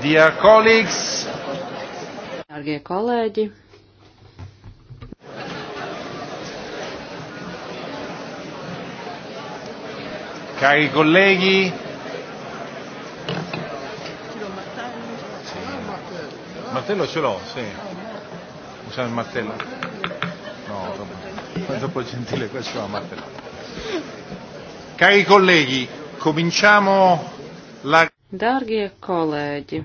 Dear colleagues, Dargie kolēģi, cari colleghi, martello ce l'ho, sì. Usiamo il martello? No, dopo, dopo gentile questo è un martello. Cari colleghi, cominciamo la Dārgie kolēģi,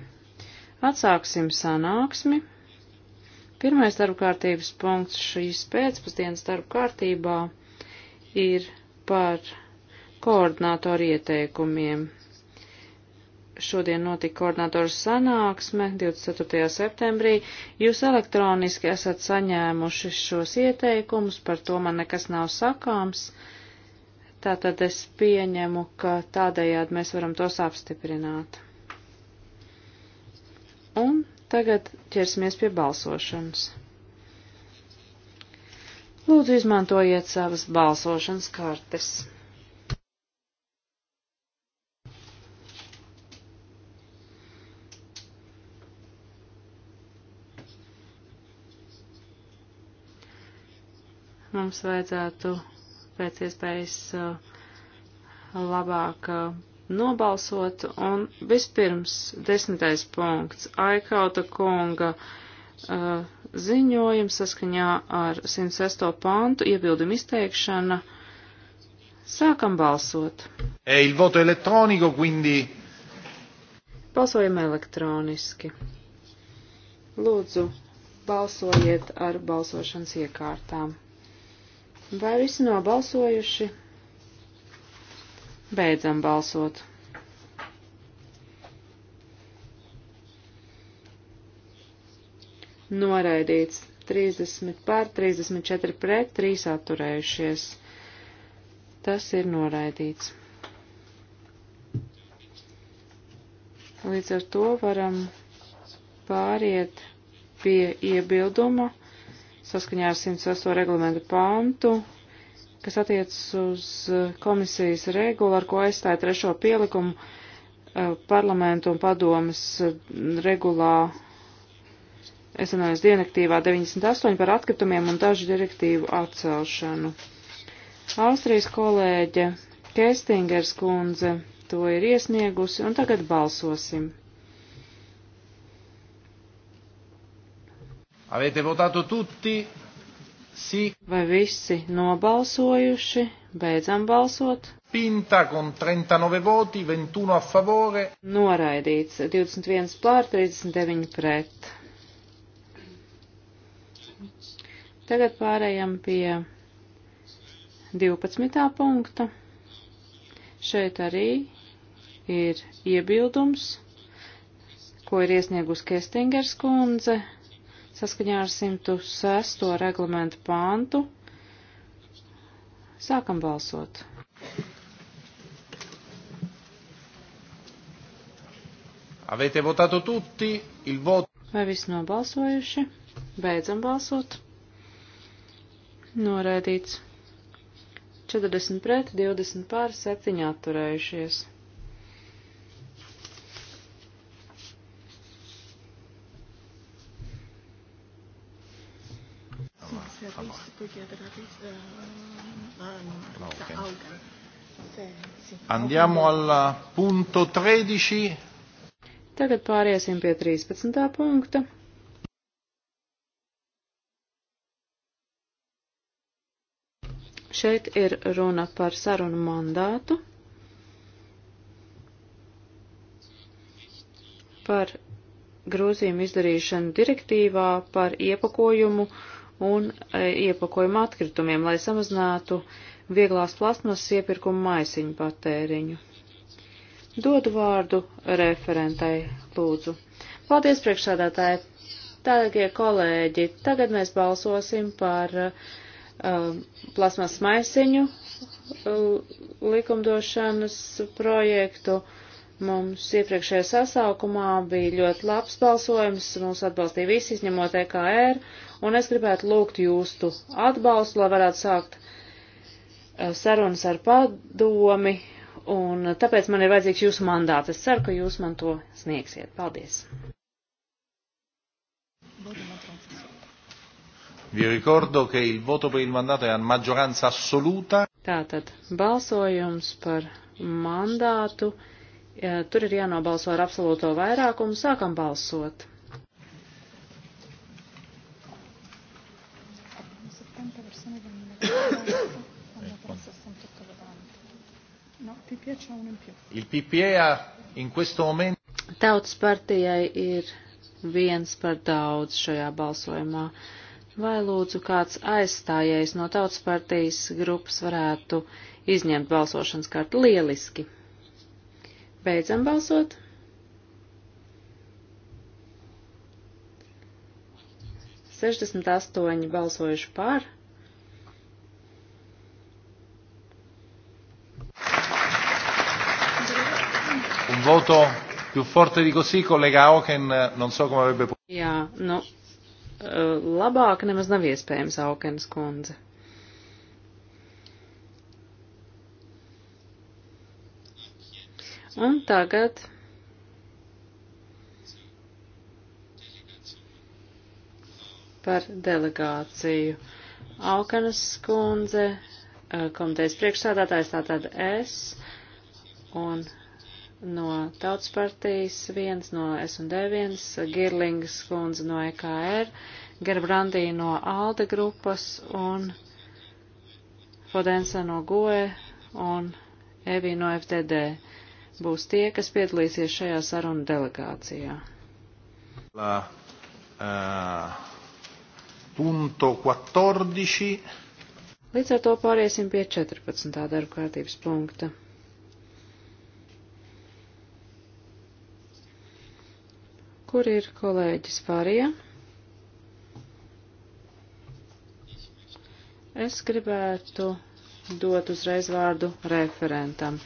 atsāksim sanāksmi. Pirmais darba kārtības punkts šīs pēcpusdienas darba kārtībā ir par koordinātoru ieteikumiem. Šodien notika koordinātoru sanāksme 24. septembrī. Jūs elektroniski esat saņēmuši šos ieteikumus, par to man nekas nav sakāms. Uh, Tātad es pieņemu, ka tādējādi mēs varam tos apstiprināt. Un tagad ķersimies pie balsošanas. Lūdzu, izmantojiet savas balsošanas kartes. Mums vajadzētu pēc iespējas uh, labāk uh, nobalsot. Un vispirms desmitais punkts - Aikauta kunga uh, ziņojums saskaņā ar 106. pantu iebildumu izteikšana. Sākam balsot. E il voto elettronico, quindi. Balsojam elektroniski. Lūdzu, balsojiet ar balsošanas iekārtām. Vai visi nobalsojuši? Beidzam balsot. Noraidīts 30 pār, 34 pret, 3 atturējušies. Tas ir noraidīts. Līdz ar to varam pāriet pie iebilduma saskaņā ar 108 reglamentu pantu, kas attiecas uz eh, komisijas regulu, ar ko aizstāja trešo pielikumu eh, parlamentu un padomas eh, regulā SNOS dienaktīvā 98 par atkritumiem un dažu direktīvu atcelšanu. Austrijas kolēģe Kestingers kundze to ir iesniegusi un tagad balsosim. Avete votato tutti? Sì. Vai visi nobalsojuši? Beidzam balsot. Pinta con 39 voti, 21 a favore. Noraidīts 21 pār 39 pret. Tagad pārējām pie 12. punkta. Šeit arī ir iebildums, ko ir iesniegus Kestingers kundze saskaņā ar 106. reglamentu pāntu. Sākam balsot. Avete votato tutti il voto. Vai visi nobalsojuši? Beidzam balsot. Noraidīts. 40 pret, 20 pār, 7 atturējušies. Andiamo al punto 13. Tagad pāriesim pie 13. punkta. Šeit ir runa par sarunu mandātu, par grozījumu izdarīšanu direktīvā par iepakojumu uh, un e, iepakojuma atkritumiem, lai samazinātu vieglās plasmasas iepirkuma maisiņu patēriņu. Dodu vārdu referentai, lūdzu. Paldies, priekšsādātāji! Tagad, kolēģi, tagad mēs balsosim par uh, plasmas maisiņu uh, likumdošanas projektu. Mums iepriekšējā sasaukumā bija ļoti labs balsojums, mūs atbalstīja visi, izņemot EKR. Uh, un es gribētu lūgt jūsu atbalstu, lai varētu sākt eh, sarunas ar padomi, un tāpēc man ir vajadzīgs jūsu mandāts. Es ceru, ka jūs man to sniegsiet. Paldies! Vi ricordo che il voto per il mandato è a maggioranza assoluta. Tātad balsojums par mandātu. Eh, tur ir jānobalso ar absolūto vairākumu. Sākam balsot. Il PPA e in questo momento. Tautas partijai ir viens par daudz šajā balsojumā. Vai lūdzu kāds aizstājējs no tautas partijas grupas varētu izņemt balsošanas kartu lieliski? Beidzam balsot. Sešdesmit astoņi balsojuši par, voto più forte di così, collega Auken, non so come avrebbe potuto. Jā, nu, eh, labāk nemaz nav iespējams, Aukenas kundze. Un tagad. Par delegāciju. Aukanas skundze, eh, komitejas priekšsādātājs tātad es un no Tautas partijas, viens no S&D, viens Girlings kundze no EKR, Gerbrandī no ALDE grupas un Fodensa no GOE un Evi no FDD būs tie, kas piedalīsies šajā sarunu delegācijā. La, uh, punto 14. Līdz ar to pāriesim pie 14. darba kārtības punkta. Kur ir kolēģis Farija? Es gribētu dot uzreiz vārdu referentam.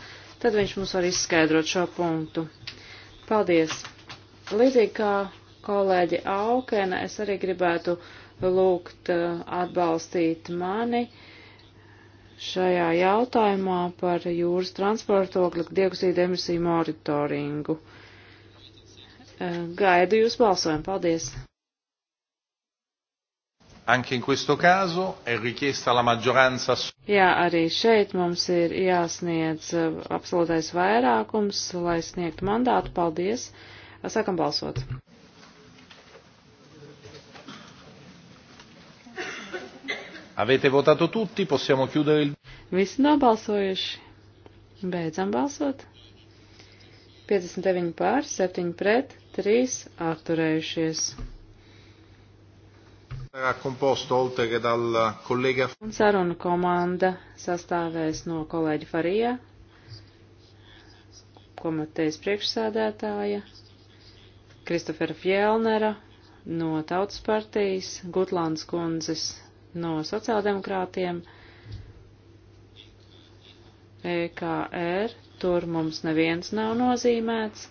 Tad viņš mums var izskaidrot šo punktu. Paldies! Līdzīgi kā kolēģi Aukena, es arī gribētu lūgt uh, atbalstīt mani šajā jautājumā par jūras transportu oglekļa dioksīda emisiju monitoringu. Uh, Gaidu jūs balsojumu. Paldies! Anche in questo caso è richiesta la maggioranza. Jā, arī šeit mums ir jāsniedz uh, absolūtais vairākums, lai sniegtu mandātu. Paldies! Sākam balsot! Avete votato tutti, possiamo chiudere il... Visi nobalsojuši. Beidzam balsot. 59 pār, 7 pret. 3 atturējušies. Un saruna komanda sastāvēs no kolēģa Farija, komitejas priekšsēdētāja, Kristofera Fjellnera no Tautas partijas, Gutlands kundzes no sociāldemokrātiem, EKR, tur mums neviens nav nozīmēts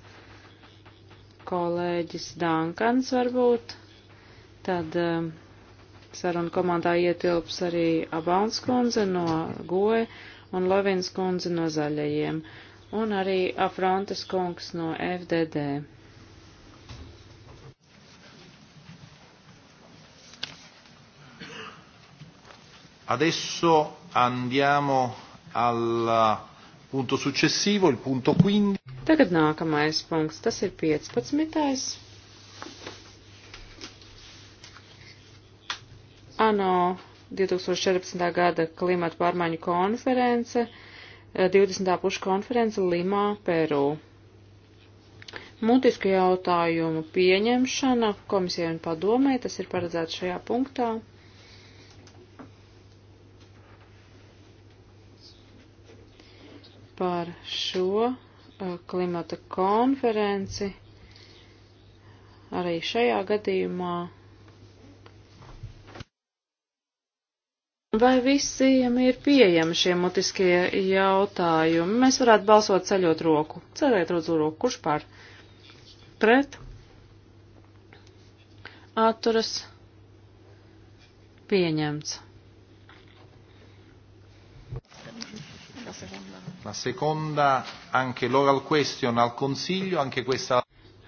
kolēģis Dankans varbūt, tad um, saruna komandā ietilps arī Abauns kundze no Goja un Lovins kundze no Zaļajiem un arī Afrontes kungs no FDD. Adesso andiamo al uh, punto successivo, il punto 15. Tagad nākamais punkts, tas ir 15. ANO 2014. gada klimata pārmaiņu konference, 20. Eh, pušu konference Limā, Peru. Mutiska jautājumu pieņemšana komisijai un padomē, tas ir paredzēts šajā punktā. Par šo klimata konferenci. Arī šajā gadījumā. Vai visiem ir pieejami šie mutiskie jautājumi? Mēs varētu balsot ceļot roku. Cerēt rodzu roku, kurš par? Pret? Atturas? Pieņemts. Kas ir? La seconda, anche l'oral question al Consiglio, anche questa.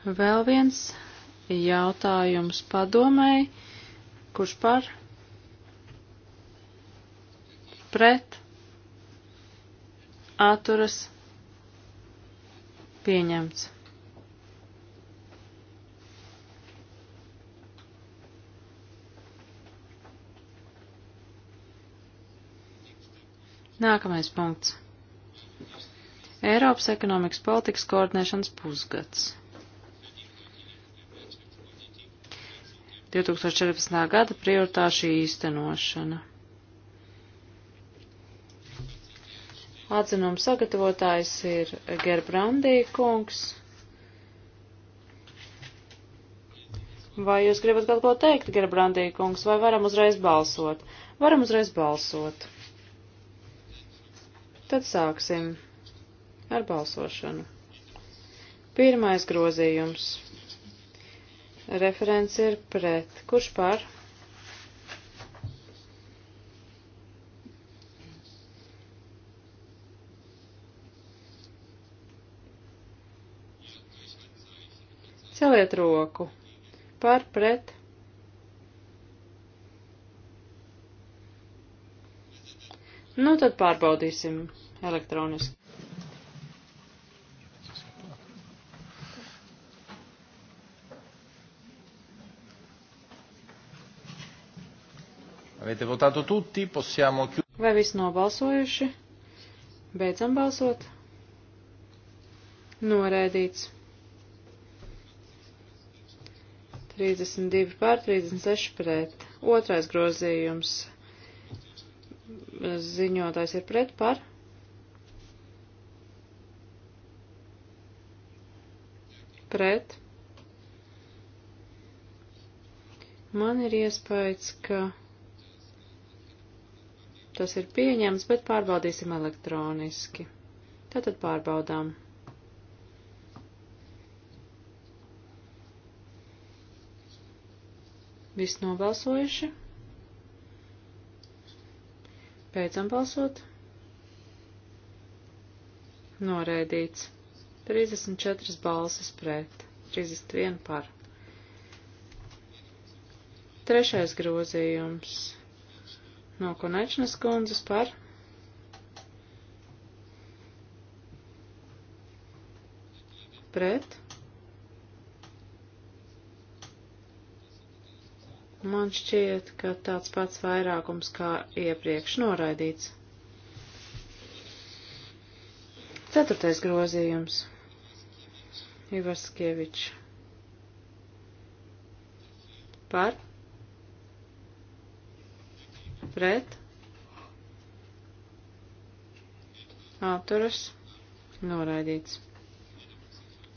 Vēl viens jautājums padomēji. Kurš par? Pret? Atturas? Pieņemts. Nākamais punkts. Eiropas ekonomikas politikas koordinēšanas pusgads. 2014. gada prioritāšu īstenošana. Atzinuma sagatavotājs ir Gerbrandī kungs. Vai jūs gribat kaut ko teikt, Gerbrandī kungs, vai varam uzreiz balsot? Varam uzreiz balsot. Tad sāksim ar balsošanu. Pirmais grozījums. Referents ir pret. Kurš par? Celiet roku. Par pret. Nu, tad pārbaudīsim elektroniski. Avete votato tutti? Possiamo chiudere. Vai visi nobalsojuši? Beidzam balsot. Norēdīts. 32 pār 36 pret. Otrais grozījums. Ziņotājs ir pret par. Pret. Man ir iespējas, ka Tas ir pieņems, bet pārbaudīsim elektroniski. Tātad pārbaudām. Viss nobalsojuši. Beidzam balsot. Noraidīts. 34 balsis pret, 31 par. Trešais grozījums no Konečnas kundzes par. Pret. Man šķiet, ka tāds pats vairākums kā iepriekš noraidīts. Ceturtais grozījums. Ivaskievičs. Par pret, atturas, noraidīts.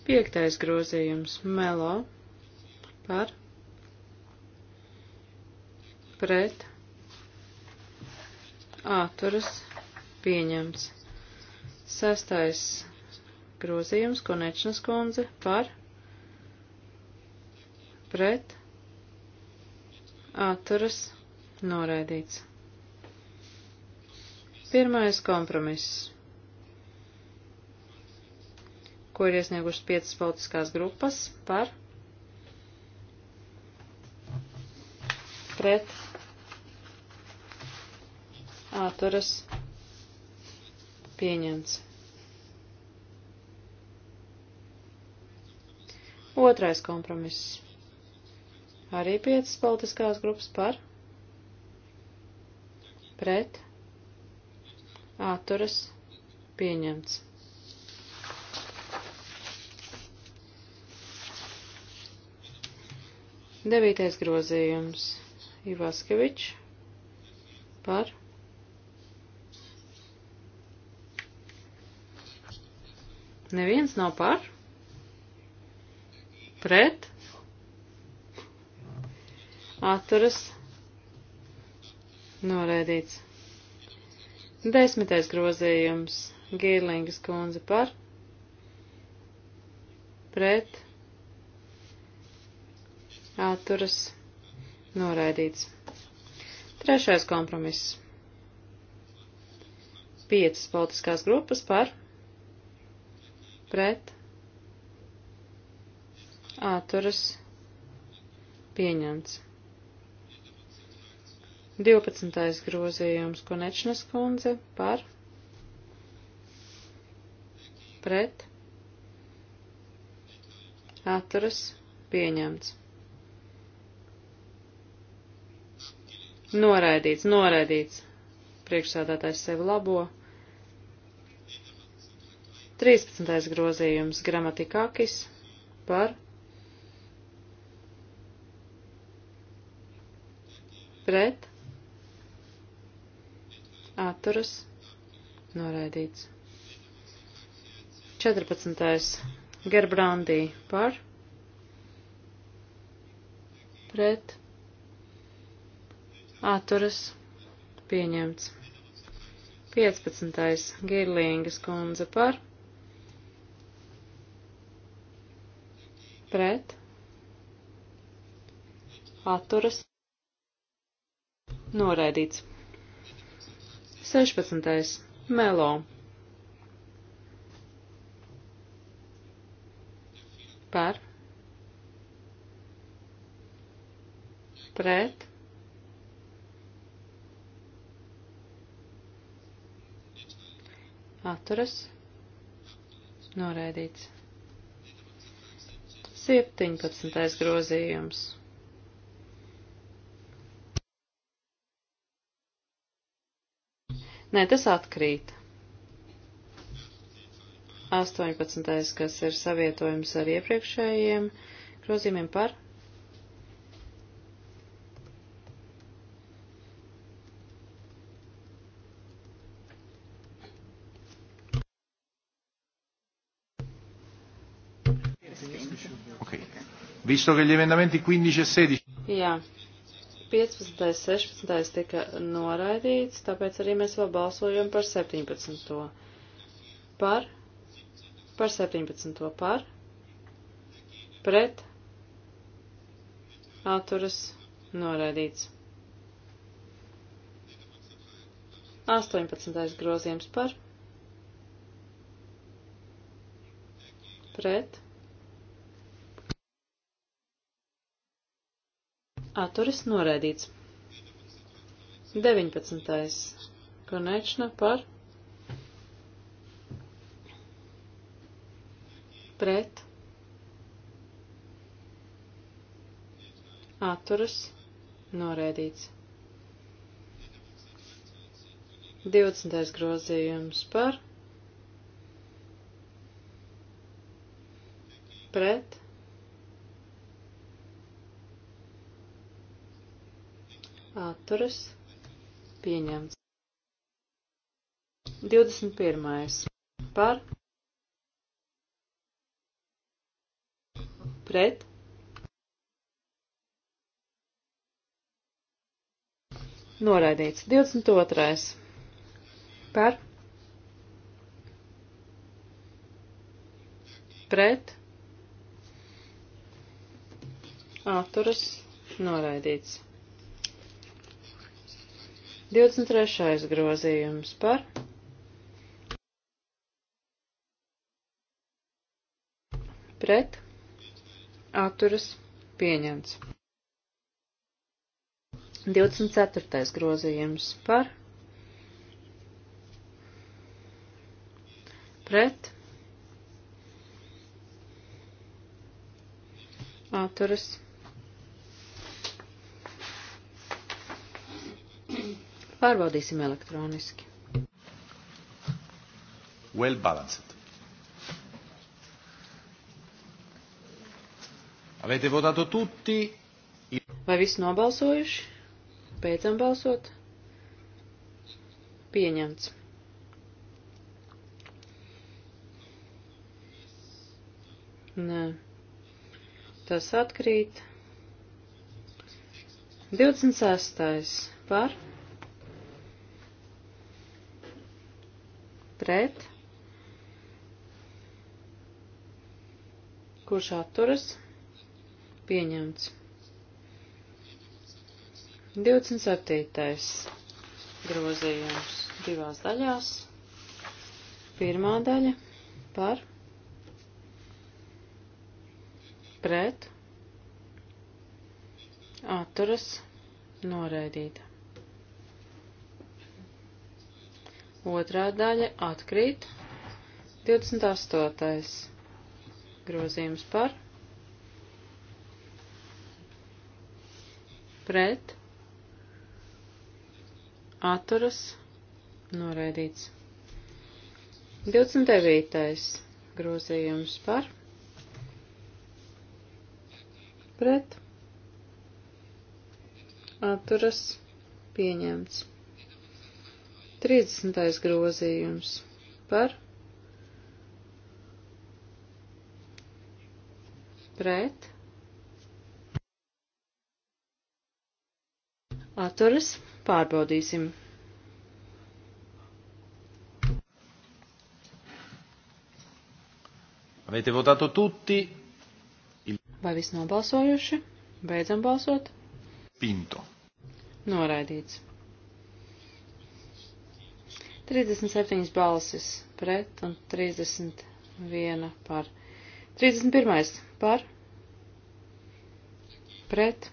Piektais grozījums melo par pret atturas pieņemts. Sestais grozījums konečnas kundze par pret atturas pieņemts Noraidīts. Pirmais kompromiss, ko ir iesniegušas piecas politiskās grupas par pret āturas pieņemts. Otrais kompromiss. Arī piecas politiskās grupas par pret pret, atturas, pieņemts. Devītais grozījums Ivaskevičs par Neviens nav par? Pret? Atturas Noraidīts. Desmitais grozījums. Gīrlingas kundze par. Pret. Atturas. Noraidīts. Trešais kompromiss. Piecas politiskās grupas par. Pret. Atturas. Pieņemts. 12. grozījums Konečnas kundze par pret atturas pieņemts. Noraidīts, noraidīts. Priekšsādātājs sevi labo. 13. grozījums gramatikakis par pret atturas noraidīts. 14. Gerbrandī par pret atturas pieņemts. 15. Girlingas kundze par pret atturas noraidīts. 16. Melo. Par. Pret. Atturas. Noraidīts. 17. grozījums. Nē, tas atkrīt. 18. kas ir savietojums ar iepriekšējiem grozījumiem par. Okay. Visto che gli emendamenti 15 e 16. Jā. Yeah. 15. 16. tika noraidīts, tāpēc arī mēs vēl balsojam par 17. Par? Par 17. Par? Pret? Atturas noraidīts. 18. grozījums par? Pret? atturas noraidīts. 19. Konečna par pret atturas noraidīts. 20. grozījums par pret atturas pieņemts. 21. par pret noraidīts. 22. par pret atturas noraidīts. 23. grozījums par pret atturas pieņemts. 24. grozījums par pret atturas pieņemts. Pārbaudīsim elektroniski. Well balanced. Avete votato tutti? Vai viss nobalsojuši? Beidzam balsot. Pieņemts. Nē. Tas atkrīt. 26. par pret, kurš atturas, pieņemts. 27. grozījums divās daļās. Pirmā daļa par pret atturas noraidīta. Otrā daļa atkrīt. 28. grozījums par pret atturas noraidīts. 29. grozījums par pret atturas pieņemts. 30. grozījums par pret atturas pārbaudīsim. Avete votato tutti? Il... Vai viss nobalsojuši? Beidzam balsot? Pinto. Noraidīts. 37 balsis pret un 31 par. 31 par. Pret.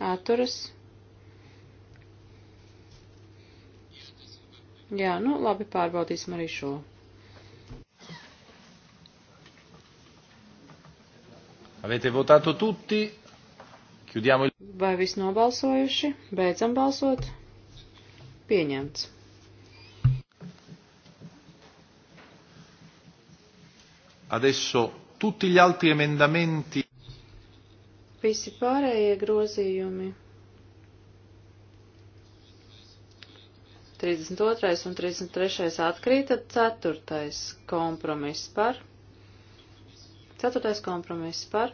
Atturas. Jā, nu labi, pārbaudīsim arī šo. Avete votato tutti? Chiudiamo il... Vai viss nobalsojuši? Beidzam balsot pieņemts. Adesso tutti gli altri emendamenti. Visi pārējie grozījumi. 32. un 33. atkrīt, tad 4. kompromiss par. 4. kompromiss par.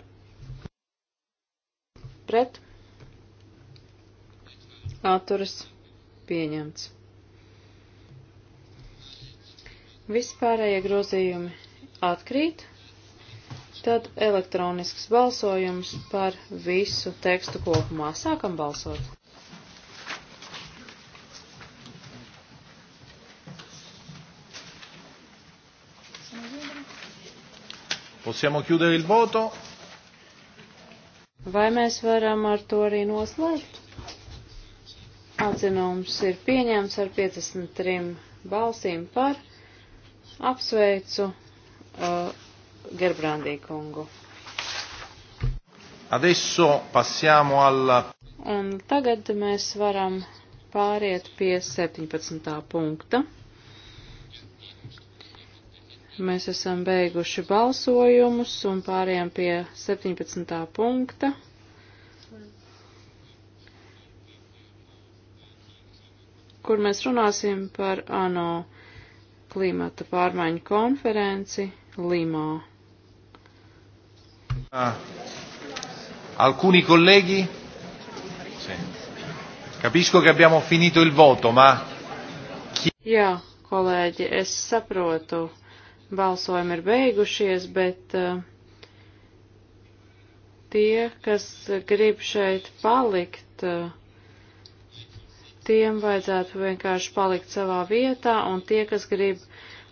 Pret. Atturas pieņemts. Vispārējie grozījumi atkrīt, tad elektronisks balsojums par visu tekstu kopumā. Sākam balsot! Possiamo chiudere il voto? Vai mēs varam ar to arī noslēgt? Atzinums ir pieņemts ar 53 balsīm par. Apsveicu uh, Gerbrandī kungu. Adesso passiamo alla. Un tagad mēs varam pāriet pie 17. punkta. Mēs esam beiguši balsojumus un pārējām pie 17. punkta. kur mēs runāsim par ANO klimata pārmaiņu konferenci Limā. Ah. Alcuni colleghi? Sì. Capisco che abbiamo finito il voto, ma chi... Jā, kolēģi, es saprotu, balsojumi ir beigušies, bet uh, tie, kas grib šeit palikt, uh, tiem vajadzētu vienkārši palikt savā vietā, un tie, kas grib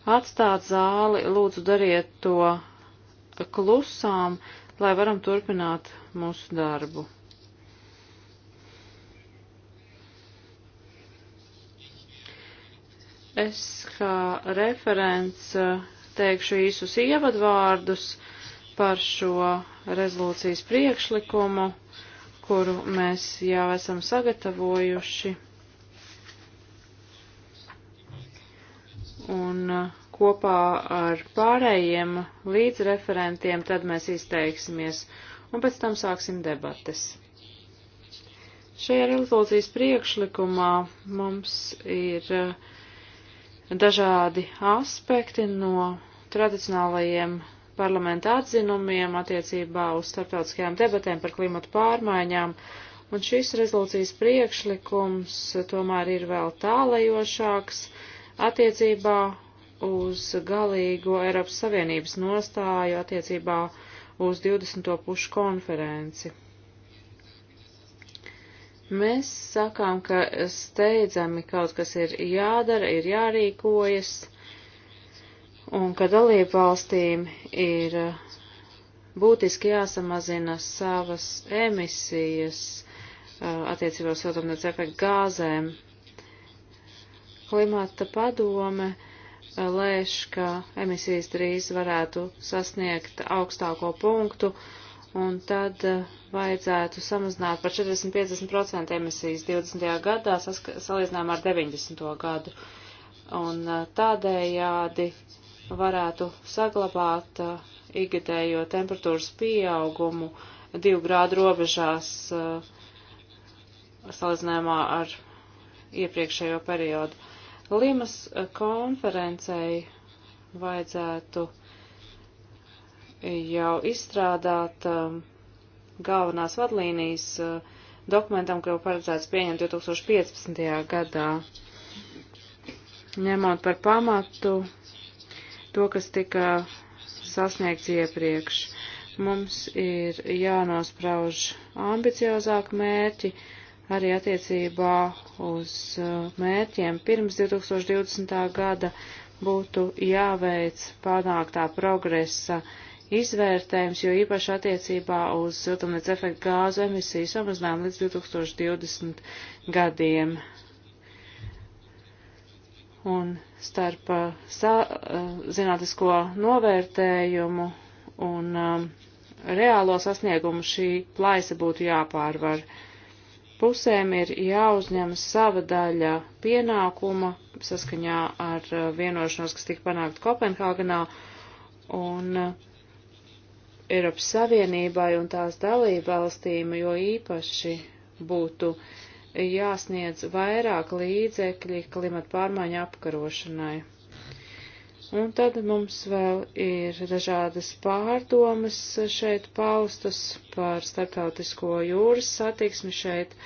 atstāt zāli, lūdzu dariet to klusām, lai varam turpināt mūsu darbu. Es kā referents eh, teikšu īsus ievadvārdus par šo rezolūcijas priekšlikumu, kuru mēs jau esam sagatavojuši. un uh, kopā ar pārējiem līdzreferentiem tad mēs izteiksimies, un pēc tam sāksim debates. Šajā rezolūcijas priekšlikumā mums ir uh, dažādi aspekti no tradicionālajiem parlamenta atzinumiem attiecībā uz starptautiskajām debatēm par klimatu pārmaiņām, un šis rezolūcijas priekšlikums tomēr ir vēl tālajošāks attiecībā uz galīgo Eiropas Savienības nostāju attiecībā uz 20. pušu konferenci. Mēs sakām, ka steidzami kaut kas ir jādara, ir jārīkojas, un ka dalību valstīm ir būtiski jāsamazina savas emisijas uh, attiecībā uz siltumnīca efektu gāzēm Klimata padome eh, lēš, ka emisijas drīz varētu sasniegt augstāko punktu, un tad eh, vajadzētu samazināt par 40-50% emisijas 20. gadā, salīdzinājumā ar 90. gadu. Un eh, tādējādi varētu saglabāt ikgadējo temperatūras pieaugumu divu grādu robežās salīdzinājumā ar iepriekšējo periodu. Limas eh, konferencei vajadzētu jau izstrādāt eh, galvenās vadlīnijas eh, dokumentam, ko jau paredzēts pieņemt 2015. gadā, ņemot par pamatu to, kas tika sasniegts iepriekš. Mums ir jānosprauž ambiciozāk mērķi, arī attiecībā uz uh, mērķiem pirms 2020. gada būtu jāveic panāktā progresa izvērtējums, jo īpaši attiecībā uz siltumnīca efektu gāzu emisiju samazinājumu līdz 2020 gadiem. Un starp uh, sa, uh, zinātnisko novērtējumu un um, reālo sasniegumu šī plaisa būtu jāpārvar. Uh, pusēm ir jāuzņemas sava daļa pienākuma saskaņā ar uh, vienošanos, kas tika panākt Kopenhāgenā un uh, Eiropas Savienībai un tās dalībvalstīm, jo īpaši būtu jāsniedz vairāk līdzekļi klimata pārmaiņu apkarošanai. Un tad mums vēl ir dažādas pārdomas šeit paustas par starptautisko jūras satiksmi šeit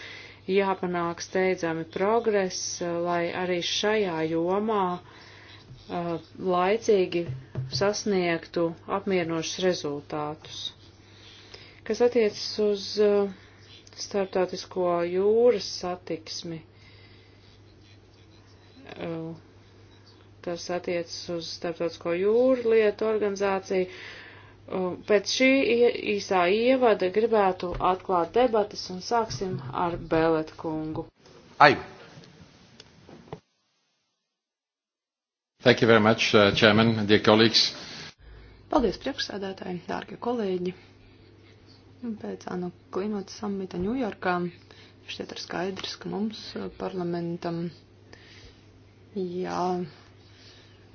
jāpanāk steidzami progress, lai arī šajā jomā uh, laicīgi sasniegtu apmierinošus rezultātus. Kas attiecas uz uh, starptautisko jūras satiksmi, uh, tas attiecas uz Starptautisko jūru lietu organizāciju. Pēc šī īsā ievada gribētu atklāt debatas un sāksim ar Bēlet kungu. Ai. Thank you very much, uh, Chairman, dear colleagues. Paldies priekšsēdētāji, dārgie kolēģi. Pēc ANO klimata samita Ņujorkā šķiet ir skaidrs, ka mums uh, parlamentam jā. Ja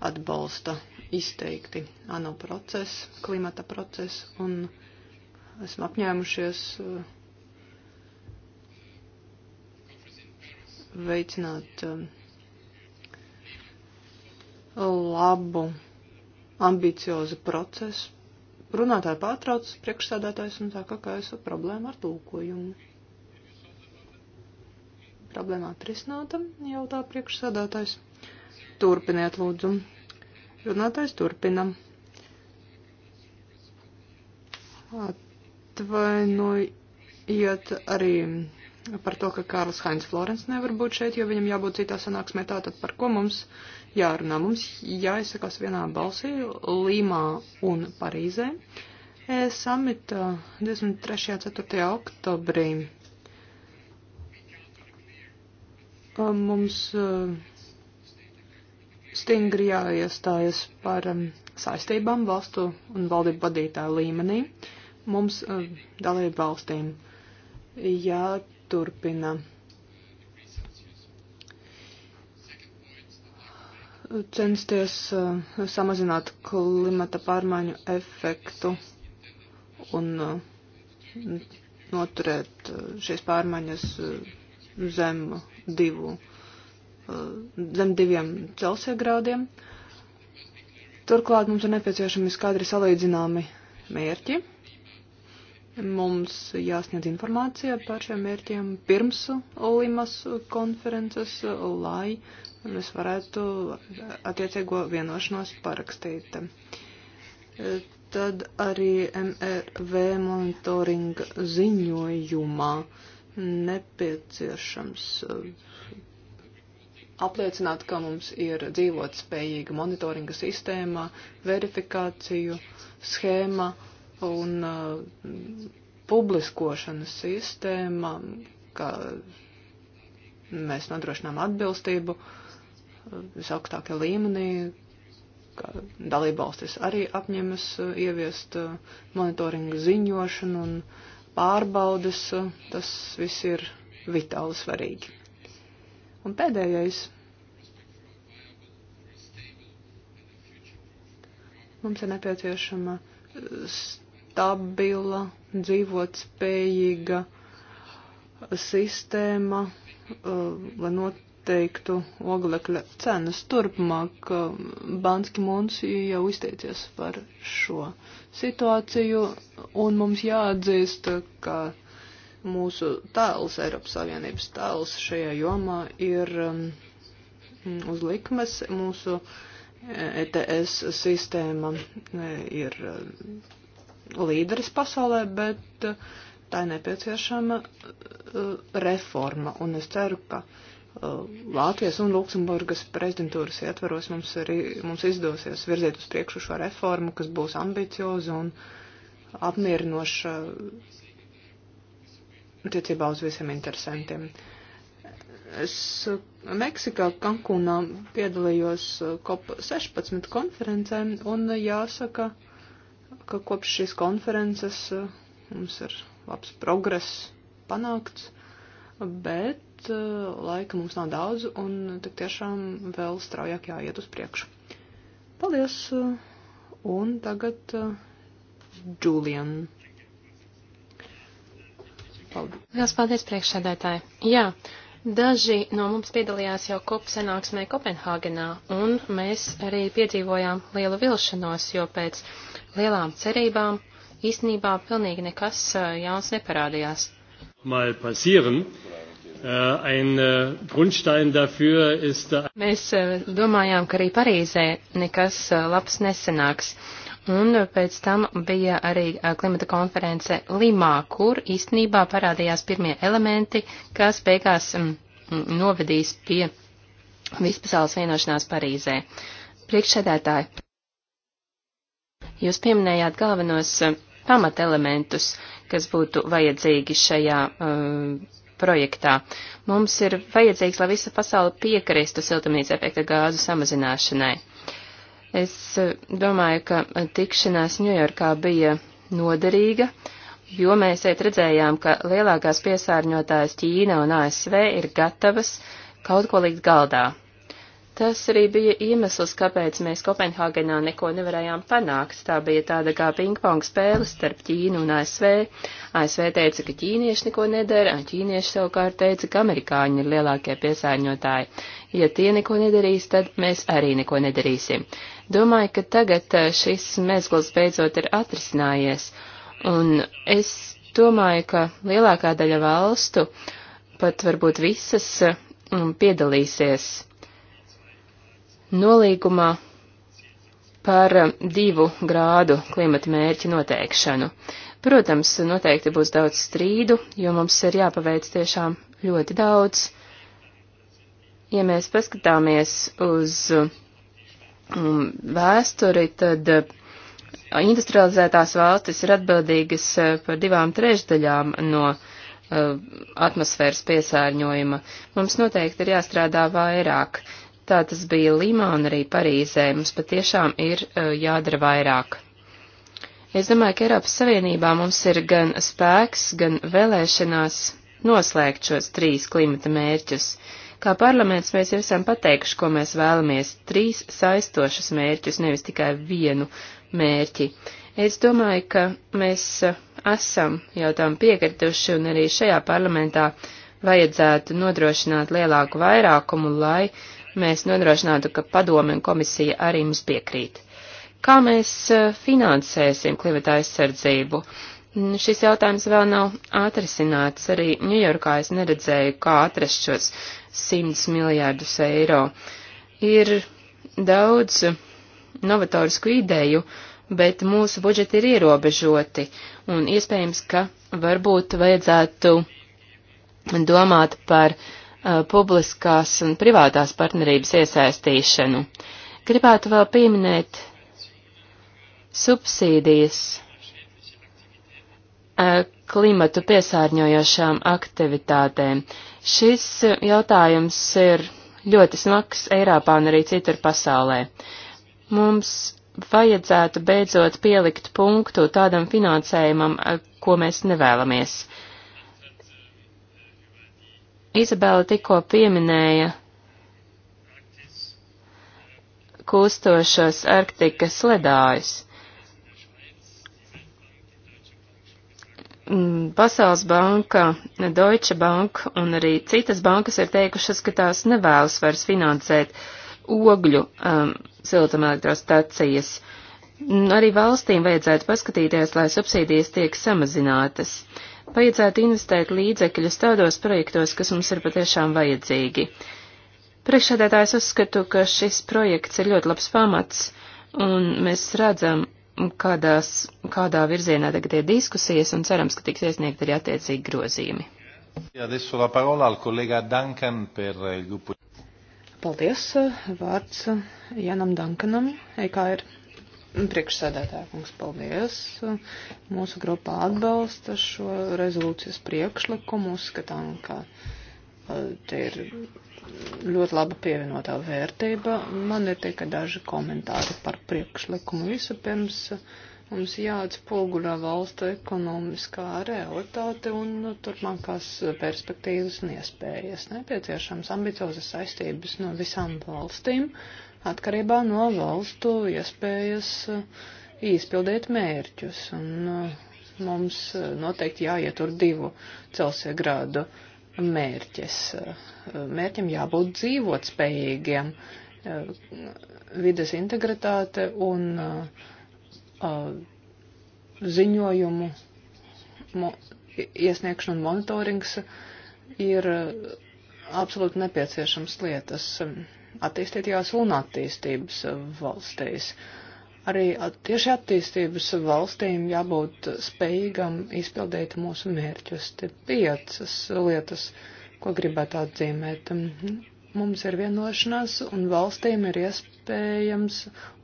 atbalsta izteikti ANO procesu, klimata procesu, un esmu apņēmušies eh, veicināt eh, labu, ambiciozu procesu. Runātāji pārtrauc priekšsādātājs un saka, ka esmu problēma ar tulkojumu problēma atrisināta, jautā priekšsādātājs. Turpiniet, lūdzu. Runātājs turpina. Atvainojiet arī par to, ka Kārls Hainz Florens nevar būt šeit, jo viņam jābūt citā sanāksmē. Tātad par ko mums jārunā? Mums jāizsakās vienā balsī Līmā un Parīzē. E samita 23. 4. oktobrī. Mums uh, stingri jāiestājas par um, saistībām valstu un valdību vadītāju līmenī. Mums um, dalību valstīm jāturpina uh, censties uh, samazināt klimata pārmaiņu efektu un uh, noturēt uh, šīs pārmaiņas uh, zem divu uh, zem diviem Celsija grādiem. Turklāt mums ir nepieciešami skaidri salīdzināmi mērķi. Mums jāsniedz informācija par šiem mērķiem pirms Limas konferences, lai mēs varētu attiecīgo vienošanos parakstīt. Tad arī MRV monitoringa ziņojumā nepieciešams uh, apliecināt, ka mums ir dzīvot spējīga monitoringa sistēma, verifikāciju schēma un uh, publiskošanas sistēma, ka mēs nodrošinām atbilstību uh, visaugstākajā līmenī, ka dalībvalstis arī apņemas uh, ieviest uh, monitoringu ziņošanu un pārbaudas. Tas viss ir vitāli svarīgi. Un pēdējais. Mums ir nepieciešama stabila, dzīvotspējīga sistēma, uh, lai noteiktu oglekļa cenas. Turpmāk uh, Banski Mons jau izteicies par šo situāciju, un mums jāatzīst, ka mūsu tēls, Eiropas Savienības tēls šajā jomā ir um, uz likmes. Mūsu ETS e sistēma e, ir um, līderis pasaulē, bet uh, tā ir nepieciešama uh, reforma. Un es ceru, ka uh, Latvijas un Luksemburgas prezidentūras ietvaros mums, arī, mums izdosies virzīt uz priekšu šo reformu, kas būs ambicioza un apmierinoša attiecībā uz visiem interesantiem. Es uh, Meksikā, Kankūnā piedalījos COP16 uh, konferencē, un uh, jāsaka, ka kopš šīs konferences mums ir labs progress panākts, bet laika mums nav daudz, un tik tiešām vēl straujāk jāiet uz priekšu. Paldies! Un tagad Julian. Uh, Paldies. Lielas paldies priekšsēdētāji. Jā, daži no mums piedalījās jau kop senāksmē Kopenhāgenā, un mēs arī piedzīvojām lielu vilšanos, jo pēc lielām cerībām īstenībā pilnīgi nekas jauns neparādījās. Mal pasieren. Ein Grundstein dafür ist. Mēs domājām, ka arī Parīzē nekas labs nesenāks. Un pēc tam bija arī klimata konference Limā, kur īstenībā parādījās pirmie elementi, kas beigās novedīs pie vispasaules vienošanās Parīzē. Priekšsēdētāji, jūs pieminējāt galvenos pamatelementus, kas būtu vajadzīgi šajā um, projektā. Mums ir vajadzīgs, lai visa pasaule piekristu siltumnīca efekta gāzu samazināšanai. Es eh, domāju, ka tikšanās Ņujorkā bija noderīga, jo mēs šeit redzējām, ka lielākās piesārņotājas Ķīna un ASV ir gatavas kaut ko likt galdā. Tas arī bija iemesls, kāpēc mēs Kopenhāgenā neko nevarējām panākt. Tā bija tāda kā pingpong spēle starp Ķīnu un ASV. ASV teica, ka ķīnieši neko nedara, un ķīnieši savukārt teica, ka amerikāņi ir lielākie piesārņotāji. Ja tie neko nedarīs, tad mēs arī neko nedarīsim. Domāju, ka tagad eh, šis mezgls beidzot ir atrisinājies, un es domāju, ka lielākā daļa valstu, pat varbūt visas, eh, mm, piedalīsies nolīgumā par eh, divu grādu klimata mērķu noteikšanu. Protams, noteikti būs daudz strīdu, jo mums ir jāpaveic tiešām ļoti daudz. Ja mēs paskatāmies uz uh, Mm, vēsturi, tad eh, industrializētās valstis ir atbildīgas eh, par divām trešdaļām no eh, atmosfēras piesārņojuma. Mums noteikti ir jāstrādā vairāk. Tā tas bija Limā un arī Parīzē. Mums patiešām ir jādara vairāk. Es domāju, ka Eiropas Savienībā mums ir gan spēks, gan vēlēšanās noslēgt šos trīs klimata mērķus. Uh, Kā parlaments mēs jau esam pateikuši, ko mēs vēlamies - trīs saistošas mērķus, nevis tikai vienu mērķi. Es domāju, ka mēs esam jau tam piekartuši un arī šajā parlamentā vajadzētu nodrošināt lielāku vairākumu, lai mēs nodrošinātu, ka padome un komisija arī mums piekrīt. Kā mēs e, finansēsim klimata aizsardzību? Šis jautājums vēl nav atrisināts. Arī Ņujorkā es neredzēju, kā atrast šos 100 miljārdus eiro. Ir daudz novatorisku ideju, bet mūsu budžeti ir ierobežoti, un iespējams, ka varbūt vajadzētu domāt par uh, publiskās un privātās partnerības iesaistīšanu. Gribētu vēl pieminēt subsīdijas uh, klimatu piesārņojošām aktivitātēm. Šis jautājums ir ļoti smags Eiropā un arī citur pasaulē. Mums vajadzētu beidzot pielikt punktu tādam finansējumam, ko mēs nevēlamies. Izabela tikko pieminēja kūstošos Arktikas ledājus. Mm, Pasaules banka, Deutsche Bank un arī citas bankas ir teikušas, ka tās nevēlas vairs finansēt ogļu um, siltumelektrostacijas. Mm, arī valstīm vajadzētu paskatīties, lai subsīdijas tiek samazinātas. Vajadzētu investēt līdzekļus tādos projektos, kas mums ir patiešām vajadzīgi. Priekšādētājs uzskatu, ka šis projekts ir ļoti labs pamats, un mēs redzam, kādās, kādā virzienā tagad ir diskusijas, un cerams, ka tiks iesniegt arī attiecīgi grozījumi. Paldies. Vārds Janam Dankanam, EKR priekšsēdētāja kungs, paldies. Mūsu grupā atbalsta šo rezolūcijas priekšlikumu, uzskatām, ka. Kā Te ir ļoti laba pievienotā vērtība. Man ir tikai daži komentāri par priekšlikumu. Vispirms uh, mums jāatspoguļo valsts ekonomiskā realitāte un nu, turpmākās perspektīvas un iespējas. Nepieciešams ambiciozas saistības no visām valstīm atkarībā no valstu iespējas uh, izpildīt mērķus. Un uh, mums noteikti jāietur divu Celsija grādu mērķis. Mērķim jābūt dzīvot spējīgiem. Vides integritāte un ziņojumu iesniegšana un monitorings ir absolūti nepieciešams lietas attīstītajās un attīstības valstīs. Uh, Arī tieši attīstības valstīm jābūt spējīgam izpildīt mūsu mērķus. Te piecas lietas, ko gribētu atzīmēt. Mums ir vienošanās un valstīm ir iespējams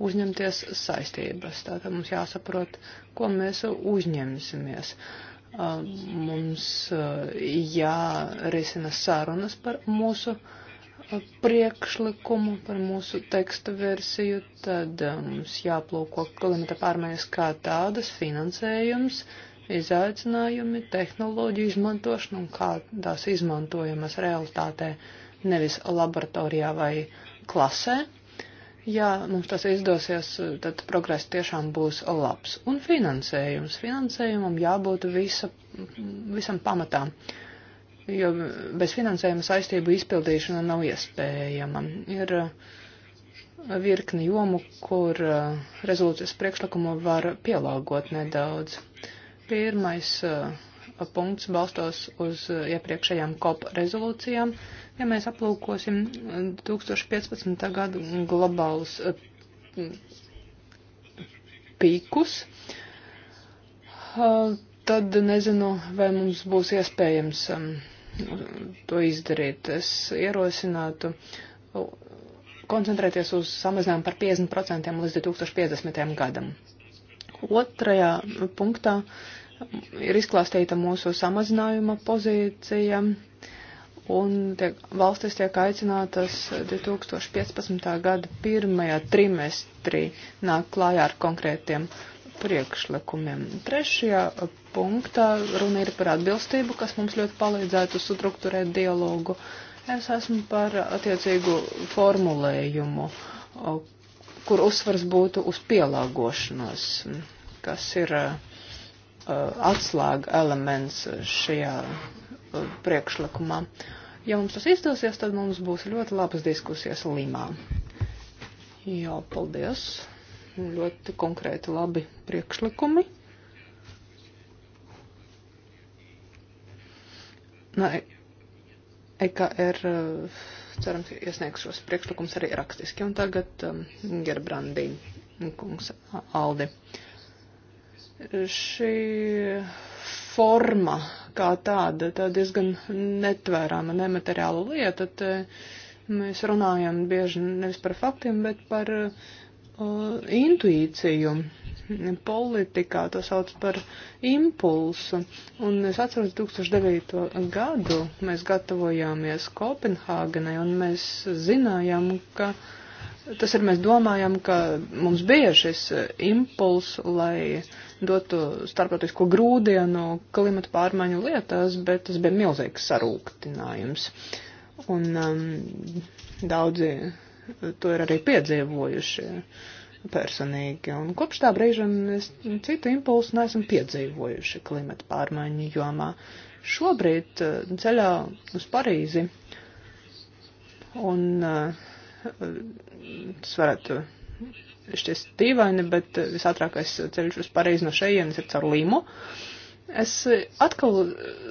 uzņemties saistības. Tātad mums jāsaprot, ko mēs uzņemsimies. Mums jārisina sarunas par mūsu uh, priekšlikumu par mūsu teksta versiju, tad eh, mums jāplūko klimata pārmaiņas kā tādas, finansējums, izaicinājumi, tehnoloģiju izmantošana un kā tās izmantojamas realitātē, nevis laboratorijā vai klasē. Ja mums tas izdosies, tad progress tiešām būs labs. Un finansējums. Finansējumam jābūt visa, visam pamatām. Uh, jo bez finansējuma saistību izpildīšana nav iespējama. Ir uh, virkni jomu, kur uh, rezolūcijas priekšlikumu var pielāgot nedaudz. Pirmais uh, punkts balstos uz iepriekšējām COP rezolūcijām. Ja mēs aplūkosim 2015. gadu globālus pīkus, tad nezinu, vai mums būs iespējams um, to izdarīt. Es ierosinātu koncentrēties uz samazinājumu par 50% līdz 2050. gadam. Otrajā punktā ir izklāstīta mūsu samazinājuma pozīcija, un tiek, valstis tiek aicinātas 2015. gada pirmajā trimestrī nāk klājā ar konkrētiem uh, priekšlikumiem. Trešajā punktā runa ir par atbilstību, kas mums ļoti palīdzētu struktūrēt dialogu. Es esmu par attiecīgu formulējumu, kur uzsvars būtu uz pielāgošanos, kas ir atslēga elements šajā priekšlikumā. Ja mums tas izdosies, tad mums būs ļoti labas diskusijas Limā. Jā, paldies ļoti konkrēti labi priekšlikumi. Nē, EKR eh, cerams iesniegs šos priekšlikums arī rakstiski. Un tagad um, eh, Gerbrandī kungs Aldi. Šī forma kā tāda, tā diezgan netvērāma nemateriāla lieta. Te, mēs runājam bieži nevis par faktiem, bet par eh, intuīciju. Politikā to sauc par impulsu. Un es atceros 2009. gadu, mēs gatavojāmies Kopenhāgenai un mēs zinājām, ka tas ir, mēs domājām, ka mums bija šis impuls, lai dotu starptautisko grūdienu klimata pārmaiņu lietās, bet tas bija milzīgs sarūktinājums. Un um, daudzi to ir arī piedzīvojuši personīgi. Un kopš tā brīža es citu impulsu neesmu piedzīvojuši klimata pārmaiņu jomā. Šobrīd eh, ceļā uz Parīzi, un eh, tas varētu šķiet dīvaini, bet eh, visātrākais ceļš uz Parīzi no šejienes ir caur Limu. Uh, es atkal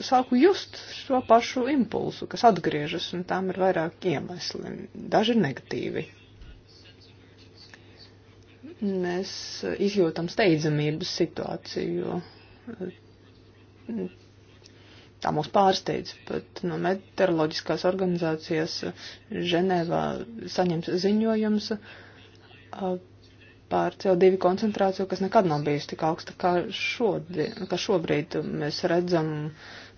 sāku just šo pašu impulsu, kas atgriežas, un tām ir vairāk iemesli. Daži ir negatīvi. Mēs izjūtam steidzamības situāciju, jo tā mūs pārsteidz, bet no nu, meteoroloģiskās organizācijas Ženēvā saņems ziņojums par CO2 koncentrāciju, kas nekad nav bijusi tik augsta kā, šodien, kā šobrīd. Mēs redzam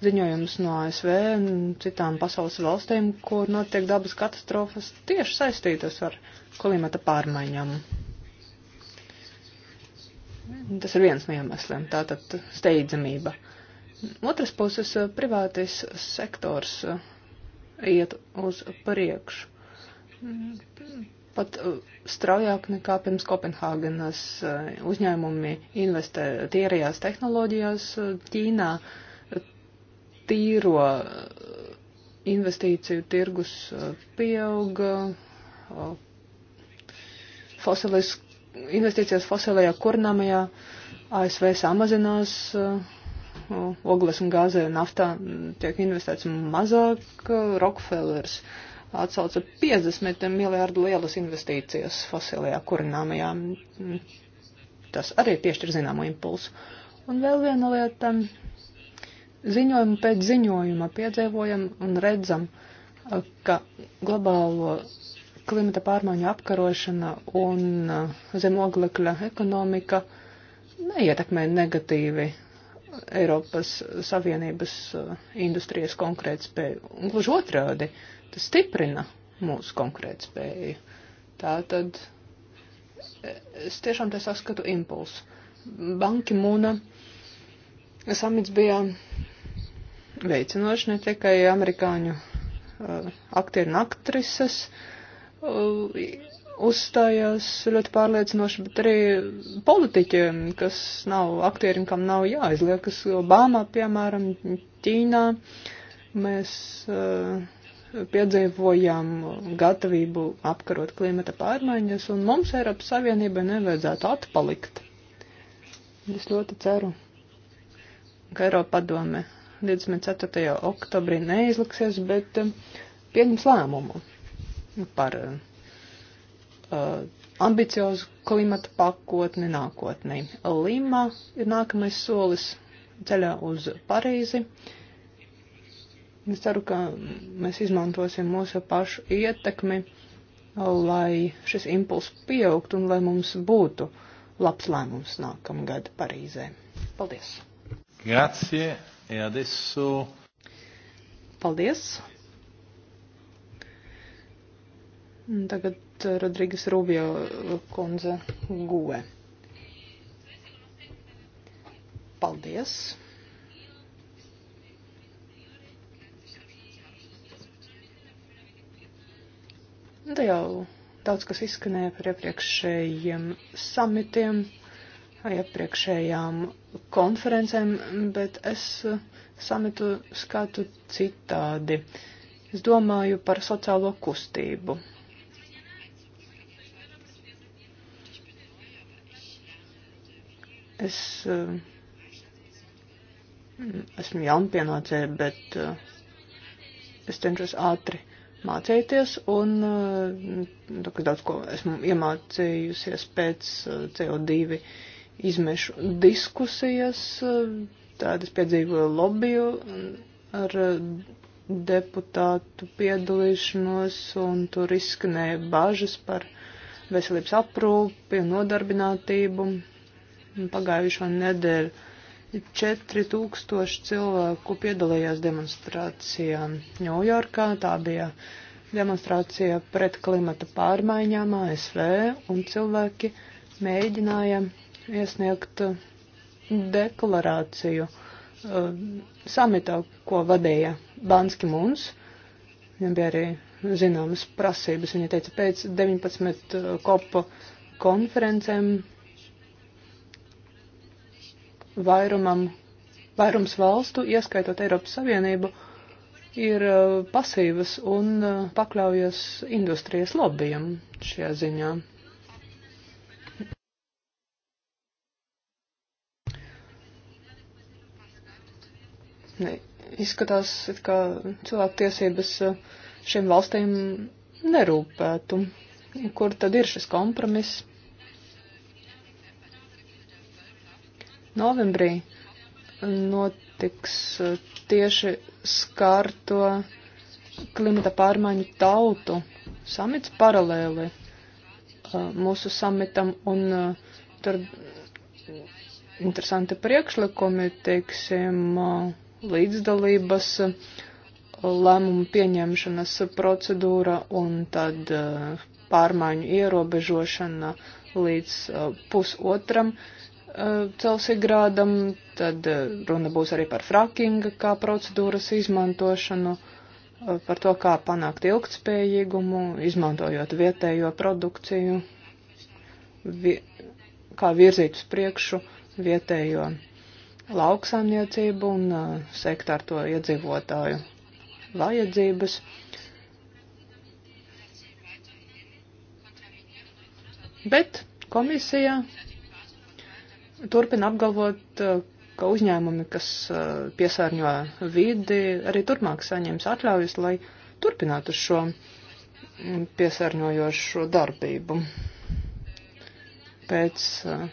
ziņojumus no ASV un citām pasaules valstīm, kur notiek dabas katastrofas tieši saistītas ar klimata pārmaiņām. Tas ir viens no iemesliem, tātad steidzamība. Otras puses, privātais sektors iet uz priekšu pat uh, straujāk nekā pirms Kopenhāgenas uh, uzņēmumi investē tīrajās tehnoloģijās. Uh, Ķīnā tīro investīciju tirgus pieauga, fosilis, investīcijas fosilajā kurnamajā ASV samazinās, ogles un gāze naftā mm, tiek investēts mazāk, Rockefellers atsauca 50 miljārdu lielas investīcijas fosilajā kurināmajā. Tas arī piešķir zināmu impulsu. Un vēl viena lieta - ziņojumu pēc ziņojuma piedzīvojam un redzam, ka globālo klimata pārmaiņu apkarošana un uh, zemoglekļa ekonomika neietekmē negatīvi Eiropas Savienības uh, industrijas konkrētspēju. Gluži otrādi, Tas stiprina mūsu konkurētspēju. Tā tad es tiešām te saskatu impulsu. Banki Mūna samits bija veicinoši ne tikai amerikāņu uh, aktieri un aktrises uh, uzstājās ļoti pārliecinoši, bet arī politiķiem, kas nav aktierim, kam nav jāizliekas. Obama, piemēram, Ķīnā mēs. Uh, piedzīvojām gatavību apkarot klimata pārmaiņas, un mums Eiropas Savienībai nevajadzētu atpalikt. Es ļoti ceru, ka Eiropa padome 24. oktobrī neizliksies, bet um, pieņems lēmumu par um, uh, ambiciozu klimata pakotni nākotnē. Lima ir nākamais solis ceļā uz Parīzi. Uh, Es ceru, ka mēs izmantosim mūsu pašu ietekmi, lai šis impuls pieaugtu un lai mums būtu labs lēmums nākamgad Parīzē. Paldies! Grazie, e adesso... Paldies! Tagad Rodrīgas Rubio kundze Guve. Paldies! Nu, te jau daudz kas izskanēja par iepriekšējiem samitiem, iepriekšējām konferencēm, bet es eh, samitu skatu citādi. Es domāju par sociālo kustību. Es eh, mm, esmu jaunpienācē, bet eh, es cenšos ātri mācīties, un eh, nu, daudz ko esmu iemācījusies pēc eh, CO2 izmešu diskusijas, eh, tad es piedzīvoju lobiju ar deputātu piedalīšanos, un tur izskanēja bažas par veselības aprūpi un nodarbinātību. Pagājušo nedēļu 4000 cilvēku piedalījās demonstrācijā Ņujorkā. Tā bija demonstrācija pret klimata pārmaiņām ASV, un cilvēki mēģināja iesniegt deklarāciju uh, samitā, ko vadīja Banski Muns. Viņam bija arī zināmas prasības. Viņa teica, pēc 19 kopu konferencēm vairumam, vairums valstu, ieskaitot Eiropas Savienību, ir uh, pasīvas un uh, pakļaujas industrijas lobbyam šajā ziņā. Ne, izskatās, ka cilvēku tiesības uh, šiem valstīm nerūpētu. Kur tad ir šis kompromiss? novembrī notiks uh, tieši skārto klimata pārmaiņu tautu samits paralēli uh, mūsu samitam un uh, tur interesanti priekšlikumi, teiksim, līdzdalības lēmumu pieņemšanas procedūra un tad pārmaiņu ierobežošana līdz pusotram. Uh, Eh, celsigrādam, tad eh, runa būs arī par frakinga kā procedūras izmantošanu, eh, par to, kā panākt ilgtspējīgumu, izmantojot vietējo produkciju, vi kā virzīt uz priekšu vietējo lauksaimniecību un sekt ar to iedzīvotāju vajadzības. Bet komisija turpina apgalvot, eh, ka uzņēmumi, kas eh, piesārņo vidi, arī turpmāk saņems atļaujas, lai turpinātu šo piesārņojošo darbību. Pēc eh,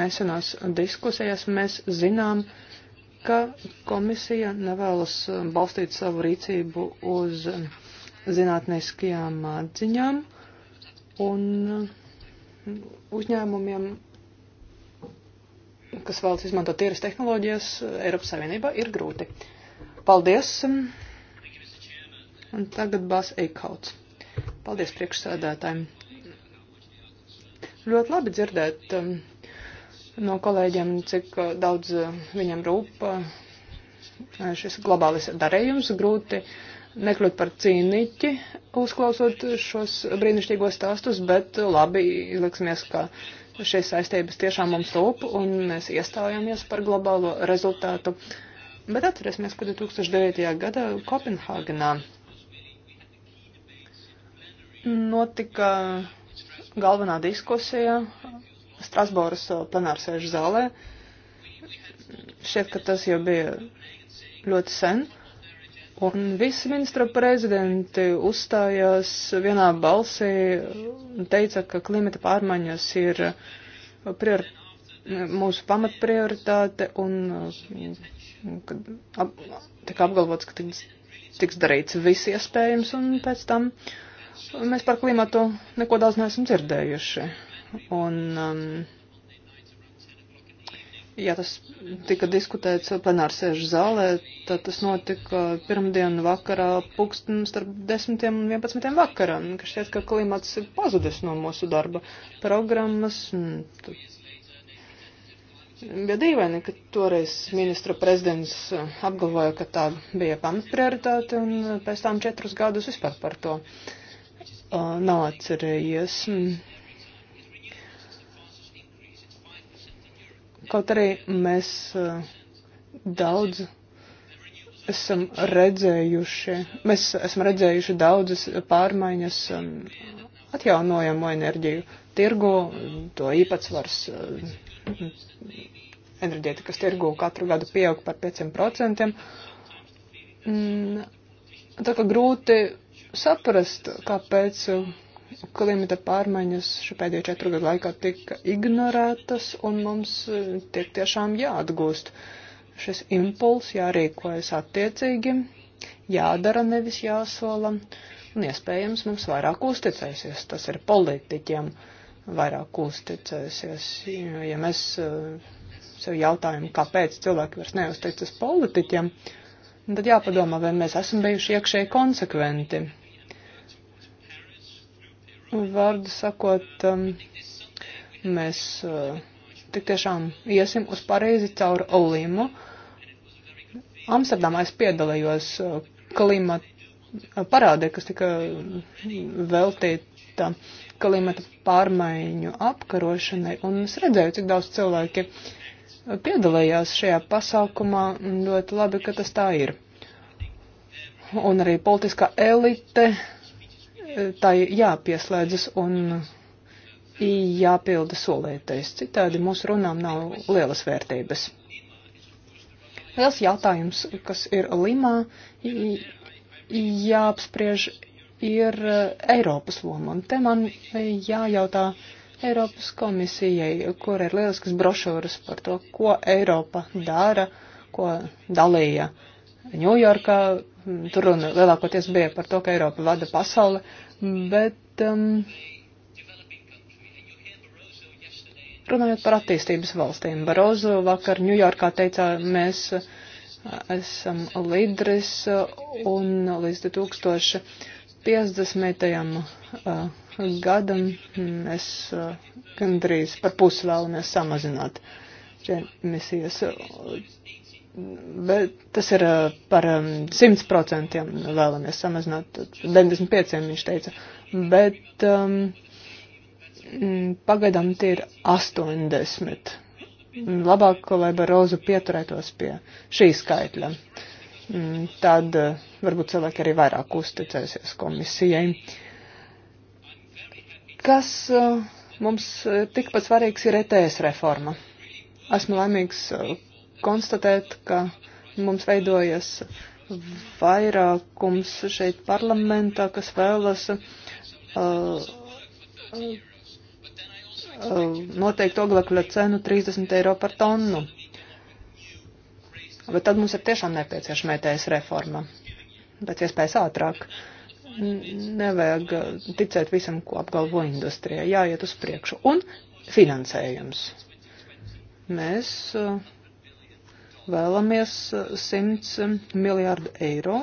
nesenās diskusijas mēs zinām, ka komisija nevēlas balstīt savu rīcību uz zinātniskajām atziņām un uzņēmumiem kas vēlas izmantot tīras tehnoloģijas Eiropas Savienībā, ir grūti. Paldies! Un tagad Bas Eikauts. Paldies priekšsēdētājiem. Ļoti labi dzirdēt um, no kolēģiem, cik uh, daudz uh, viņam rūp uh, šis globālis darījums. Grūti nekļūt par cīniķi, uzklausot šos brīnišķīgos stāstus, bet labi, liksimies, ka Šīs saistības tiešām mums rūp un mēs iestājāmies par globālo rezultātu. Bet atcerēsimies, ka 2009. gadā Kopenhāgenā notika galvenā diskusija Strasbūras plenārsēžu zālē. Šķiet, ka tas jau bija ļoti sen. Uh, Un visi ministra prezidenti uzstājās vienā balsī un teica, ka klimata pārmaiņas ir prior, mūsu pamatprioritāte un kad ap, tika apgalvots, ka tiks, tiks darīts viss iespējams un pēc tam mēs par klimatu neko daudz neesam dzirdējuši. Un, um, ja tas tika diskutēts plenārsēžu zālē, tad tas notika pirmdienu vakarā pulksten starp 10 un 11 vakarā, ka šķiet, ka klimats ir pazudis no mūsu darba programmas. Bija dīvaini, ka toreiz ministra prezidents apgalvoja, ka tā bija pamatprioritāte un pēc tam četrus gadus vispār par to uh, nav atcerējies. Uh, Kaut arī mēs eh, daudz esam redzējuši, mēs esam redzējuši daudzas pārmaiņas um, atjaunojamo enerģiju tirgu, to īpatsvars eh, enerģētikas tirgu katru gadu pieaug par 5%. Mm, tā kā grūti saprast, kāpēc klimata pārmaiņas šo pēdējo četru gadu laikā tika ignorētas, un mums eh, tiek tiešām jāatgūst šis impuls, jārīkojas attiecīgi, jādara nevis jāsola, un iespējams mums vairāk uzticēsies, tas ir politiķiem vairāk uzticēsies, jo, ja mēs eh, sev jautājam, kāpēc cilvēki vairs neuzticas politiķiem, tad jāpadomā, vai mēs esam bijuši iekšēji konsekventi Vārdu sakot, um, mēs uh, tik tiešām iesim uz Parīzi caur Olimu. Amsterdamā es piedalījos uh, klimata uh, parādē, kas tika uh, veltīta klimata pārmaiņu apkarošanai, un es redzēju, cik daudz cilvēki piedalījās šajā pasākumā, ļoti labi, ka tas tā ir. Un arī politiskā elite tai jāpieslēdzas un jāpilda solētais. Citādi mūsu runām nav lielas vērtības. Liels jautājums, kas ir Limā, jāapspriež, ir e, Eiropas loma. Un te man jājautā Eiropas komisijai, kur ir lielisks brošūras par to, ko Eiropa dara, ko dalīja Ņujorkā. Tur runa lielākoties bija par to, ka Eiropa vada pasauli. Uh, Bet um, runājot par attīstības valstīm, Barozo vakar Ņujorkā teicā, mēs uh, esam līderis uh, un līdz 2050. Uh, gadam mēs gandrīz par pusi vēlamies samazināt emisijas bet tas ir eh, par 100% um, vēlamies samazināt, 95% viņš teica, bet um, mm, pagaidām tie ir 80. Labāk, lai Barozu pieturētos pie šī skaitļa. Mm, tad eh, varbūt cilvēki arī vairāk uzticēsies komisijai. Kas eh, mums tikpat svarīgs ir ETS reforma? Esmu laimīgs, konstatēt, ka mums veidojas vairākums šeit parlamentā, kas vēlas uh, uh, noteikt oglekļa cenu 30 eiro par tonu. Bet tad mums ir tiešām nepieciešama ETS reforma. Pēc iespējas ātrāk. Nevajag ticēt visam, ko apgalvo industrija. Jāiet uz priekšu. Un finansējums. Mēs uh, vēlamies 100 uh, um, miljārdu eiro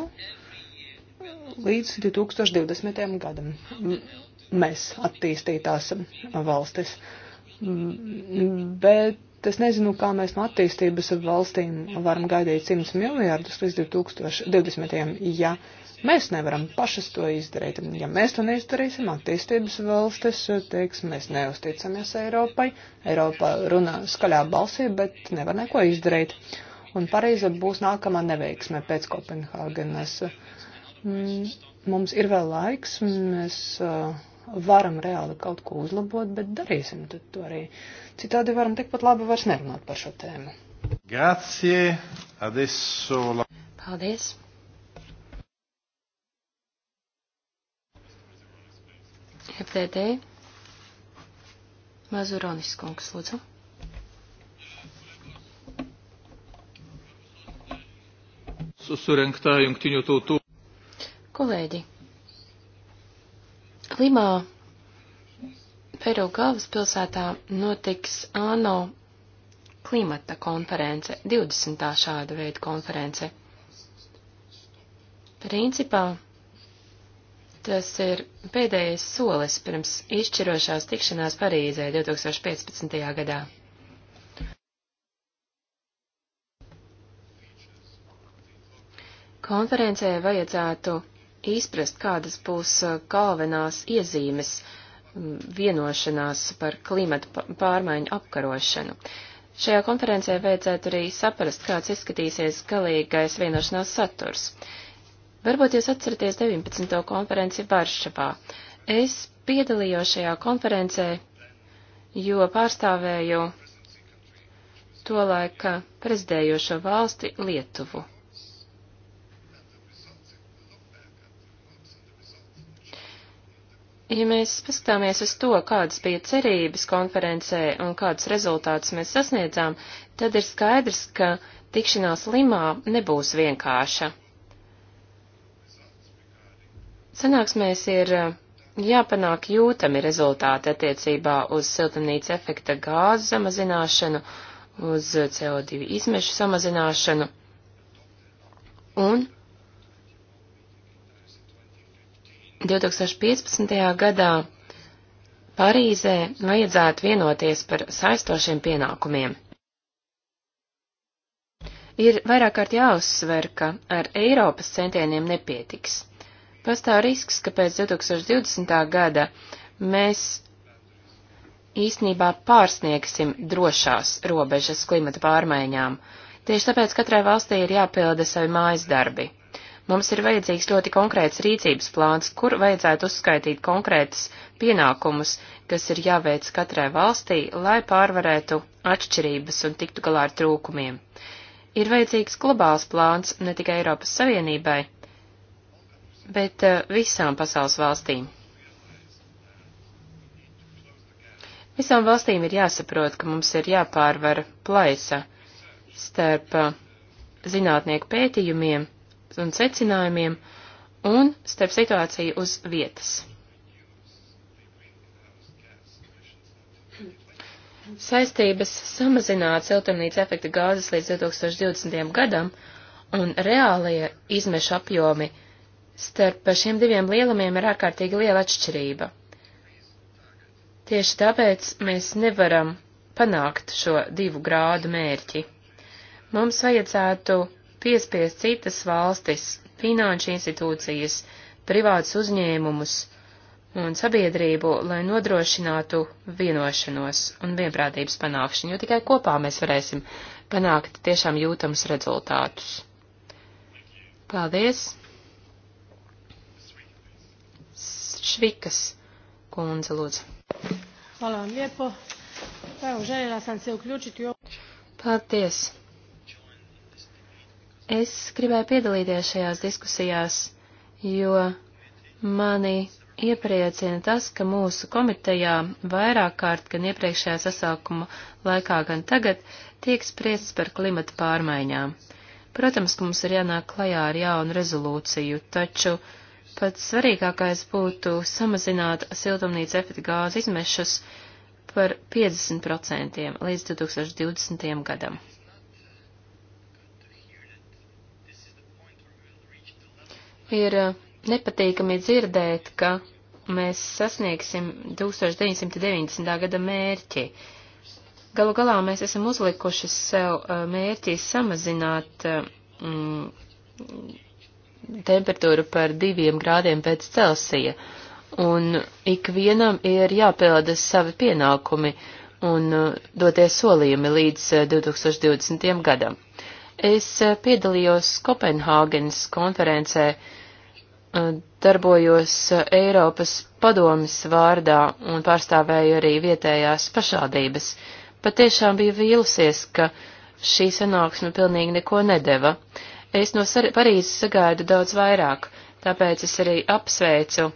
līdz 2020. gadam. Mēs attīstītās um, valstis. Bet es nezinu, kā mēs no attīstības valstīm varam gaidīt 100 miljārdus līdz 2020. ja mēs nevaram pašas to izdarīt. Ja mēs to neizdarīsim, attīstības valstis uh, teiks, mēs neusticamies Eiropai. Eiropa runā skaļā balsī, bet nevar neko izdarīt. Uh, un Parīze būs nākamā neveiksme pēc Kopenhāgenes. Mm, mums ir vēl laiks, mēs uh, varam reāli kaut ko uzlabot, bet darīsim to arī. Citādi varam tikpat labi vairs nerunāt par šo tēmu. Grazie, adesso la... Paldies. FDD. Mazuronis kungs, lūdzu. surinkta jungtinių tautų. Kolēģi, Limā, Peru galvaspilsētā notiks ANO klimata konference, 20. šāda veida konference. Principā tas ir pēdējais solis pirms izšķirošās tikšanās Parīzē 2015. gadā. Konferencē vajadzētu izprast, kādas būs uh, galvenās iezīmes mm, vienošanās par klimatu pārmaiņu apkarošanu. Šajā konferencē vajadzētu arī saprast, kāds izskatīsies galīgais vienošanās saturs. Varbūt jūs atceraties 19. konferenci Varšavā. Es piedalījos šajā konferencē, jo pārstāvēju to laika prezidējošo valsti Lietuvu. Ja mēs paskatāmies uz to, kādas bija cerības konferencē un kādus rezultātus mēs sasniedzām, tad ir skaidrs, ka tikšanās Limā nebūs vienkārša. Sanāksmēs ir uh, jāpanāk jūtami rezultāti attiecībā uz siltumnīca efekta gāzu samazināšanu, uz CO2 izmešu samazināšanu un 2015. gadā Parīzē vajadzētu vienoties par saistošiem pienākumiem. Ir vairāk kārt jāuzsver, ka ar Eiropas centieniem nepietiks. Pastāv risks, ka pēc 2020. gada mēs īsnībā pārsniegsim drošās robežas klimata pārmaiņām. Tieši tāpēc katrai valstī ir jāpilda savi mājas darbi. Mums ir vajadzīgs ļoti konkrēts rīcības plāns, kur vajadzētu uzskaitīt konkrētas pienākumus, kas ir jāveic katrai valstī, lai pārvarētu atšķirības un tiktu galā ar trūkumiem. Ir vajadzīgs globāls plāns ne tikai Eiropas Savienībai, bet eh, visām pasaules valstīm. Visām valstīm ir jāsaprot, ka mums ir jāpārvar plaisa starp eh, zinātnieku pētījumiem un secinājumiem un starp situāciju uz vietas. Saistības samazināt siltumnīca efekta gāzes līdz 2020. gadam un reālie izmešu apjomi starp šiem diviem lielumiem ir ārkārtīgi liela atšķirība. Tieši tāpēc mēs nevaram panākt šo divu grādu mērķi. Mums vajadzētu piespiest citas valstis, finanšu institūcijas, privātus uzņēmumus un sabiedrību, lai nodrošinātu vienošanos un vienprātības panākšanu, jo tikai kopā mēs varēsim panākt tiešām jūtamus rezultātus. Paldies! Švikas kundze, lūdzu. Hvala vam lijepo. Evo, željela sam se uključiti u... Paldies! Es gribēju piedalīties šajās diskusijās, jo mani iepriecina tas, ka mūsu komitejā vairāk kārt gan iepriekšējā sasaukuma laikā, gan tagad tiek spriests par klimata pārmaiņām. Protams, ka mums ir jānāk klajā ar jaunu rezolūciju, taču pats svarīgākais būtu samazināt siltumnīca efekta gāzu izmešus par 50% līdz 2020. gadam. Ir eh, nepatīkami dzirdēt, ka mēs sasniegsim 1990. gada mērķi. Galu galā mēs esam uzlikuši sev eh, mērķi samazināt eh, mm, temperatūru par diviem grādiem pēc Celsija, un ikvienam ir jāpilda savi pienākumi un doties solījumi līdz 2020. gadam. Es piedalījos Kopenhāgenes konferencē, uh, darbojos eh, Eiropas padomis vārdā un pārstāvēju arī vietējās pašādības. Patiešām biju vīlusies, ka šī sanāksme pilnīgi neko nedeva. Es no Parīzes sagaidu daudz vairāk, tāpēc es arī apsveicu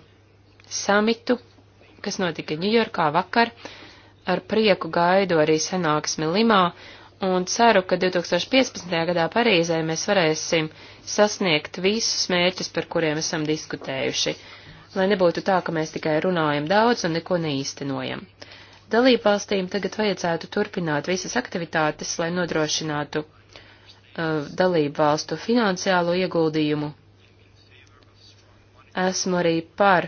samitu, kas notika Ņujorkā vakar. Ar prieku gaidu arī sanāksmi Limā un ceru, ka 2015. gadā Parīzē mēs varēsim sasniegt visus mērķus, par kuriem esam diskutējuši, lai nebūtu tā, ka mēs tikai runājam daudz un neko neīstenojam. Dalībvalstīm tagad vajadzētu turpināt visas aktivitātes, lai nodrošinātu uh, dalībvalstu finansiālo ieguldījumu. Esmu arī par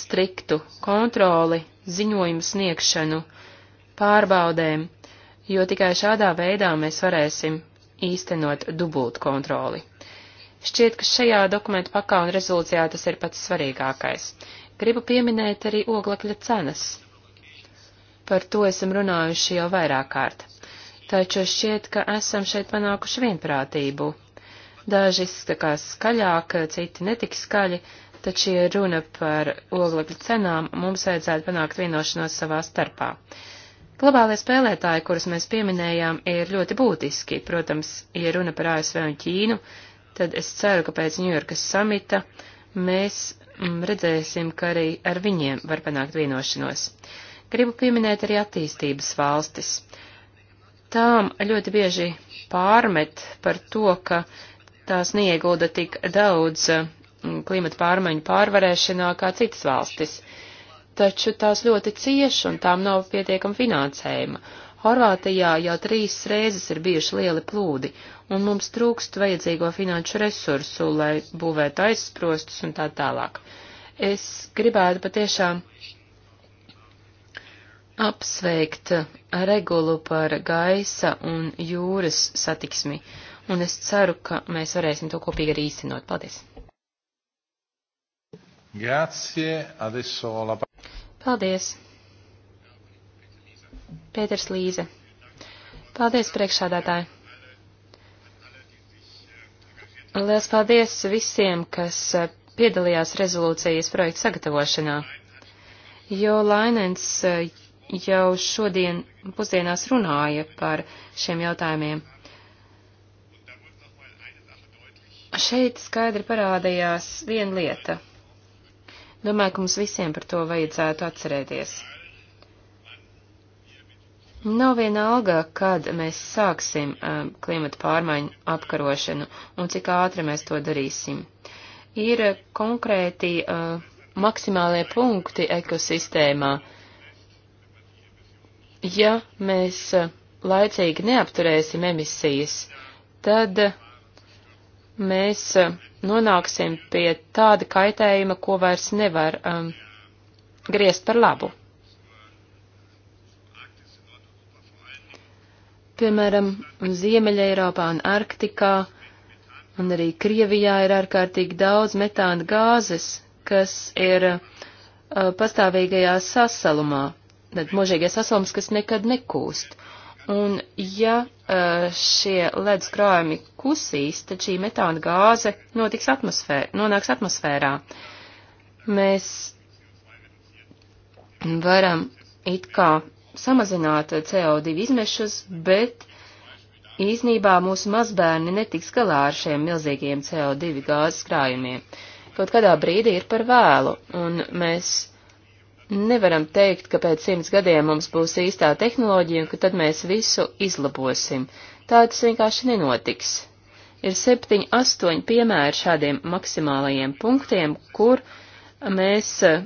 striktu kontroli, ziņojumu sniegšanu, pārbaudēm, jo tikai šādā veidā mēs varēsim īstenot dubult kontroli. Šķiet, ka šajā dokumentu pakā un rezolūcijā tas ir pats svarīgākais. Gribu pieminēt arī oglekļa cenas. Par to esam runājuši jau vairāk kārt. Taču šķiet, ka esam šeit panākuši vienprātību. Daži izskatās skaļāk, citi netik skaļi, taču, ja runa par oglekļa cenām, mums vajadzētu panākt vienošanos savā starpā. Globālie spēlētāji, kurus mēs pieminējām, ir ļoti būtiski. Protams, ja runa par ASV un Ķīnu, tad es ceru, ka pēc Ņujorkas samita mēs mm, redzēsim, ka arī ar viņiem var panākt vienošanos. Gribu pieminēt arī attīstības valstis. Tām ļoti bieži pārmet par to, ka tās neiegulda tik daudz mm, klimata pārmaiņu pārvarēšanā kā citas valstis taču tās ļoti cieši un tām nav pietiekama finansējuma. Horvātijā jau trīs reizes ir bijuši lieli plūdi, un mums trūkst vajadzīgo finanšu resursu, lai būvētu aizsprostus un tā tālāk. Es gribētu patiešām apsveikt regulu par gaisa un jūras satiksmi, un es ceru, ka mēs varēsim to kopīgi arī īstenot. Paldies! Grazie, adesso la Paldies! Pēters Līze. Paldies, priekšādātāji! Lielas paldies visiem, kas eh, piedalījās rezolūcijas projekta sagatavošanā. Jo Lainens eh, jau šodien pusdienās runāja par šiem jautājumiem. Šeit skaidri parādījās viena lieta. Domāju, ka mums visiem par to vajadzētu atcerēties. Nav viena alga, kad mēs sāksim um, klimata pārmaiņu apkarošanu un cik ātri mēs to darīsim. Ir konkrēti uh, maksimālie punkti ekosistēmā. Ja mēs uh, laicīgi neapturēsim emisijas, tad uh, mēs uh, nonāksim pie tāda kaitējuma, ko vairs nevar um, griezt par labu. Piemēram, Ziemeļa Eiropā un Arktikā un arī Krievijā ir ārkārtīgi daudz metāna gāzes, kas ir uh, pastāvīgajā sasalumā, tad mūžīgais sasalums, kas nekad nekūst. Un ja šie ledus krājumi kusīs, tad šī metāna gāze notiks atmosfēr, nonāks atmosfērā. Mēs varam it kā samazināt CO2 izmešus, bet īsnībā mūsu mazbērni netiks galā ar šiem milzīgiem CO2 gāzes krājumiem. Kaut kādā brīdī ir par vēlu, un mēs nevaram teikt, ka pēc simts gadiem mums būs īstā tehnoloģija un ka tad mēs visu izlabosim. Tā tas vienkārši nenotiks. Ir septiņi, astoņi piemēri šādiem maksimālajiem punktiem, kur mēs eh,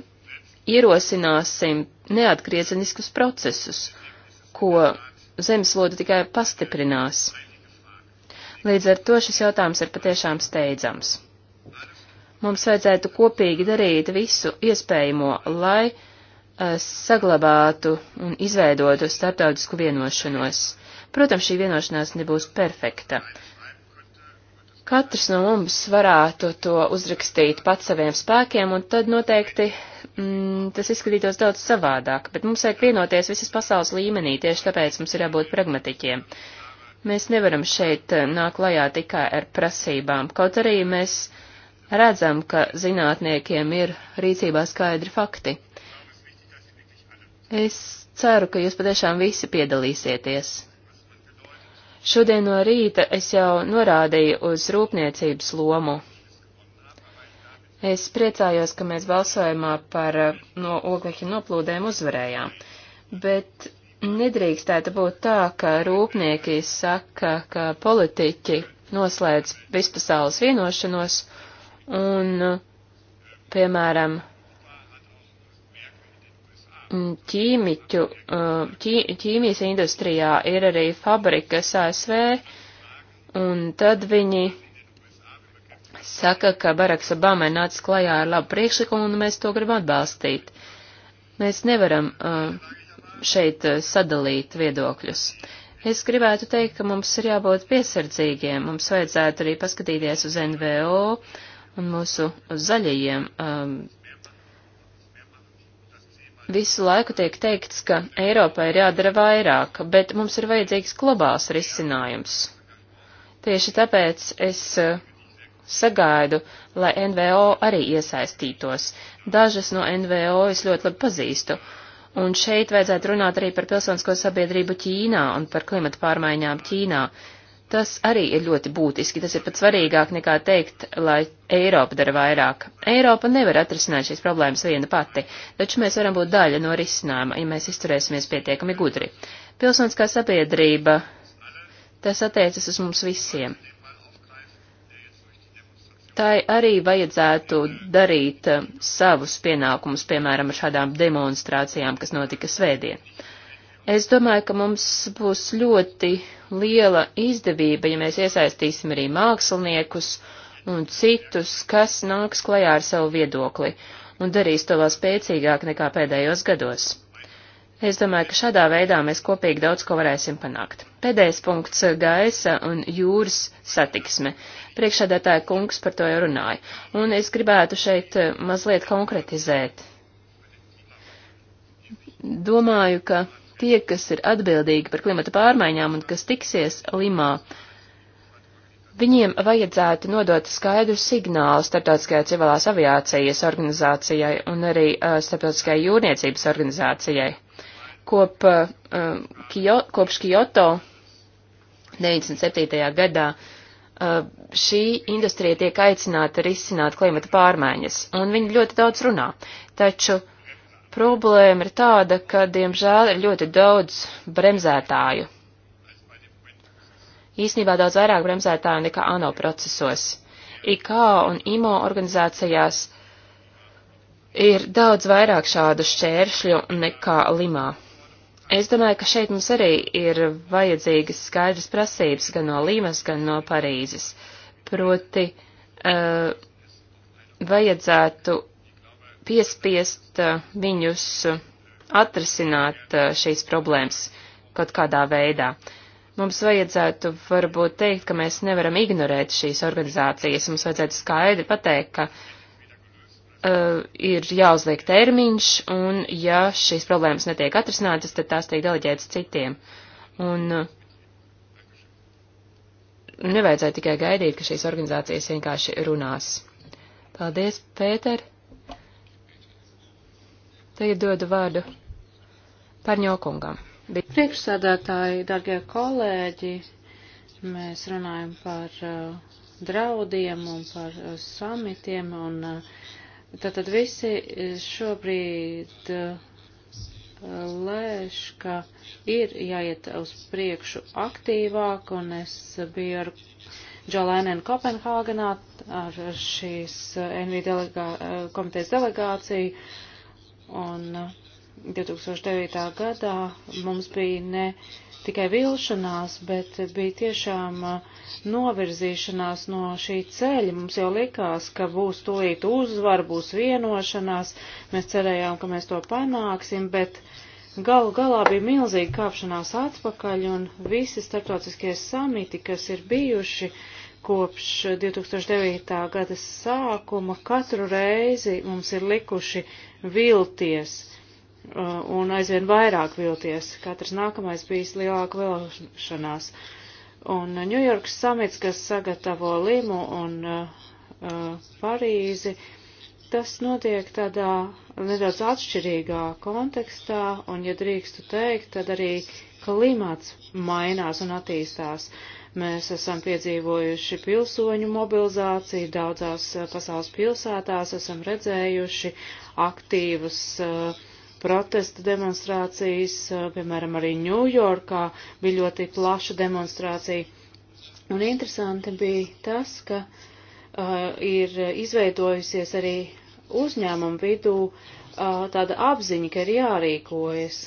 ierosināsim neatgriezeniskus procesus, ko zemeslodu tikai pastiprinās. Līdz ar to šis jautājums ir patiešām steidzams. Mums vajadzētu kopīgi darīt visu iespējamo, lai uh, saglabātu un izveidotu starptautisku vienošanos. Protams, šī vienošanās nebūs perfekta. Katrs no mums varētu to uzrakstīt pats saviem spēkiem, un tad noteikti mm, tas izskatītos daudz savādāk, bet mums vajag vienoties visas pasaules līmenī, tieši tāpēc mums ir jābūt pragmatiķiem. Mēs nevaram šeit eh, nākt lajā tikai ar prasībām, kaut arī mēs redzam, ka zinātniekiem ir rīcībā skaidri fakti. Es ceru, ka jūs patiešām visi piedalīsieties. Šodien no rīta es jau norādīju uz rūpniecības lomu. Es priecājos, ka mēs balsojumā par eh, no oglekļa noplūdēm uzvarējām, bet nedrīkstētu būt tā, ka rūpnieki saka, ka politiķi noslēdz vispasaules vienošanos, Un, piemēram, ķīmiķu, ķī, ķīmijas industrijā ir arī fabrikas ASV, un tad viņi saka, ka Baraks Obama ir nācis klajā ar labu priekšlikumu, un mēs to gribam atbalstīt. Mēs nevaram uh, šeit uh, sadalīt viedokļus. Es gribētu teikt, ka mums ir jābūt piesardzīgiem, mums vajadzētu arī paskatīties uz NVO, uh, un mūsu zaļajiem um, visu laiku tiek teikts, ka Eiropai ir jādara vairāk, bet mums ir vajadzīgs globāls risinājums. Tieši tāpēc es uh, sagaidu, lai NVO arī iesaistītos. Dažas no NVO es ļoti labi pazīstu. Un šeit vajadzētu runāt arī par pilsonisko sabiedrību Ķīnā un par klimata pārmaiņām Ķīnā. Tas arī ir ļoti būtiski, tas ir pat svarīgāk nekā teikt, lai Eiropa dara vairāk. Eiropa nevar atrisināt šīs problēmas viena pati, taču mēs varam būt daļa no risinājuma, ja mēs izturēsimies pietiekami gudri. Pilsoniskā sabiedrība, tas attiecas uz mums visiem. Tai arī vajadzētu darīt eh, savus pienākumus, piemēram, ar šādām demonstrācijām, kas notika svētdien. Es domāju, ka mums būs ļoti liela izdevība, ja mēs iesaistīsim arī māksliniekus un citus, kas nāks klajā ar savu viedokli un darīs to vēl spēcīgāk nekā pēdējos gados. Es domāju, ka šādā veidā mēs kopīgi daudz ko varēsim panākt. Pēdējais punkts - gaisa un jūras satiksme. Priekšādātāja kungs par to jau runāja, un es gribētu šeit eh, mazliet konkretizēt. Domāju, ka tie, kas ir atbildīgi par klimata pārmaiņām un kas tiksies Limā, viņiem vajadzētu nodot skaidru signālu starptautiskajai civilās aviācijas organizācijai un arī uh, starptautiskajai jūrniecības organizācijai. Kop, uh, Kio, kopš Kyoto 97. gadā uh, šī industrija tiek aicināta risināt klimata pārmaiņas, un viņi ļoti daudz runā. Taču uh, Problēma ir tāda, ka, diemžēl, ir ļoti daudz bremzētāju. Īsnībā daudz vairāk bremzētāju nekā ANO procesos. IKA un IMO organizācijās ir daudz vairāk šādu šķēršļu nekā Limā. Es domāju, ka šeit mums arī ir vajadzīgas skaidras prasības gan no Limas, gan no Parīzes. Proti, uh, vajadzētu piespiest eh, viņus eh, atrasināt eh, šīs problēmas kaut kādā veidā. Mums vajadzētu varbūt teikt, ka mēs nevaram ignorēt šīs organizācijas. Mums vajadzētu skaidri pateikt, ka uh, ir jāuzliek termiņš, un ja šīs problēmas netiek atrisinātas, tad tās tiek deleģētas citiem. Un uh, nevajadzētu tikai gaidīt, ka šīs organizācijas vienkārši runās. Paldies, Pēter! Tagad dodu vārdu Parņokungam. Priekšsēdētāji, dargie kolēģi, mēs runājam par uh, draudiem un par uh, samitiem, un uh, tātad visi šobrīd uh, lēš, ka ir jāiet uz priekšu aktīvāk, un es biju ar Džolēnēnu Kopenhāgenā ar šīs uh, NV delegā, uh, komitejas delegāciju, Un 2009. Uh, gadā mums bija ne tikai vilšanās, bet bija tiešām uh, novirzīšanās no šī ceļa. Mums jau likās, ka būs tūlīt uzvar, būs vienošanās, mēs cerējām, ka mēs to panāksim, bet galu galā bija milzīga kāpšanās atpakaļ un visi starptautiskie samiti, kas ir bijuši, uh, kopš 2009. gada sākuma katru reizi mums ir likuši vilties uh, un aizvien vairāk vilties. Katrs nākamais bijis lielāka vēlšanās. Un Ņujorkas samits, kas sagatavo Limu un uh, uh, Parīzi, tas notiek tādā nedaudz atšķirīgā kontekstā, un, ja drīkstu teikt, tad arī klimats mainās un attīstās. Uh, Mēs esam piedzīvojuši pilsoņu mobilizāciju daudzās eh, pasaules pilsētās, esam redzējuši aktīvas uh, protesta demonstrācijas, uh, piemēram, arī Ņujorkā bija ļoti plaša demonstrācija. Un interesanti bija tas, ka uh, ir izveidojusies arī uzņēmumu vidū uh, tāda apziņa, ka ir jārīkojas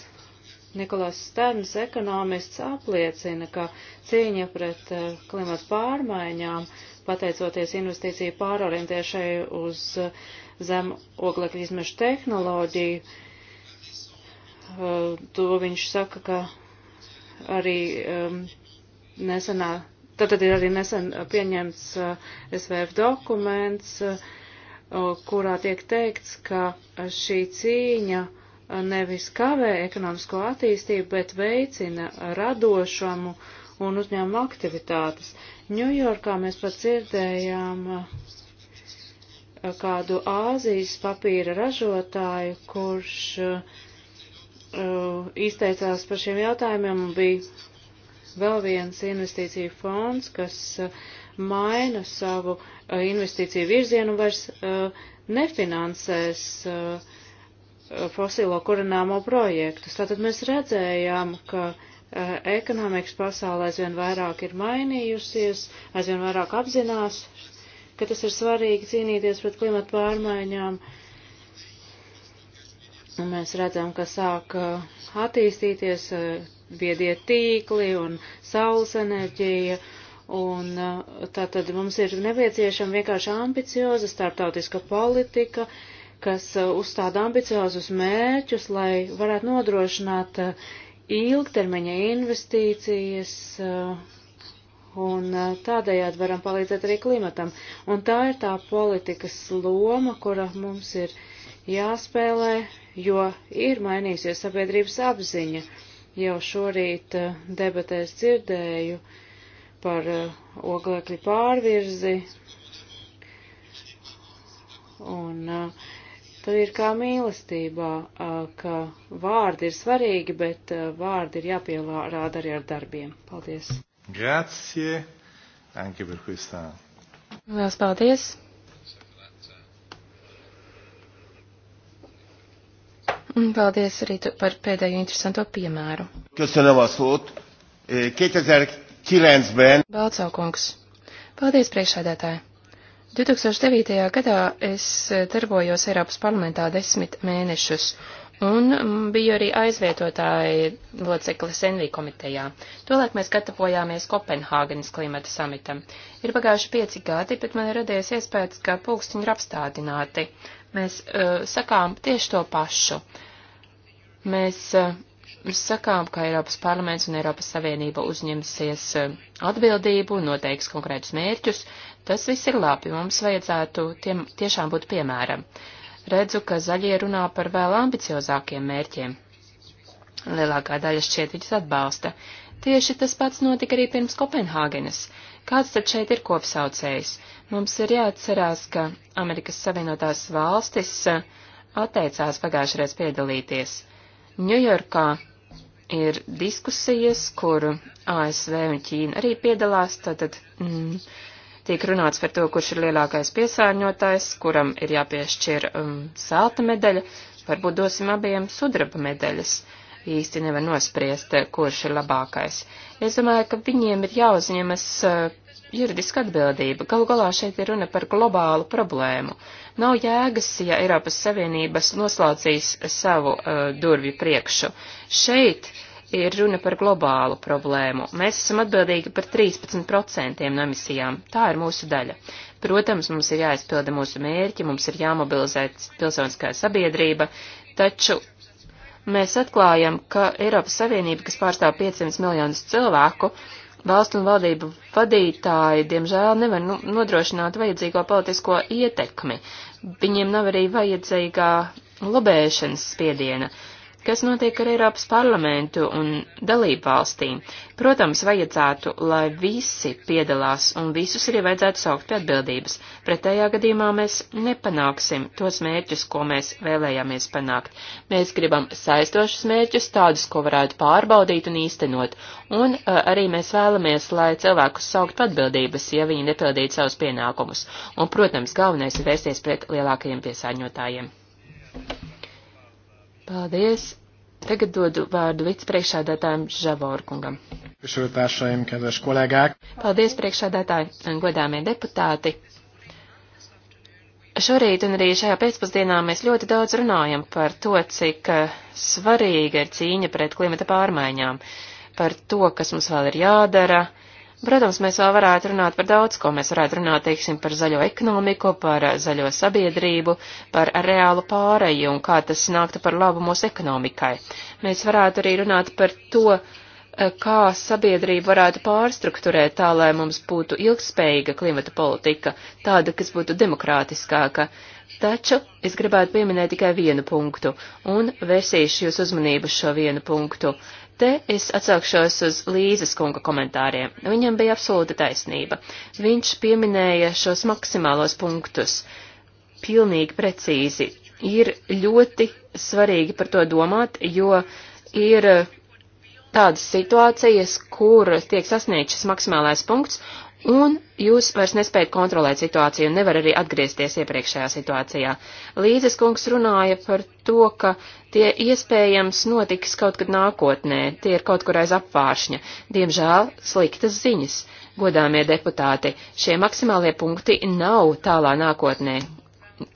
Nikolās Sterns, ekonomists, apliecina, ka cīņa pret eh, klimatu pārmaiņām, pateicoties investīciju pārorientēšai uz eh, zem oglekļa izmešu tehnoloģiju, eh, to viņš saka, ka arī um, nesenā, tad, tad ir arī nesen pieņemts uh, SVF dokuments, uh, kurā tiek teikts, ka šī cīņa uh, nevis kavē ekonomisko attīstību, bet veicina radošumu un uzņēmumu aktivitātes. Ņujorkā mēs pat dzirdējām eh, kādu Āzijas papīra ražotāju, kurš uh, izteicās par šiem jautājumiem un bija vēl viens investīciju fonds, kas uh, maina savu uh, investīciju virzienu un vairs nefinansēs uh, fosilo kurināmo projektus. Tātad mēs redzējām, ka eh, ekonomikas pasaule aizvien vairāk ir mainījusies, aizvien vairāk apzinās, ka tas ir svarīgi cīnīties pret klimatu pārmaiņām. Un mēs redzam, ka sāk eh, attīstīties biedie eh, tīkli un saules enerģija. Un tātad mums ir nepieciešama vienkārši ambicioza starptautiska politika, uh, kas uh, uzstāda ambiciozus mērķus, lai varētu nodrošināt uh, ilgtermiņa investīcijas uh, un tādējādi varam palīdzēt arī klimatam. Un tā ir tā politikas loma, kura mums ir jāspēlē, jo ir mainīsies sabiedrības apziņa. Jau šorīt debatēs dzirdēju par oglekļu pārvirzi, un uh, Tad ir kā mīlestībā, ka vārdi ir svarīgi, bet vārdi ir jāpielāda arī ar darbiem. Paldies! Grazie! Anche per questa. Lielas paldies! Un paldies arī par pēdējo interesanto piemēru. Köszönöm a szót. 2009-ben. Balcaukungs. Paldies, priekšādētāji. 2009. gadā es e, darbojos Eiropas parlamentā desmit mēnešus un biju arī aizvietotāji loceklis NV komitejā. Tolēk mēs gatavojāmies Kopenhāgenes klimata samitam. Ir pagājuši pieci gadi, bet man ir radies iespējas, ka pulkstiņi ir apstādināti. Mēs uh, sakām tieši to pašu. Mēs uh, sakām, ka Eiropas parlaments un Eiropas Savienība uzņemsies atbildību, noteiks konkrētus mērķus, Tas viss ir labi, mums vajadzētu tiem, tiešām būt piemēram. Redzu, ka zaļie runā par vēl ambiciozākiem mērķiem. Lielākā daļa šķiet viņus atbalsta. Tieši tas pats notika arī pirms Kopenhāgenes. Kāds tad šeit ir kopsaucējs? Mums ir jāatcerās, ka Amerikas Savienotās valstis uh, atteicās pagājušreiz piedalīties. Ņujorkā ir diskusijas, kur ASV un Ķīna arī piedalās, tātad mm, Tiek runāts par to, kurš ir lielākais piesārņotājs, kuram ir jāpiešķir um, zelta medaļa, varbūt dosim abiem sudraba medaļas. Īsti nevar nospriest, eh, kurš ir labākais. Es domāju, ka viņiem ir jāuzņemas uh, juridiska atbildība. Galu galā šeit ir runa par globālu problēmu. Nav jēgas, ja Eiropas Savienības noslaucīs savu uh, durvju priekšu. Šeit uh, ir runa par globālu problēmu. Mēs esam atbildīgi par 13% no emisijām. Tā ir mūsu daļa. Protams, mums ir jāizpilda mūsu mērķi, mums ir jāmobilizē pilsoniskā sabiedrība, taču mēs atklājam, ka Eiropas Savienība, kas pārstāv 500 miljonus cilvēku, valstu un valdību vadītāji, diemžēl, nevar nu, nodrošināt vajadzīgo politisko ietekmi. Viņiem nav arī vajadzīgā lobēšanas spiediena kas notiek ar Eiropas parlamentu un dalību valstīm. Protams, vajadzētu, lai visi piedalās un visus arī vajadzētu saukt pie atbildības. Pretējā gadījumā mēs nepanāksim tos mērķus, ko mēs vēlējāmies panākt. Mēs gribam saistošus mērķus, tādus, ko varētu pārbaudīt un īstenot. Un uh, arī mēs vēlamies, lai cilvēkus saukt pie atbildības, ja viņi nepildītu savus pienākumus. Un, protams, galvenais ir vērsties pret lielākajiem piesāņotājiem. Thank you. Paldies! Tagad dodu vārdu vicepriekšādātājiem Žavorkungam. Paldies, priekšādātāji, godāmie deputāti! Šorīt un arī šajā pēcpusdienā mēs ļoti daudz runājam par to, cik eh, svarīga ir cīņa pret klimata pārmaiņām, par to, kas mums vēl ir jādara, Protams, mēs vēl varētu runāt par daudz, ko mēs varētu runāt, teiksim, par zaļo ekonomiku, par eh, zaļo sabiedrību, par reālu pāreju un kā tas nāktu par labu mūsu ekonomikai. Mēs varētu arī runāt par to, eh, kā sabiedrība varētu pārstruktūrēt tā, lai mums būtu ilgspējīga klimata politika, tāda, kas būtu demokrātiskāka. Taču es gribētu pieminēt tikai vienu punktu un vērsīšu jūs uzmanību šo vienu punktu. Te es atsaukšos uz Līzes kunga komentāriem. Viņam bija absolūta taisnība. Viņš pieminēja šos maksimālos punktus. Pilnīgi precīzi. Ir ļoti svarīgi par to domāt, jo ir tādas situācijas, kur tiek sasniegts šis maksimālais punkts, un jūs vairs nespējat kontrolēt situāciju un nevar arī atgriezties iepriekšējā situācijā. Līdzes kungs runāja par to, ka tie iespējams notiks kaut kad nākotnē, tie ir kaut kur aiz apvāršņa. Diemžēl sliktas ziņas, godāmie deputāti, šie maksimālie punkti nav tālā nākotnē.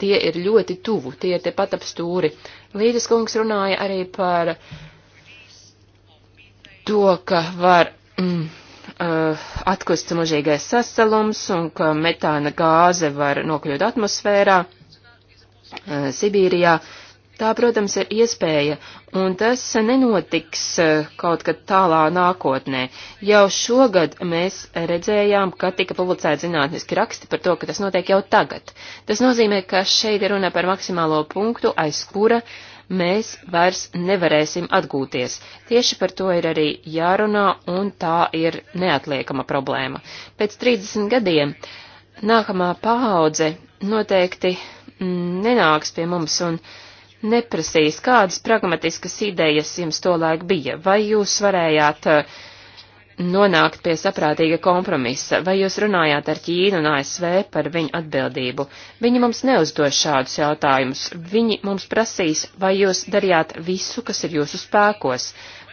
Tie ir ļoti tuvu, tie ir tepat ap stūri. Līdzes kungs runāja arī par to, ka var. Mm, uh, atkusta mūžīgais sasalums un ka metāna gāze var nokļūt atmosfērā uh, Sibīrijā. Tā, protams, ir iespēja, un tas nenotiks uh, kaut kad tālā nākotnē. Jau šogad mēs redzējām, ka tika publicēti zinātniski raksti par to, ka tas notiek jau tagad. Tas nozīmē, ka šeit ir runa par maksimālo punktu, aiz kura uh, mēs vairs nevarēsim atgūties. Tieši par to ir arī jārunā, un tā ir neatliekama problēma. Pēc 30 gadiem nākamā paudze noteikti mm, nenāks pie mums un neprasīs, kādas pragmatiskas idejas jums tolaik bija, vai jūs varējāt uh, nonākt pie saprātīga kompromisa, vai jūs runājāt ar Ķīnu un ASV par viņu atbildību? Viņi mums neuzdos šādus jautājumus. Viņi mums prasīs, vai jūs darījāt visu, kas ir jūsu spēkos,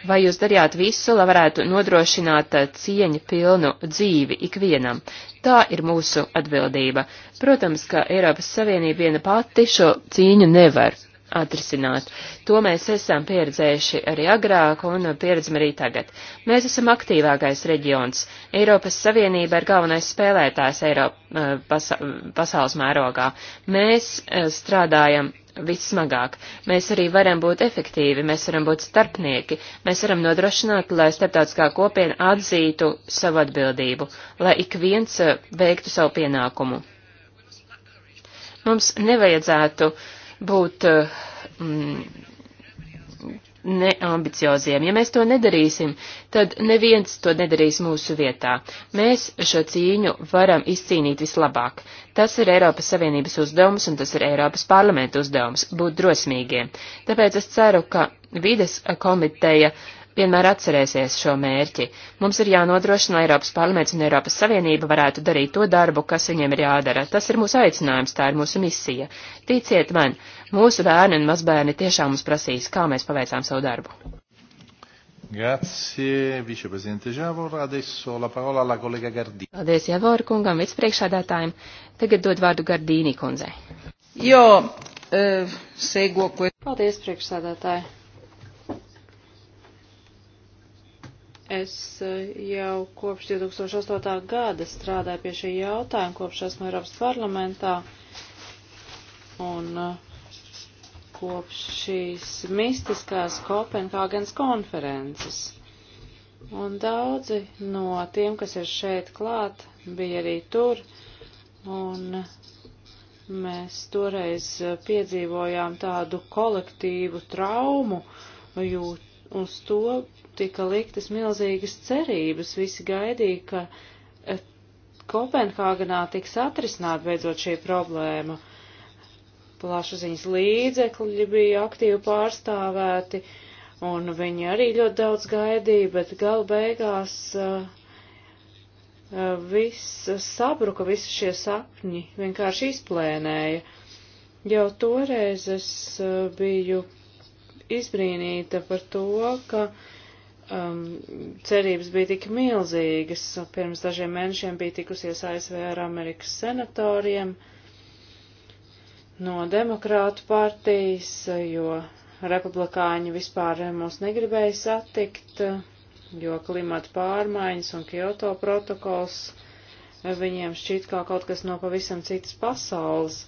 vai jūs darījāt visu, lai varētu nodrošināt eh, cieņu pilnu dzīvi ikvienam. Tā ir mūsu atbildība. Protams, ka Eiropas Savienība viena pati šo cīņu nevar atrisināt. To mēs esam pieredzējuši arī agrāk un pieredzam arī tagad. Mēs esam aktīvākais reģions. Eiropas Savienība ir galvenais spēlētājs Eiropa, eh, pasa, pasaules mērogā. Mēs eh, strādājam vissmagāk. Mēs arī varam būt efektīvi, mēs varam būt starpnieki, mēs varam nodrošināt, lai starptautiskā kopiena atzītu savu atbildību, lai ik viens eh, veiktu savu pienākumu. Mums nevajadzētu uh, būt eh, mm, neambicioziem. Ja mēs to nedarīsim, tad neviens to nedarīs mūsu vietā. Mēs šo cīņu varam izcīnīt vislabāk. Tas ir Eiropas Savienības uzdevums un tas ir Eiropas parlamenta uzdevums - būt drosmīgiem. Tāpēc es ceru, ka vides komiteja uh, vienmēr atcerēsies šo mērķi. Mums ir jānodrošina, lai Eiropas parlaments un Eiropas Savienība varētu darīt to darbu, kas viņiem ir jādara. Tas ir mūsu aicinājums, tā ir mūsu misija. Ticiet man, mūsu bērni un mazbērni tiešām mums prasīs, kā mēs paveicām savu darbu. Grazie, viceprezidente Javor. Adesso la parola alla collega Gardini. Paldies Javor kungam, vicepriekšādātājiem. Tagad dod vārdu Gardīni kundzei. Jo, uh, seguo. Paldies, priekšsādātāji. Es eh, jau kopš 2008. gada strādāju pie šī jautājuma, kopš esmu Eiropas parlamentā un eh, kopš šīs mistiskās Kopenhāgenes konferences. Un daudzi no tiem, kas ir šeit klāt, bija arī tur, un eh, mēs toreiz piedzīvojām tādu kolektīvu traumu, jo uz to tika liktas milzīgas cerības, visi gaidīja, ka et, eh, Kopenhāganā tiks atrisināt beidzot šī problēma. Plašaziņas līdzekļi bija aktīvi pārstāvēti, un viņi arī ļoti daudz gaidīja, bet galu beigās uh, viss sabruka, visi šie sapņi vienkārši izplēnēja. Jau toreiz es biju izbrīnīta par to, ka um, cerības bija tik milzīgas. Pirms dažiem mēnešiem bija tikusies ASV ar Amerikas senatoriem no demokrātu partijas, jo republikāņi vispār mūs negribēja satikt, jo klimata pārmaiņas un Kyoto protokols viņiem šķiet kā kaut kas no pavisam citas pasaules.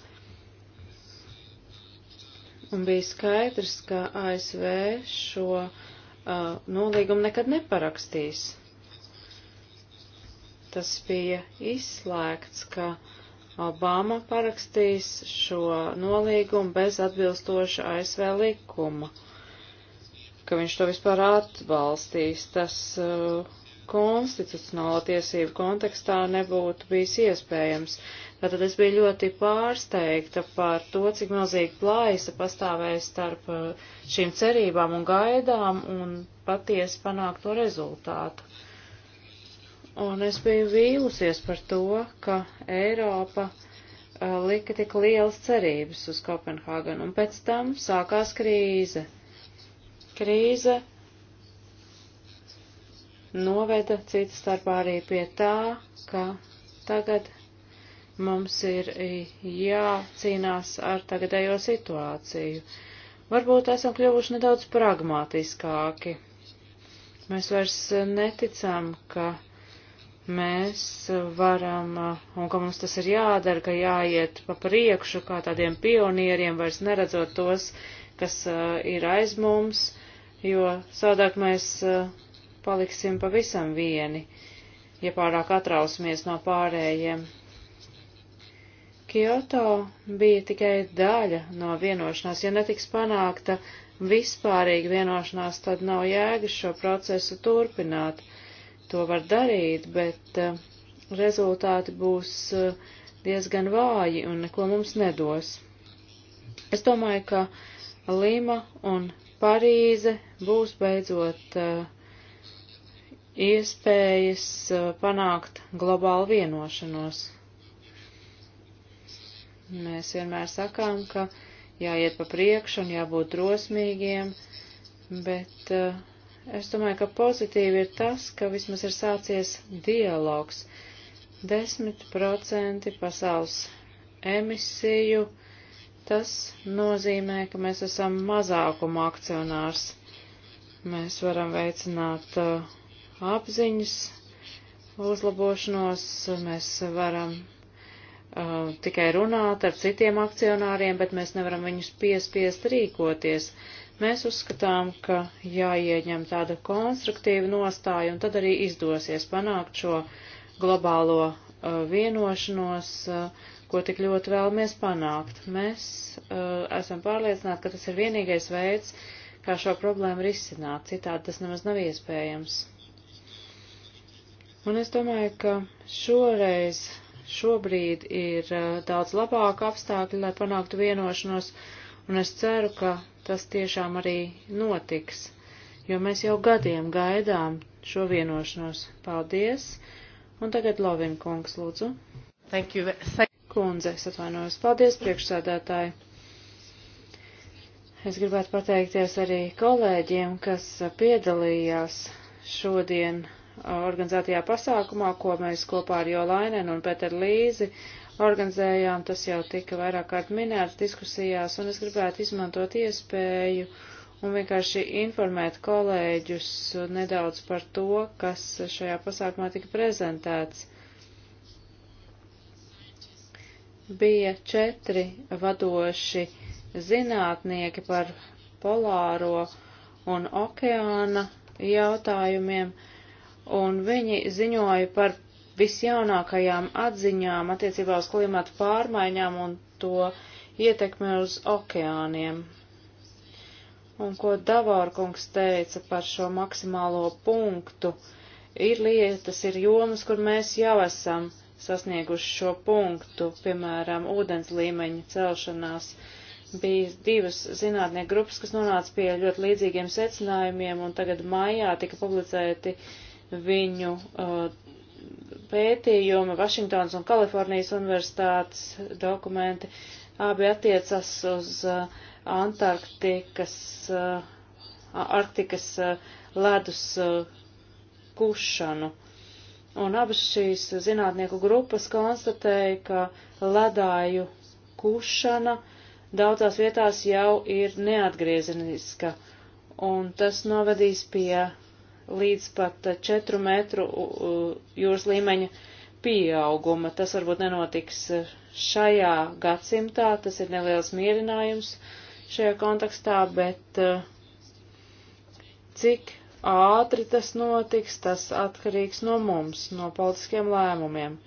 Un bija skaidrs, ka ASV šo uh, uh, nolīgumu nekad neparakstīs. Tas bija izslēgts, ka Obama parakstīs šo nolīgumu bez atbilstoša ASV likuma, ka viņš to vispār atbalstīs. Tas uh, konstitucionālo tiesību kontekstā nebūtu bijis iespējams. Tātad es biju ļoti pārsteigta par to, cik milzīgi plājas pastāvēja starp eh, šīm cerībām un gaidām un patiesi panākto rezultātu. Un es biju vīlusies par to, ka Eiropa eh, lika tik lielas cerības uz Kopenhāganu, un pēc tam sākās krīze. Krīze noveda citas starpā arī pie tā, ka tagad mums ir jācīnās ar tagadējo situāciju. Varbūt esam kļuvuši nedaudz pragmatiskāki. Mēs vairs neticam, ka mēs varam, un ka mums tas ir jādara, ka jāiet pa priekšu kā tādiem pionieriem, vairs neredzot tos, kas uh, ir aiz mums, jo savādāk mēs uh, paliksim pavisam vieni, ja pārāk atrausmies no pārējiem. Kyoto bija tikai daļa no vienošanās. Ja netiks panākta vispārīga vienošanās, tad nav jēgas šo procesu turpināt. To var darīt, bet eh, rezultāti būs eh, diezgan vāji un neko mums nedos. Es domāju, ka Lima un Parīze būs beidzot uh, iespējas uh, panākt globālu vienošanos. Mēs vienmēr sakām, ka jāiet pa priekšu un jābūt drosmīgiem, bet uh, es domāju, ka pozitīvi ir tas, ka vismaz ir sācies dialogs. 10% pasaules emisiju, tas nozīmē, ka mēs esam mazākuma akcionārs. Mēs varam veicināt uh, apziņas uzlabošanos, mēs varam uh, tikai runāt ar citiem akcionāriem, bet mēs nevaram viņus piespiest rīkoties. Mēs uzskatām, ka jāieņem tāda konstruktīva nostāja, un tad arī izdosies panākt šo globālo uh, vienošanos, uh, ko tik ļoti vēlamies panākt. Mēs uh, esam pārliecināti, ka tas ir vienīgais veids, kā šo problēmu risināt, citādi tas nemaz nav iespējams. Un es domāju, ka šoreiz, šobrīd ir uh, daudz labāka apstākļa, lai panāktu vienošanos, un es ceru, ka tas tiešām arī notiks, jo mēs jau gadiem gaidām šo vienošanos. Paldies! Un tagad Lovin kungs, lūdzu. Thank you. Thank Kundze, es atvainojos. Paldies, priekšsādātāji! Es gribētu pateikties arī kolēģiem, kas piedalījās šodien organizētajā pasākumā, ko mēs kopā ar Jolainen un Pēteru Līzi organizējām. Tas jau tika vairāk kārt minēts diskusijās, un es gribētu izmantot iespēju un vienkārši informēt kolēģus nedaudz par to, kas šajā pasākumā tika prezentēts. Bija četri vadoši zinātnieki par polāro un okeāna jautājumiem. Uh, un viņi ziņoja par visjaunākajām atziņām attiecībā uz klimatu pārmaiņām un to ietekmi uz okeāniem. Un ko Davorkungs teica par šo maksimālo punktu, ir lietas, ir jomas, kur mēs jau esam sasnieguši šo punktu, piemēram, ūdens līmeņa celšanās. Bija divas zinātnieku grupas, kas nonāca pie ļoti līdzīgiem secinājumiem, un tagad maijā tika publicēti uh, viņu uh, pētījumi, Vašingtonas un Kalifornijas universitātes dokumenti, abi attiecas uz uh, Antarktikas, uh, Arktikas ledus kušanu. Un abas šīs zinātnieku grupas konstatēja, ka ledāju kušana daudzās vietās jau ir neatgriezeniska, un tas novedīs pie līdz pat 4 metru jūras līmeņa pieauguma. Tas varbūt nenotiks šajā gadsimtā, tas ir neliels mierinājums šajā kontekstā, bet cik ātri tas notiks, tas atkarīgs no mums, no politiskiem lēmumiem.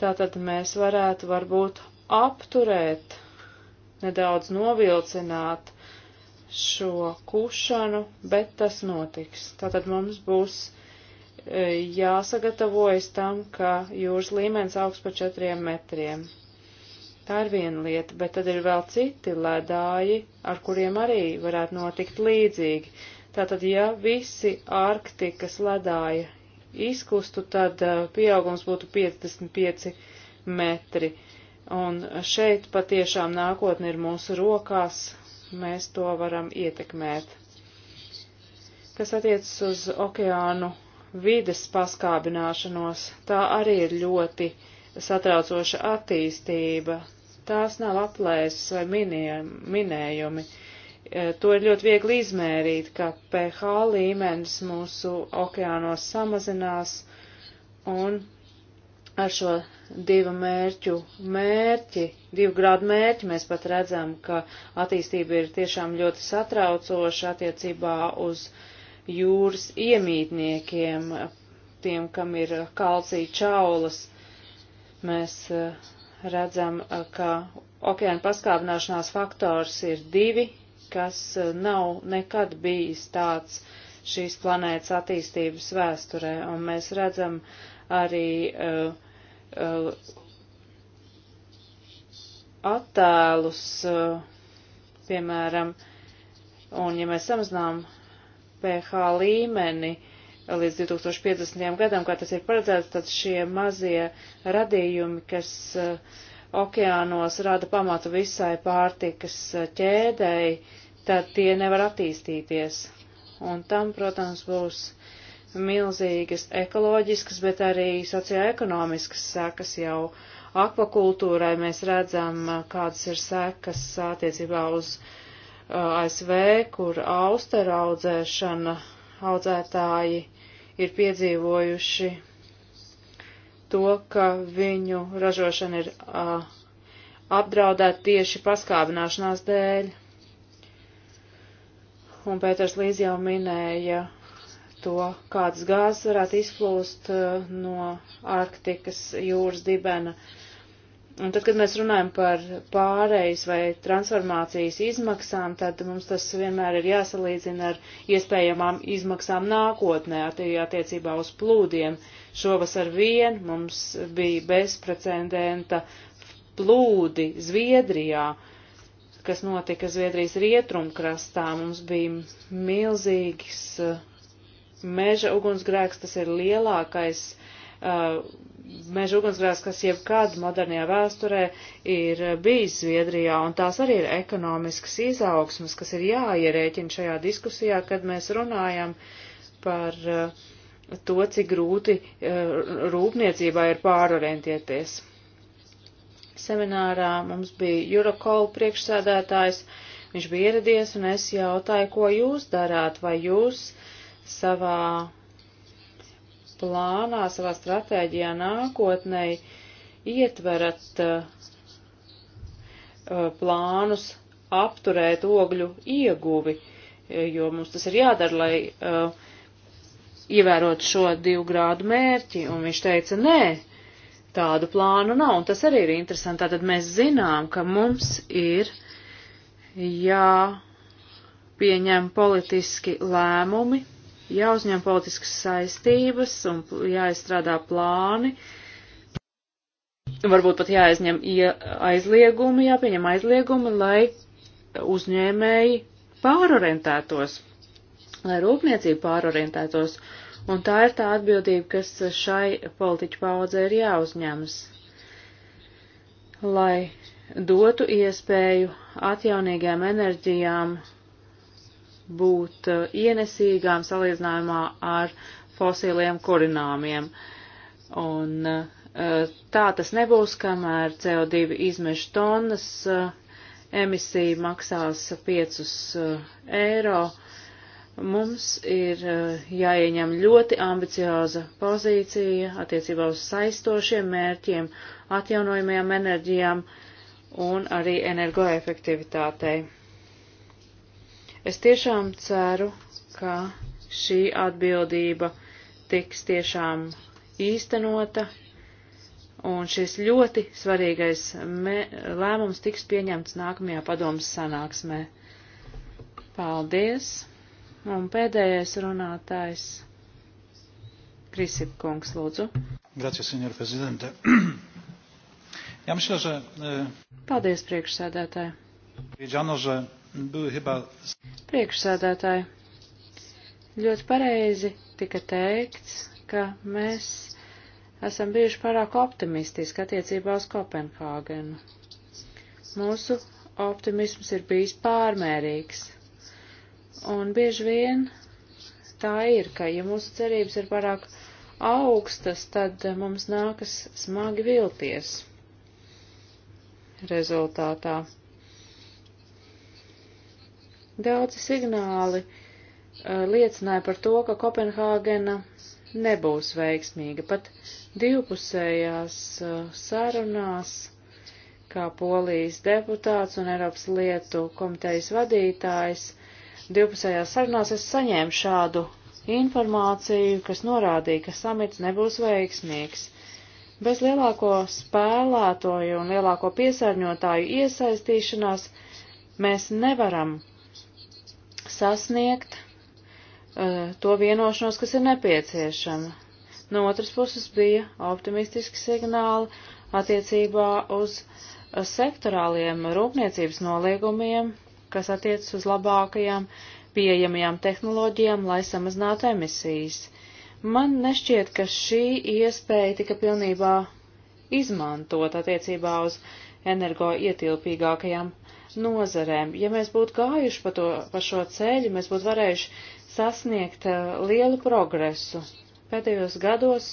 Tātad mēs varētu varbūt apturēt, nedaudz novilcināt šo kušanu, bet tas notiks. Tātad mums būs e, jāsagatavojas tam, ka jūras līmenis augs pa četriem metriem. Tā ir viena lieta, bet tad ir vēl citi ledāji, ar kuriem arī varētu notikt līdzīgi. Tātad, ja visi Arktikas ledāji izkustu, tad e, pieaugums būtu 55 metri. Un šeit patiešām nākotne ir mūsu rokās, mēs to varam ietekmēt. Kas attiecas uz okeānu vides paskābināšanos, tā arī ir ļoti satraucoša attīstība. Tās nav aplēses vai minie, minējumi. E, to ir ļoti viegli izmērīt, ka pH līmenis mūsu okeānos samazinās un ar šo divu mērķu mērķi, divu grādu mērķi, mēs pat redzam, ka attīstība ir tiešām ļoti satraucoša attiecībā uz jūras iemītniekiem, tiem, kam ir kalcija čaulas. Mēs eh, redzam, eh, ka okeāna paskābināšanās faktors ir divi, kas eh, nav nekad bijis tāds šīs planētas attīstības vēsturē, un mēs redzam, uh, arī uh, uh, attēlus, uh, piemēram, un ja mēs samazinām pH līmeni līdz 2050. gadam, kā tas ir paredzēts, tad šie mazie radījumi, kas uh, okeānos rada pamatu visai pārtikas ķēdēji, tad tie nevar attīstīties. Un tam, protams, būs uh, milzīgas ekoloģiskas, bet arī socioekonomiskas sekas jau akvakultūrai. Mēs redzam, kādas ir sekas attiecībā uz ASV, kur austera audzēšana audzētāji ir piedzīvojuši to, ka viņu ražošana ir apdraudēta tieši paskābināšanās dēļ. Un Pēters Līdz jau minēja uh, to, kādas gāzes varētu izplūst eh, no Arktikas jūras dibena. Un tad, kad mēs runājam par pārejas vai transformācijas izmaksām, tad mums tas vienmēr ir jāsalīdzina ar iespējamām izmaksām nākotnē attiecībā uz plūdiem. Šovasar vien mums bija bezprecedenta plūdi Zviedrijā, kas notika Zviedrijas rietrumkrastā. Mums bija milzīgs uh, meža ugunsgrēks, tas ir lielākais uh, meža ugunsgrēks, kas jebkad modernajā vēsturē ir bijis Zviedrijā, un tās arī ir ekonomiskas izaugsmas, kas ir jāierēķina šajā diskusijā, kad mēs runājam par uh, to, cik grūti uh, rūpniecībā ir pārorientieties. Seminārā mums bija Eurocall priekšsēdētājs, viņš bija ieradies, un es jautāju, ko jūs darāt, vai jūs uh, savā plānā, savā stratēģijā nākotnēji ietverat uh, uh, plānus apturēt ogļu ieguvi, jo mums tas ir jādara, lai uh, ievērot šo divu grādu mērķi, un viņš teica, nē, tādu plānu nav, un tas arī ir interesanti. Tātad mēs zinām, ka mums ir jāpieņem politiski lēmumi jāuzņem politiskas saistības un jāizstrādā plāni, varbūt pat jāizņem aizliegumi, jāpieņem aizliegumi, lai uzņēmēji pārorientētos, lai rūpniecība pārorientētos. Un tā ir tā atbildība, kas šai politiķu paudzē ir jāuzņemas, lai dotu iespēju atjaunīgām enerģijām būt uh, ienesīgām salīdzinājumā ar fosīliem kurināmiem. Un uh, tā tas nebūs, kamēr CO2 izmešu tonnas uh, emisija maksās 5 eiro. Mums ir jāieņem ļoti ambicioza pozīcija attiecībā uz saistošiem mērķiem, atjaunojumiem enerģijām un arī energoefektivitātei. Es tiešām ceru, ka šī atbildība tiks tiešām īstenota un šis ļoti svarīgais lēmums tiks pieņemts nākamajā padomas sanāksmē. Paldies! Un pēdējais runātājs Krisip kungs, lūdzu. Grazie, senjor prezidente. ja myślę, że... E, Paldies, priekšsēdētāji. Wiedziano, że były chyba. Priekšsēdētāji, ļoti pareizi tika teikts, ka mēs esam bijuši pārāk optimistiski attiecībā uz Kopenhāgenu. Mūsu optimisms ir bijis pārmērīgs. Un bieži vien tā ir, ka ja mūsu cerības ir pārāk augstas, tad mums nākas smagi vilties rezultātā. Daudzi signāli uh, liecināja par to, ka Kopenhāgena nebūs veiksmīga. Pat divpusējās uh, sarunās, kā polijas deputāts un Eiropas lietu komitejas vadītājs, divpusējās sarunās es saņēmu šādu informāciju, kas norādīja, ka samits nebūs veiksmīgs. Bez lielāko spēlētoju un lielāko piesārņotāju iesaistīšanās mēs nevaram sasniegt uh, to vienošanos, kas ir nepieciešama. No otras puses bija optimistiski signāli attiecībā uz eh, sektorāliem rūpniecības noliegumiem, kas attiecas uz labākajām pieejamajām tehnoloģijām, lai samazinātu emisijas. Man nešķiet, ka šī iespēja tika pilnībā izmantot attiecībā uz energo ietilpīgākajām nozarēm. Ja mēs būtu gājuši pa, to, pa šo ceļu, mēs būtu varējuši sasniegt uh, lielu progresu. Pēdējos gados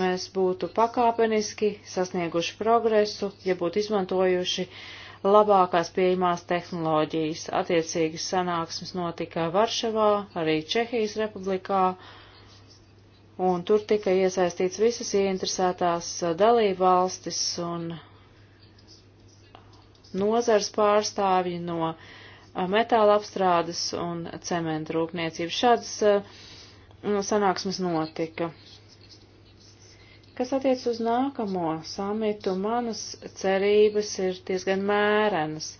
mēs būtu pakāpeniski sasnieguši progresu, ja būtu izmantojuši labākās pieejamās tehnoloģijas. Attiecīgas sanāksmes notika Varšavā, arī Čehijas republikā un tur tika iesaistīts visas ieinteresētās eh, dalībvalstis un nozars pārstāvji, no uh, metāla apstrādes un cementu rūpniecības. Šādas uh, sanāksmes notika. Kas attiec uz nākamo samitu, manas cerības ir diezgan mērenas,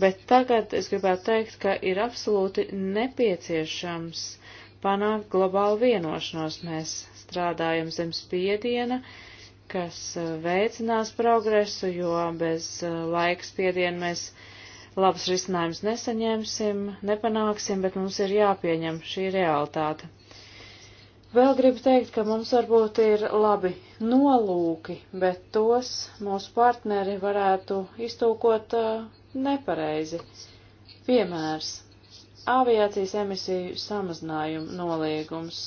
bet tagad es gribētu teikt, ka ir absolūti nepieciešams panākt globālu vienošanos. Mēs strādājam zem spiediena, uh, kas eh, veicinās progresu, jo bez eh, laiks piedienu mēs labs risinājums nesaņemsim, nepanāksim, bet mums ir jāpieņem šī realitāte. Vēl gribu teikt, ka mums varbūt ir labi nolūki, bet tos mūsu partneri varētu iztūkot eh, nepareizi. Piemērs. Aviācijas emisiju samazinājumu noliegums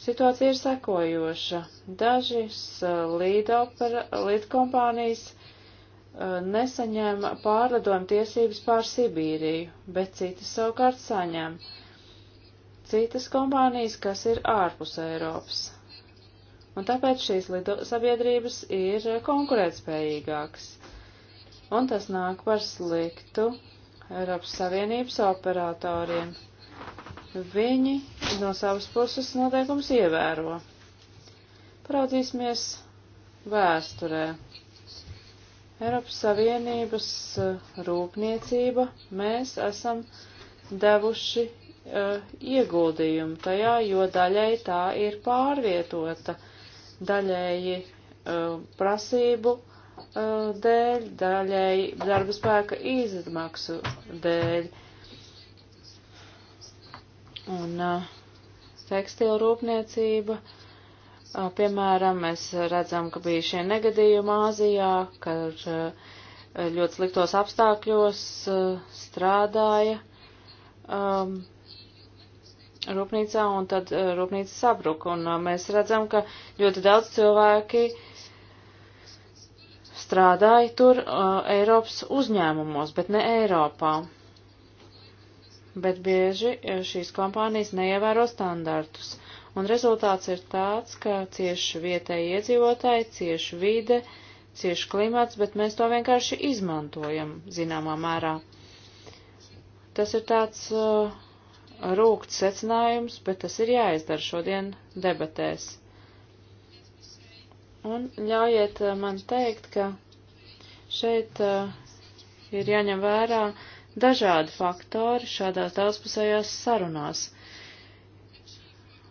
Situācija ir sekojoša. Dažas uh, līdkompānijas uh, nesaņēma pārlidojuma tiesības pār Sibīriju, bet citas savukārt saņem. Citas kompānijas, kas ir ārpus Eiropas. Un tāpēc šīs lido sabiedrības ir konkurētspējīgākas. Un tas nāk par sliktu Eiropas Savienības operatoriem viņi no savas puses noteikums ievēro. Paraudzīsimies vēsturē. Eiropas Savienības eh, rūpniecība mēs esam devuši uh, ieguldījumu tajā, jo daļai tā ir pārvietota, daļēji uh, prasību uh, dēļ, daļēji darba spēka izmaksu dēļ. Uh, Un uh, tekstila rūpniecība, uh, piemēram, mēs redzam, ka bija šie negadījumi Āzijā, ka uh, ļoti sliktos apstākļos strādāja um, rūpnīcā un tad rūpnīca sabruka. Un mēs redzam, ka ļoti daudz cilvēki strādāja tur uh, Eiropas uzņēmumos, bet ne Eiropā bet bieži e, šīs kompānijas neievēro standartus. Un rezultāts ir tāds, ka cieši vietēji iedzīvotāji, cieši vide, cieši klimats, bet mēs to vienkārši izmantojam zināmā mērā. Tas ir tāds uh, rūkts secinājums, bet tas ir jāizdara šodien debatēs. Un ļaujiet e, man teikt, ka šeit uh, ir jāņem vērā uh, dažādi faktori šādās daudzpusējās sarunās.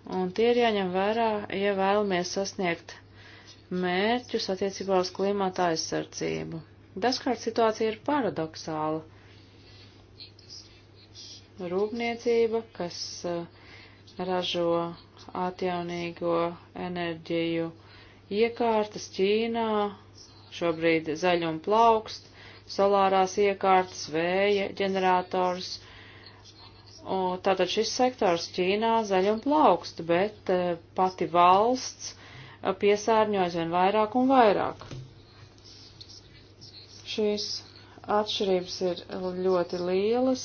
Un tie ir jāņem vērā, ja vēlamies sasniegt mērķus attiecībā uz klimata aizsardzību. Dažkārt situācija ir paradoxāla. Rūpniecība, kas eh, ražo atjaunīgo enerģiju iekārtas Ķīnā, šobrīd zaļumu plaukst, solārās iekārtas, vēja ģenerators. Tātad šis sektors Ķīnā zaļ un plaukst, bet e, pati valsts e, piesārņojas vien vairāk un vairāk. Šīs atšķirības ir ļoti lielas.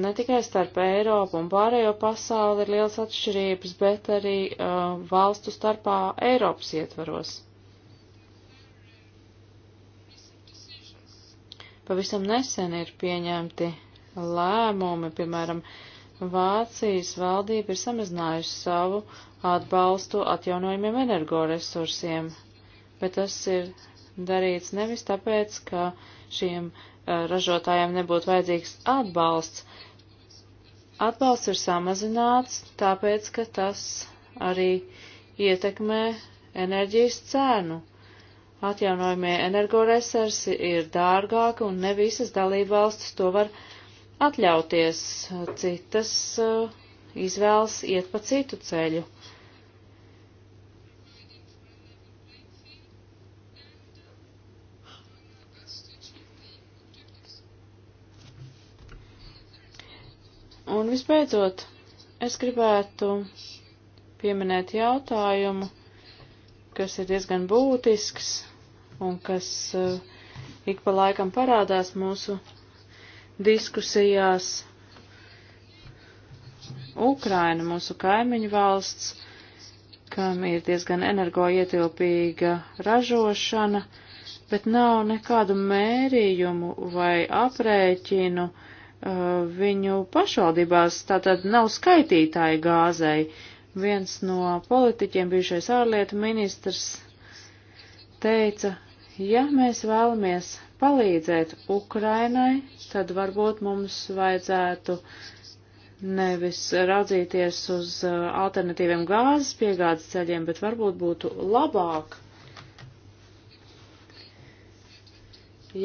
Ne tikai starp Eiropu un pārējo pasauli ir liels atšķirības, bet arī uh, valstu starpā Eiropas ietvaros. Pavisam nesen ir pieņemti lēmumi, piemēram, Vācijas valdība ir samazinājusi savu atbalstu atjaunojumiem energoresursiem, bet tas ir darīts nevis tāpēc, ka šiem uh, ražotājiem nebūtu vajadzīgs atbalsts. Atbalsts ir samazināts tāpēc, ka tas arī ietekmē enerģijas cēnu. Uh, Atjaunojumie energoresursi ir dārgāki un ne visas dalībvalstis to var atļauties. Citas uh, eh, izvēlas iet pa citu ceļu. Un visbeidzot, es gribētu pieminēt jautājumu, kas ir diezgan būtisks, un kas eh, ik pa laikam parādās mūsu diskusijās. Ukraina, mūsu kaimiņu valsts, kam ir diezgan energoietilpīga ražošana, bet nav nekādu mērījumu vai aprēķinu uh, viņu pašvaldībās, tātad nav skaitītāji gāzei. Viens no politiķiem, bijušais ārlietu ministrs, teica, Ja mēs vēlamies palīdzēt Ukrainai, tad varbūt mums vajadzētu nevis raudzīties uz uh, alternatīviem gāzes piegādes ceļiem, bet varbūt būtu labāk,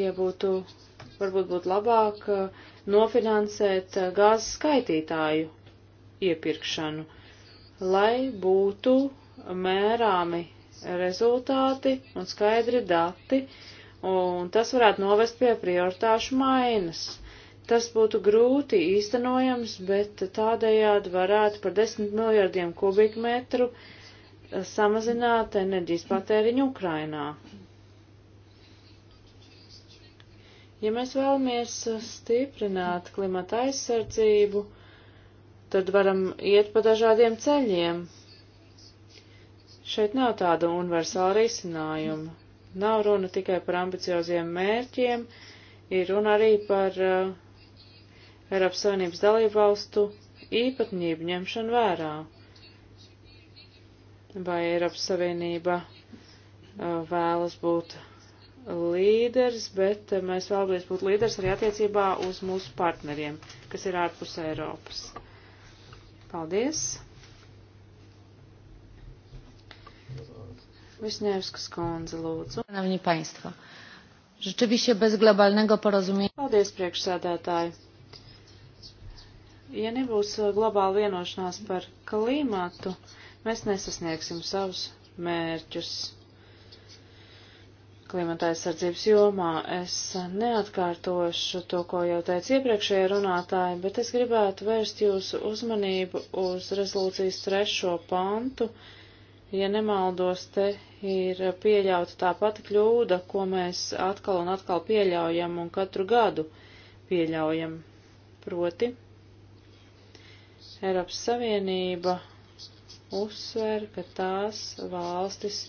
ja būtu, varbūt būtu labāk uh, nofinansēt uh, gāzes skaitītāju iepirkšanu, lai būtu mērāmi rezultāti un skaidri dati, un tas varētu novest pie prioritāšu mainas. Tas būtu grūti īstenojams, bet tādējādi varētu par 10 miljardiem kubikmetru samazināt enerģijas patēriņu Ukrainā. Ja mēs vēlamies stiprināt klimata aizsardzību, tad varam iet pa dažādiem ceļiem. Šeit nav tāda universāla risinājuma. Nav runa tikai par ambicioziem mērķiem, ir runa arī par uh, Eiropas Savienības dalību valstu īpatnību ņemšanu vērā. Vai Eiropas Savienība uh, vēlas būt līderis, bet uh, mēs vēlamies būt līderis arī attiecībā uz mūsu partneriem, kas ir ārpus Eiropas. Paldies! Wiśniewskas kundze, lūdzu. Szanowni Państwo, rzeczywiście bez globalnego porozumienia. Paldies, priekšsēdētāji. Ja nebūs e, globāla vienošanās par klimatu, mēs nesasniegsim savus mērķus klimata aizsardzības jomā. Es neatkārtošu to, ko jau teica iepriekšējie runātāji, bet es gribētu vērst jūsu uzmanību uz rezolūcijas trešo pantu, ja nemaldos, te ir pieļauta tā pati kļūda, ko mēs atkal un atkal pieļaujam un katru gadu pieļaujam. Proti, Eiropas Savienība uzsver, ka tās valstis,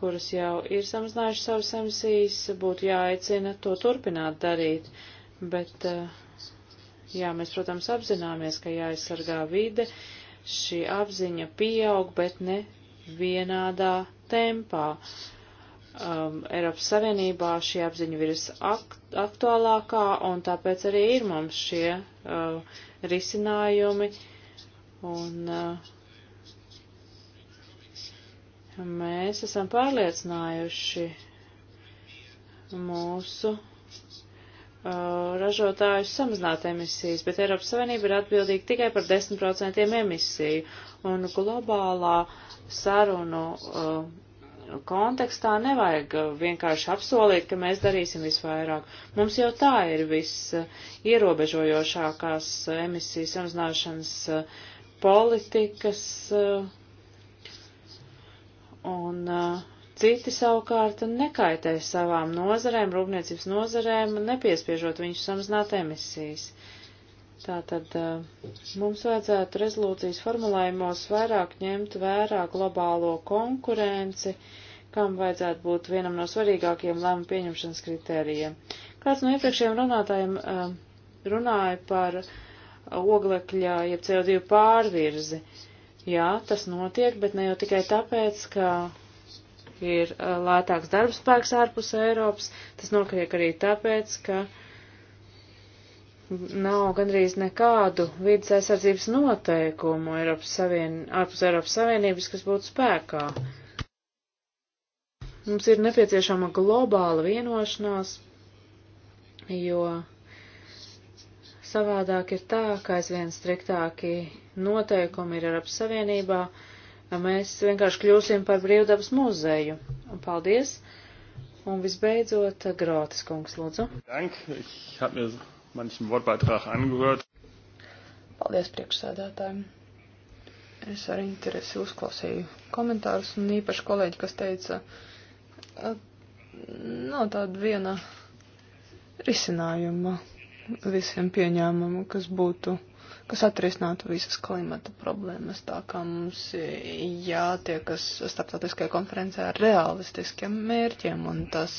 kuras jau ir samazinājušas savas emisijas, būtu jāaicina to turpināt darīt, bet, eh, jā, mēs, protams, apzināmies, ka jāaizsargā vide, šī apziņa pieaug, bet ne vienādā tempā. Um, Eiropas Savienībā šī apziņa ir aktuālākā, un tāpēc arī ir mums šie uh, risinājumi. Un, uh, mēs esam pārliecinājuši mūsu uh, ražotājus samazināt emisijas, bet Eiropas Savienība ir atbildīga tikai par 10% emisiju, un globālā sarunu uh, kontekstā nevajag uh, vienkārši apsolīt, ka mēs darīsim visvairāk. Mums jau tā ir viss uh, ierobežojošākās emisiju samazināšanas uh, politikas, un citi savukārt nekaitē savām nozarēm, rūpniecības nozarēm, nepiespiežot viņus samazināt emisijas. Tātad eh, mums vajadzētu rezolūcijas formulējumos vairāk ņemt vērā globālo konkurenci, kam vajadzētu būt vienam no svarīgākajiem lēmu pieņemšanas kritērijiem. Kāds no iepriekšējiem runātājiem eh, runāja par oglekļa, jeb CO2 pārvirzi. Jā, tas notiek, bet ne jau tikai tāpēc, ka ir eh, lētāks darbspēks ārpus Eiropas, tas nokriek arī tāpēc, ka uh, nav gandrīz nekādu vidas aizsardzības noteikumu Eiropas Savien... ārpus Eiropas Savienības, kas būtu spēkā. Mums ir nepieciešama globāla vienošanās, jo savādāk ir tā, ka aizvien striktāki noteikumi ir Eiropas Savienībā, mēs vienkārši kļūsim par brīvdabas muzeju. Un paldies! Un visbeidzot, Grotas kungs, lūdzu. Dank, ich hab mir manchem Wortbeitrag angehört. Paldies priekšsēdētājiem. Es ar interesi uzklausīju komentārus un īpaši kolēģi, kas teica, mm, nav tāda viena risinājuma visiem pieņēmumu, kas būtu, kas atrisinātu visas klimata problēmas, tā kā mums jātiekas starptautiskajā konferencē ar realistiskiem mērķiem un tas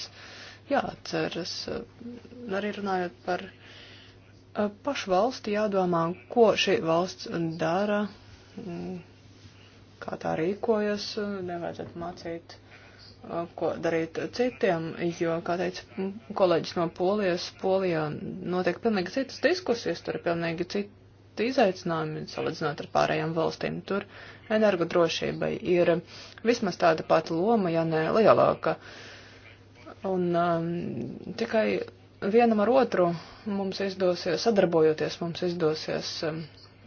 jāatceras, arī runājot par Eh, pašu valsti jādomā, ko šī valsts dara, mm, kā tā rīkojas, nevajadzētu mācīt, eh, ko darīt citiem, jo, kā teica mm, kolēģis no Polijas, Polijā notiek pilnīgi citas diskusijas, tur ir pilnīgi citi izaicinājumi, salīdzinot ar pārējām valstīm. Tur energodrošībai ir vismaz tāda pati loma, ja ne lielāka. Un um, tikai vienam ar otru mums izdosies, sadarbojoties, mums izdosies um,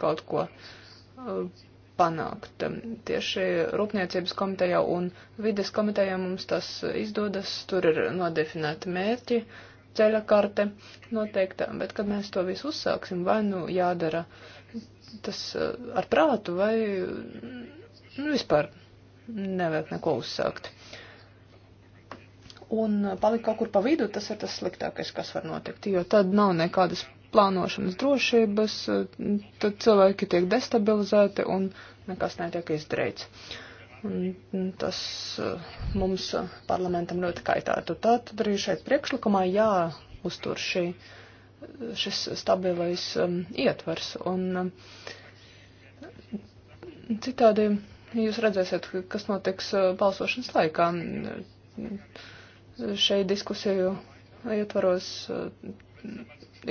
kaut ko uh, panākt. Um, tieši Rūpniecības komitejā un vides komitejā mums tas izdodas, tur ir nodefinēti mērķi, ceļa karte noteikta, bet kad mēs to visu uzsāksim, vai nu jādara tas uh, ar prātu, vai nu, vispār nevajag neko uzsākt. Uh, un palikt kaut kur pa vidu, tas ir tas sliktākais, kas var notikt, jo tad nav nekādas plānošanas drošības, tad cilvēki tiek destabilizēti un nekas netiek izdarīts. Un tas eh, mums parlamentam ļoti kaitātu. Tad arī šeit priekšlikumā jāuztur šī, šis stabilais um, ietvers. Un um, citādi jūs redzēsiet, kas notiks uh, balsošanas laikā. Um, šai diskusiju ietvaros eh,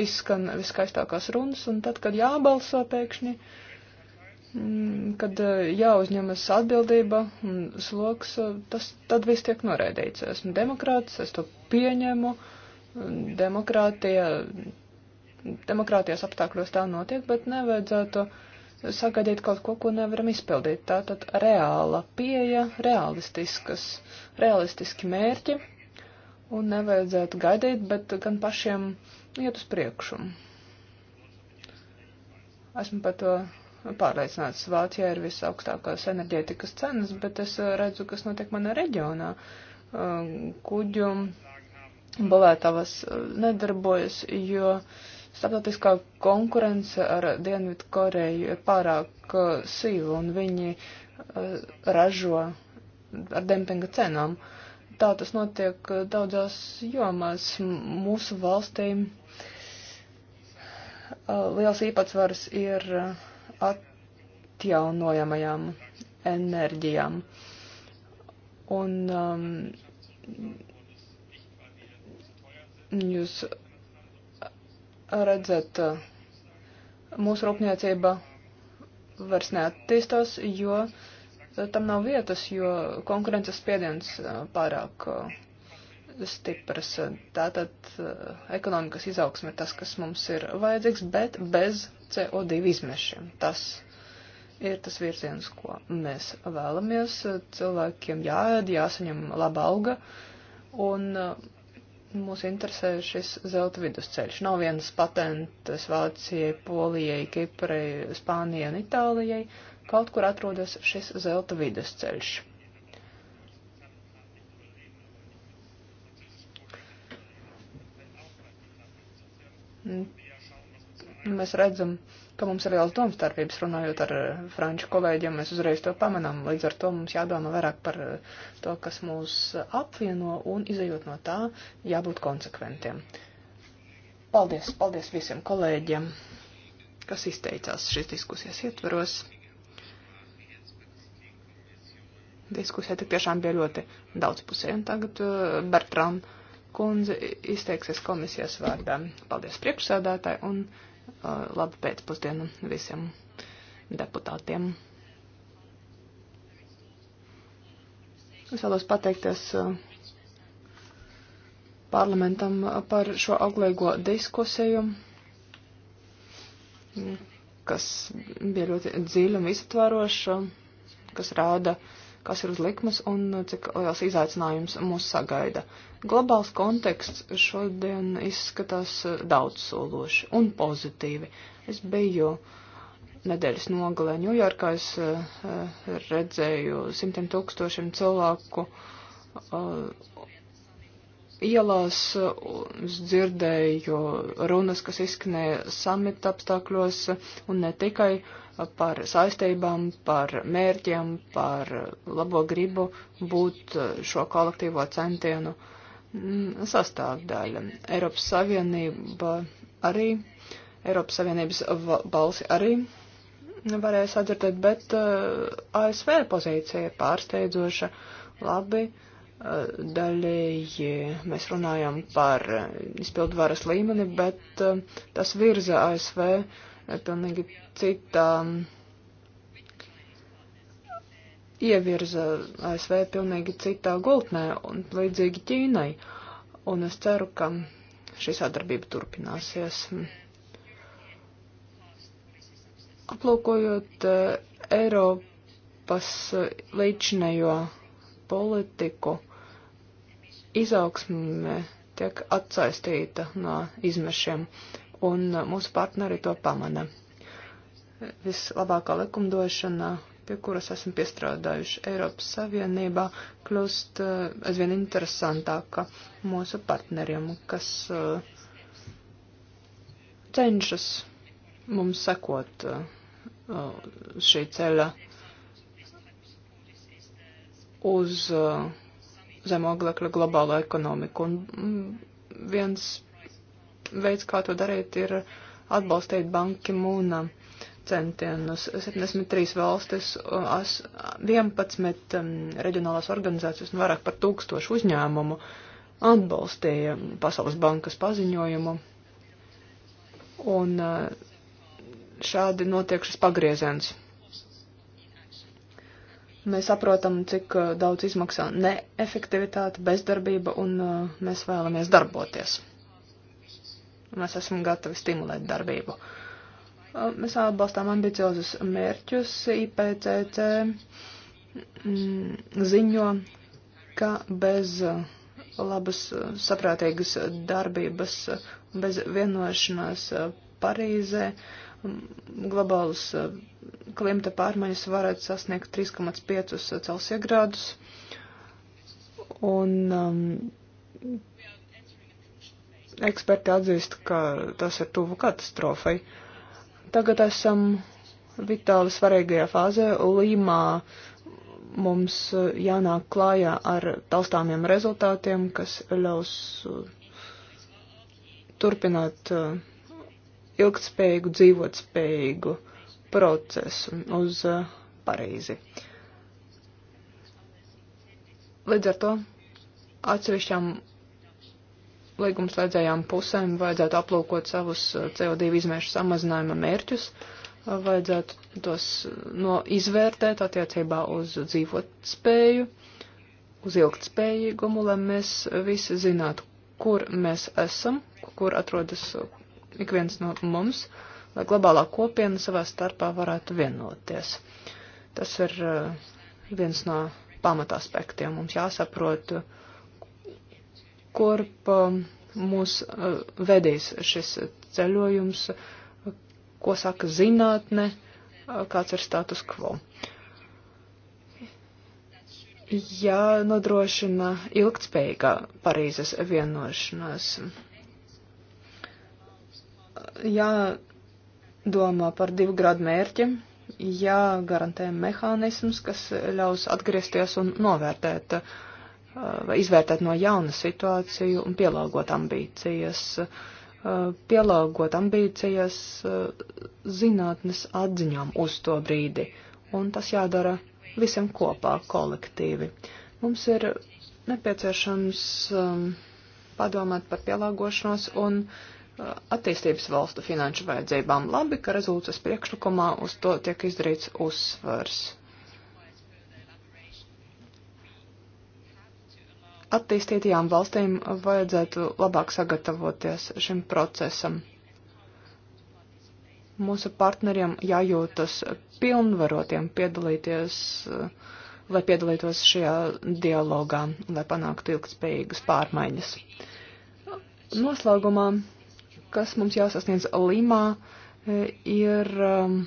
izskan viskaistākās runas, un tad, kad jābalso pēkšņi, mm, kad eh, jāuzņemas atbildība un sloks, eh, tas tad viss tiek noraidīts. Esmu demokrāts, es to pieņemu, demokrātija, demokrātijas apstākļos tā notiek, bet nevajadzētu sagaidīt kaut ko, ko nevaram izpildīt. Tā tad reāla pieeja, realistiskas, realistiski mērķi un nevajadzētu gaidīt, bet gan pašiem iet uz priekšu. Esmu par to pārliecināts. Vācijā ir visaugstākās enerģētikas cenas, bet es uh, redzu, kas notiek manā reģionā. Uh, kuģu būvētavas uh, nedarbojas, jo starptautiskā konkurence ar Dienvidu Koreju ir pārāk sīva un viņi ražo ar dempinga cenām. Uh, tā tas notiek eh, daudzās jomās mūsu valstī. Eh, liels īpatsvars ir eh, atjaunojamajām enerģijām. Un um, jūs redzat, mūsu rūpniecība vairs neattīstās, jo uh, tam nav vietas, jo konkurences spiediens pārāk stipras. Tātad ekonomikas izaugsme ir tas, kas mums ir vajadzīgs, bet bez CO2 izmešiem. Tas ir tas virziens, ko mēs vēlamies. Cilvēkiem jāēd, jāsaņem laba alga, un mūs interesē šis zelta vidusceļš. Nav vienas patentes Vācijai, Polijai, Kiprai, Spānijai un Itālijai kaut kur atrodas šis zelta vidusceļš. Mēs redzam, ka mums ir liela domstarpības runājot ar eh, franču kolēģiem, mēs uzreiz to pamanām, līdz ar to mums jādomā vairāk par eh, to, kas mūs apvieno un izējot no tā, jābūt konsekventiem. Paldies, paldies visiem kolēģiem, kas izteicās šīs diskusijas ietveros. diskusija tik tiešām bija ļoti daudzpusēja. Un tagad eh, Bertram kundze izteiksies komisijas vārdā. Paldies priekšsēdētāji un eh, labu pēcpusdienu visiem deputātiem. Es vēlos pateikties eh, parlamentam par šo auglīgo diskusiju, kas bija ļoti dziļa un visatvaroša, kas rāda uh, kas ir uz likmes un cik liels izaicinājums mūs sagaida. Globāls konteksts šodien izskatās daudz sološi un pozitīvi. Es biju nedēļas nogalē Ņujorkā, es eh, redzēju simtiem tūkstošiem cilvēku eh, ielās, es dzirdēju runas, kas izskanēja samita apstākļos un ne tikai. Uh, par saistībām, par mērķiem, par labo gribu būt šo kolektīvo centienu mm, sastāvdaļa. Eiropas Savienība arī, Eiropas Savienības balsi arī varēja sadzirdēt, bet uh, eh, ASV pozīcija ir pārsteidzoša. Labi, uh, daļēji mēs runājam par izpildu varas līmeni, bet uh, tas virza ASV uh, pilnīgi cita um, ievirza ASV pilnīgi citā gultnē un līdzīgi Ķīnai. Un es ceru, ka šī sadarbība turpināsies. Aplūkojot uh, Eiropas līdzinējo politiku, izaugsme tiek atsaistīta no izmešiem. Uh, un mūsu partneri to pamana. Vislabākā likumdošana, pie kuras esam piestrādājuši Eiropas Savienībā, kļūst eh, aizvien interesantāka mūsu partneriem, kas eh, cenšas mums sekot eh, šī ceļa uz zemoglekļa globālo ekonomiku. Un mm, viens veids, kā to darīt, ir atbalstīt banki mūna centienus. 73 valstis, 11 um, reģionālās organizācijas un vairāk par tūkstošu uzņēmumu atbalstīja Pasaules bankas paziņojumu. Un uh, šādi notiek šis pagrieziens. Mēs saprotam, cik uh, daudz izmaksā neefektivitāte, bezdarbība, un uh, mēs vēlamies darboties. Mēs esam gatavi stimulēt darbību. Mēs atbalstām ambiciozus mērķus. IPCC mm, ziņo, ka bez labas saprātīgas darbības, bez vienošanās Parīzē globālus klimata pārmaiņas varētu sasniegt 3,5 Celsija grādus. Un um, Eksperti atzīst, ka tas ir tuvu katastrofai. Tagad esam vitāli svarīgajā fāzē. Līmā mums jānāk klājā ar taustāmiem rezultātiem, kas ļaus uh, turpināt uh, ilgtspējīgu, dzīvotspējīgu procesu uz uh, Parīzi. Līdz ar to atsevišķām līgumslēdzējām pusēm vajadzētu aplūkot savus eh, CO2 izmēšu samazinājuma mērķus, eh, vajadzētu tos eh, no izvērtēt attiecībā uz dzīvotspēju, uz ilgtspējīgumu, lai mēs visi zinātu, kur mēs esam, kur atrodas ik viens no mums, lai globālā kopiena savā starpā varētu vienoties. Tas ir viens no pamataspektiem. Mums jāsaprot, uh, kurp eh, mūs eh, vedīs šis ceļojums, ko saka zinātne, eh, kāds ir status quo. Jānodrošina ilgtspējīgā Parīzes vienošanās. Jādomā par divu grādu mērķi, jāgarantē mehānisms, kas ļaus atgriezties un novērtēt uh, izvērtēt no jauna situāciju un pielāgot ambīcijas. Eh, pielāgot ambīcijas eh, zinātnes atziņām uz to brīdi, un tas jādara visiem kopā, kolektīvi. Mums ir nepieciešams eh, padomāt par pielāgošanos un attīstības valstu finanšu vajadzībām. Labi, ka rezolūcijas priekšlikumā uz to tiek izdarīts uzsvars. attīstītajām valstīm vajadzētu labāk sagatavoties šim procesam. Mūsu partneriem jājūtas pilnvarotiem piedalīties, lai piedalītos šajā dialogā, lai panāktu ilgspējīgas pārmaiņas. Noslēgumā, kas mums jāsasniedz Limā, ir um,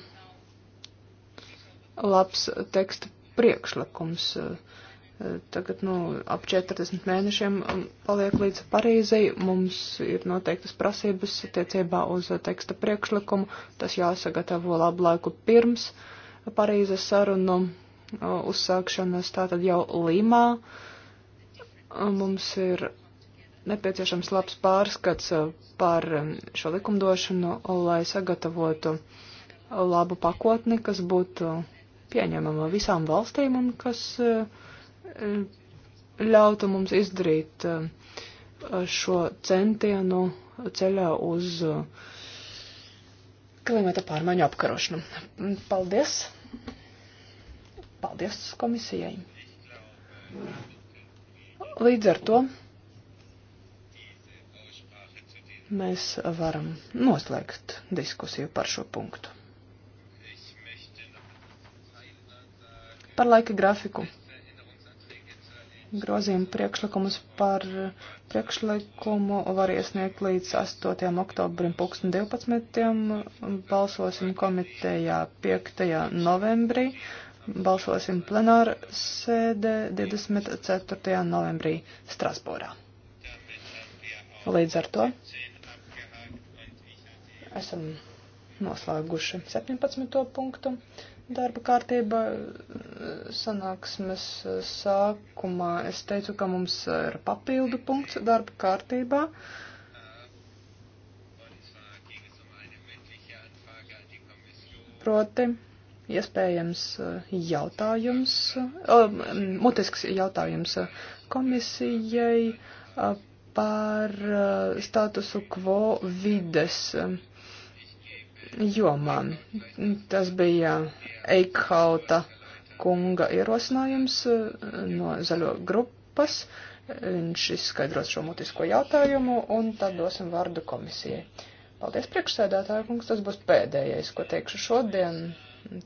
labs teksta priekšlikums. Uh, tagad nu, ap 40 mēnešiem um, paliek līdz Parīzei. Mums ir noteiktas prasības attiecībā uz teksta priekšlikumu. Tas jāsagatavo labu laiku pirms Parīzes sarunu uh, uzsākšanas, tātad jau Limā. Uh, mums ir nepieciešams labs pārskats uh, par um, šo likumdošanu, lai sagatavotu labu pakotni, kas būtu pieņemama visām valstīm un kas uh, ļautu mums izdarīt uh, šo centienu ceļā uz uh, klimata pārmaiņu apkarošanu. Paldies! Paldies komisijai! Līdz ar to mēs varam noslēgt diskusiju par šo punktu. Par laika grafiku grozījumu priekšlikumus par priekšlikumu var iesniegt līdz 8. oktobrim 2012. Balsosim komitejā 5. novembrī. Balsosim plenāra sēdē 24. novembrī Strasbūrā. Līdz ar to esam noslēguši 17. punktu darba kārtība eh, sanāksmes eh, sākumā. Es teicu, ka mums eh, ir papildu punkts darba kārtībā. Proti, iespējams jautājums, mutisks jautājums komisijai par statusu quo vides. Uh, jomām. Tas bija Eikhauta kunga ierosinājums eh, no zaļo grupas. Viņš izskaidros šo mutisko jautājumu un tad dosim vārdu komisijai. Paldies priekšsēdētāju kungs, tas būs pēdējais, ko teikšu šodien,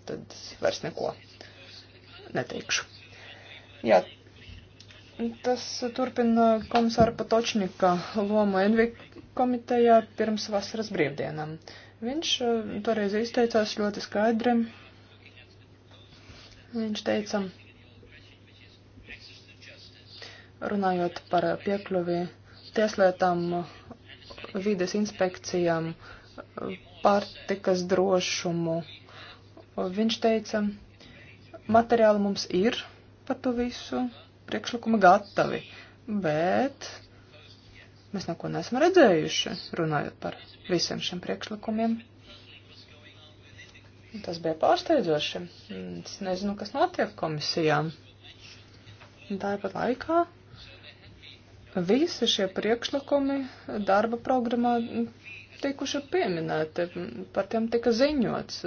tad vairs neko neteikšu. Jā, tas turpina komisāra Patočnika lomu Envi komitejā pirms vasaras brīvdienām. Uh, Viņš uh, toreiz izteicās ļoti skaidri. Viņš teica, runājot par piekļuvi tieslietām, vides inspekcijām, pārtikas drošumu. Viņš teica, materiāli mums ir par to visu, priekšlikumi gatavi, bet Mēs neko neesam redzējuši, runājot par visiem šiem priekšlikumiem. Tas bija pārsteidzoši. Es nezinu, kas notiek komisijām. Tāpat laikā visi šie priekšlikumi darba programmā tikuši pieminēti, par tiem tika ziņots.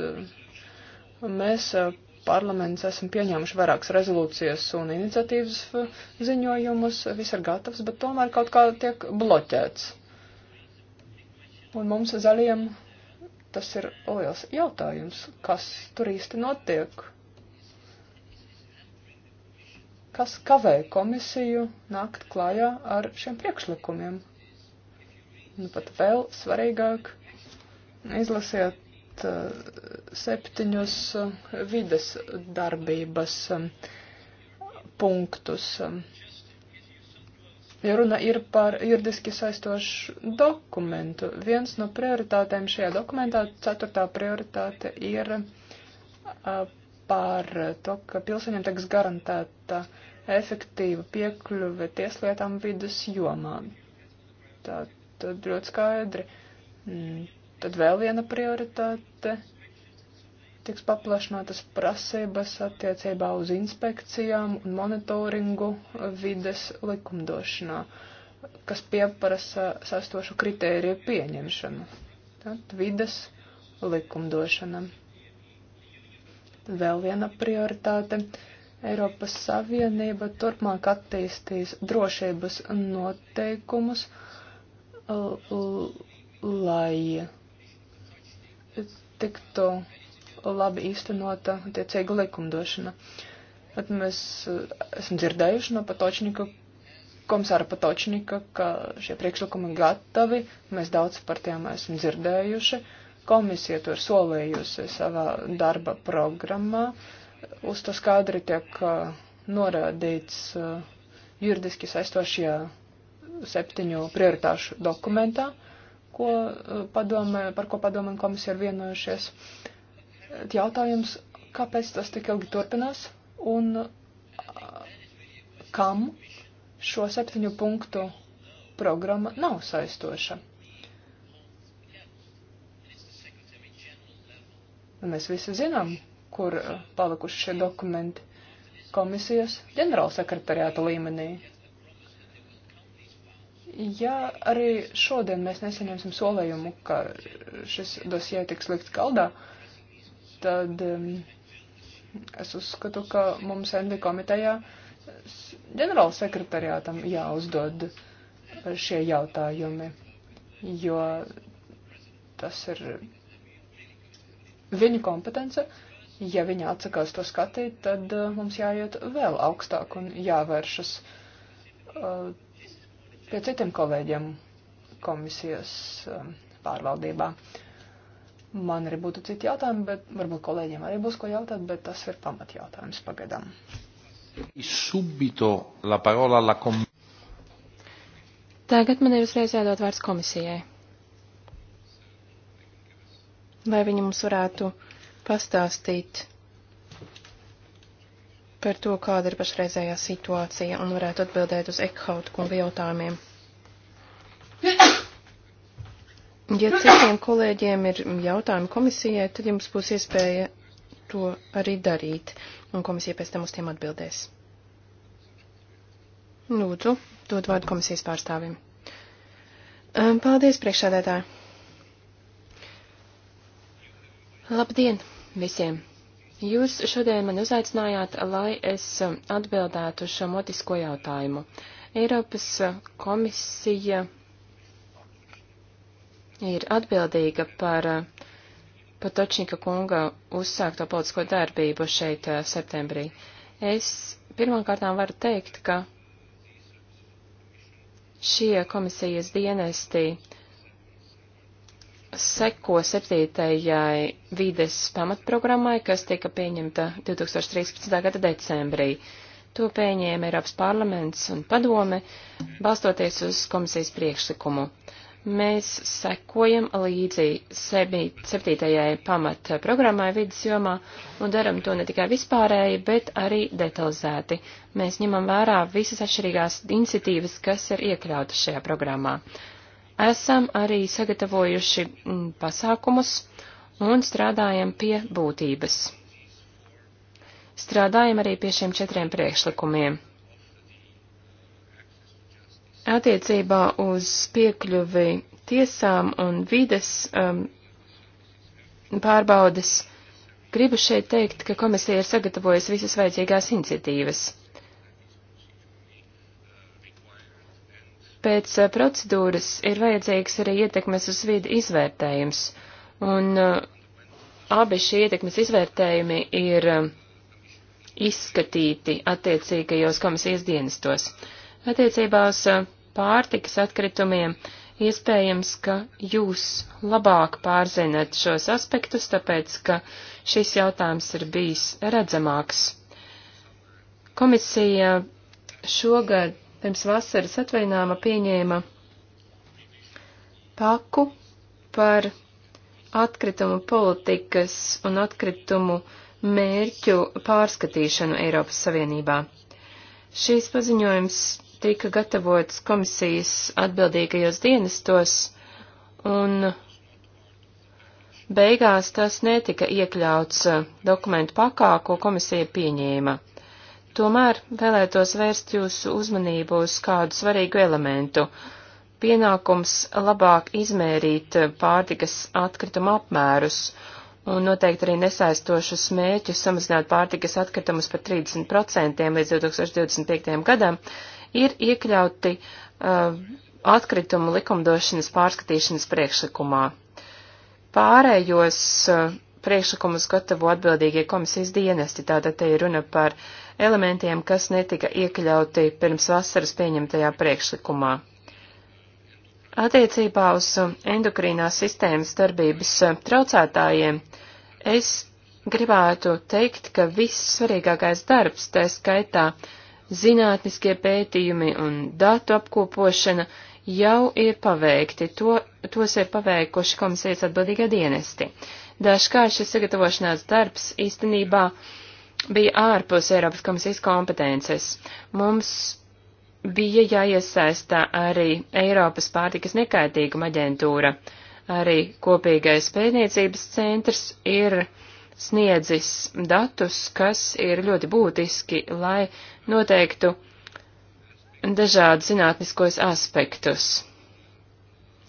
Mēs parlaments esam pieņēmuši vairākas rezolūcijas un iniciatīvas uh, ziņojumus, viss ir gatavs, bet tomēr kaut kā tiek bloķēts. Un mums zaļiem tas ir liels jautājums, kas tur īsti notiek. Kas kavē komisiju nākt klājā ar šiem priekšlikumiem? Nu, pat vēl svarīgāk izlasiet Eh, septiņus eh, vides darbības eh, punktus. Ja runa ir par juridiski saistošu dokumentu, viens no prioritātēm šajā dokumentā, ceturtā prioritāte ir par to, ka pilsoņiem tiks garantēta efektīva piekļuve tieslietām vidus jomā. Tā tad ļoti skaidri mm, Tad vēl viena prioritāte tiks paplašinātas prasības attiecībā uz inspekcijām un monitoringu vides likumdošanā, kas pieprasa sastošu kritēriju pieņemšanu. Tad vides likumdošana. Vēl viena prioritāte. Eiropas Savienība turpmāk attīstīs drošības noteikumus, lai tiktu labi īstenota attiecīga likumdošana. Bet mēs eh, esam dzirdējuši no Patočnika, komisāra Patočnika, ka šie priekšlikumi gatavi, mēs daudz par tiem esam dzirdējuši. Komisija to ir solījusi savā darba programmā. Uz to skādri tiek eh, norādīts eh, juridiski saistošajā septiņu prioritāšu dokumentā. Uh, ko eh, padome, par ko padome un komisija ir vienojušies. Jautājums, kāpēc tas tik ilgi turpinās un eh, kam šo septiņu punktu programma nav saistoša. Nu, mēs visi zinām, kur eh, palikuši šie dokumenti komisijas ģenerālsekretariāta līmenī. Ja arī šodien mēs nesaņemsim solējumu, ka šis dosie tiks likt kaldā, tad um, es uzskatu, ka mums NB komitejā ģenerāla sekretariātam jāuzdod šie jautājumi, jo tas ir viņa kompetence. Ja viņa atsakās to skatīt, tad uh, mums jāiet vēl augstāk un jāvēršas. Uh, pie citiem kolēģiem komisijas um, pārvaldībā. Man arī būtu citi jautājumi, bet varbūt kolēģiem arī būs ko jautāt, bet tas ir pamat jautājums pagaidām. Tagad man ir uzreiz jādod vārds komisijai. Vai viņi mums varētu pastāstīt par to, kāda ir pašreizējā situācija un varētu atbildēt uz Ekhaut kunga jautājumiem. Ja citiem kolēģiem ir jautājumi komisijai, tad jums būs iespēja to arī darīt, un komisija pēc tam uz tiem atbildēs. Lūdzu, dod vārdu komisijas pārstāvim. Paldies, priekšādētāji! Labdien visiem! Jūs šodien man uzaicinājāt, lai es um, atbildētu šo motisko jautājumu. Eiropas uh, komisija ir atbildīga par uh, Patočņika kunga uzsākto politisko darbību šeit uh, septembrī. Es pirmkārtām varu teikt, ka šie komisijas dienesti seko septītajai vides pamatprogrammai, kas tika pieņemta 2013. gada decembrī. To pieņēma Eiropas parlaments un padome, balstoties uz komisijas priekšlikumu. Mēs sekojam līdzi sebi septītajai pamatprogrammai vidas jomā un daram to ne tikai vispārēji, bet arī detalizēti. Mēs ņemam vērā visas atšķirīgās iniciatīvas, kas ir iekļautas šajā programmā esam arī sagatavojuši mm, pasākumus un strādājam pie būtības. Strādājam arī pie šiem četriem priekšlikumiem. Attiecībā uz piekļuvi tiesām un vides um, pārbaudes gribu šeit teikt, ka komisija ir sagatavojusi visas vajadzīgās iniciatīvas. Pēc eh, procedūras ir vajadzīgs arī ietekmes uz vidi izvērtējums, un eh, abi šie ietekmes izvērtējumi ir eh, izskatīti attiecīgajos komisijas dienestos. Attiecībā uz pārtikas atkritumiem iespējams, ka jūs labāk pārzinat šos aspektus, tāpēc, ka šis jautājums ir bijis redzamāks. Komisija šogad pirms vasaras atvaļinājuma pieņēma paku par atkritumu politikas un atkritumu mērķu pārskatīšanu Eiropas Savienībā. Šīs paziņojums tika gatavots komisijas atbildīgajos dienestos, un beigās tas netika iekļauts dokumentu pakā, ko komisija pieņēma. Tomēr vēlētos vērst jūsu uzmanību uz kādu svarīgu elementu - pienākums labāk izmērīt pārtikas atkrituma apmērus un noteikti arī nesaistošus mēķus samazināt pārtikas atkritumus par 30% līdz 2025. gadam, ir iekļauti uh, atkritumu likumdošanas pārskatīšanas priekšlikumā. Pārējos uh, priekšlikumus gatavo atbildīgie komisijas dienesti, tātad te ir runa par elementiem, kas netika iekļauti pirms vasaras pieņemtajā priekšlikumā. Attiecībā uz endokrīnās sistēmas darbības traucētājiem es gribētu teikt, ka viss svarīgākais darbs, tā skaitā zinātniskie pētījumi un datu apkopošana, jau ir paveikti. To, tos ir paveikuši komisijas atbildīgie dienesti. Dažkārt šis sagatavošanās darbs īstenībā uh, bija ārpus Eiropas komisijas kompetences. Mums bija jāiesaistā arī Eiropas pārtikas nekaitīguma aģentūra. Arī kopīgais pētniecības centrs ir sniedzis datus, kas ir ļoti būtiski, lai noteiktu dažādu zinātniskos aspektus,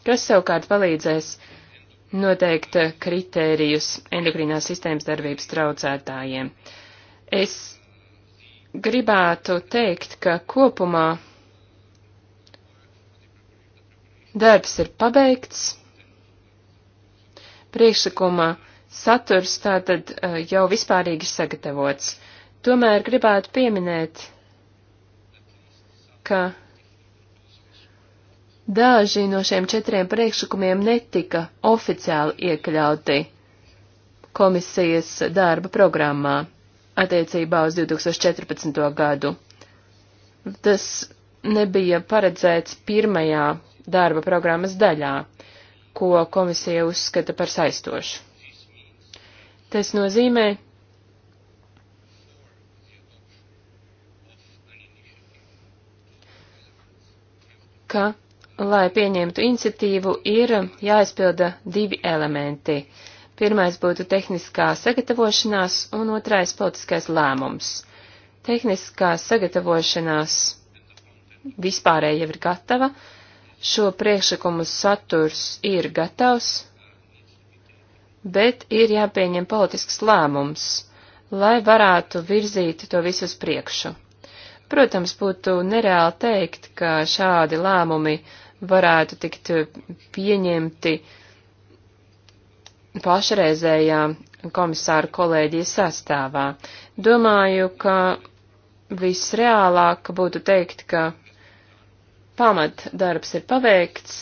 kas savukārt palīdzēs noteikt kritērijus endokrinās sistēmas darbības traucētājiem. Uh, Es gribētu teikt, ka kopumā darbs ir pabeigts. Priekšlikumā saturs tātad uh, jau vispārīgi sagatavots. Tomēr gribētu pieminēt, ka daži no šiem četriem priekšlikumiem netika oficiāli iekļauti komisijas darba programmā attiecībā uz 2014. gadu. Tas nebija paredzēts pirmajā darba programmas daļā, ko komisija uzskata par saistošu. Tas nozīmē, ka, lai pieņemtu iniciatīvu, ir jāizpilda divi elementi Pirmais būtu tehniskā sagatavošanās un otrais politiskais lēmums. Tehniskā sagatavošanās vispārēji jau ir gatava, šo priekšlikumu saturs ir gatavs, bet ir jāpieņem politisks lēmums, lai varētu virzīt to visu uz priekšu. Protams, būtu nereāli teikt, ka šādi lēmumi varētu tikt pieņemti uh, pašreizējā komisāra kolēģijas sastāvā. Domāju, ka visreālāk būtu teikt, ka pamat darbs ir paveikts,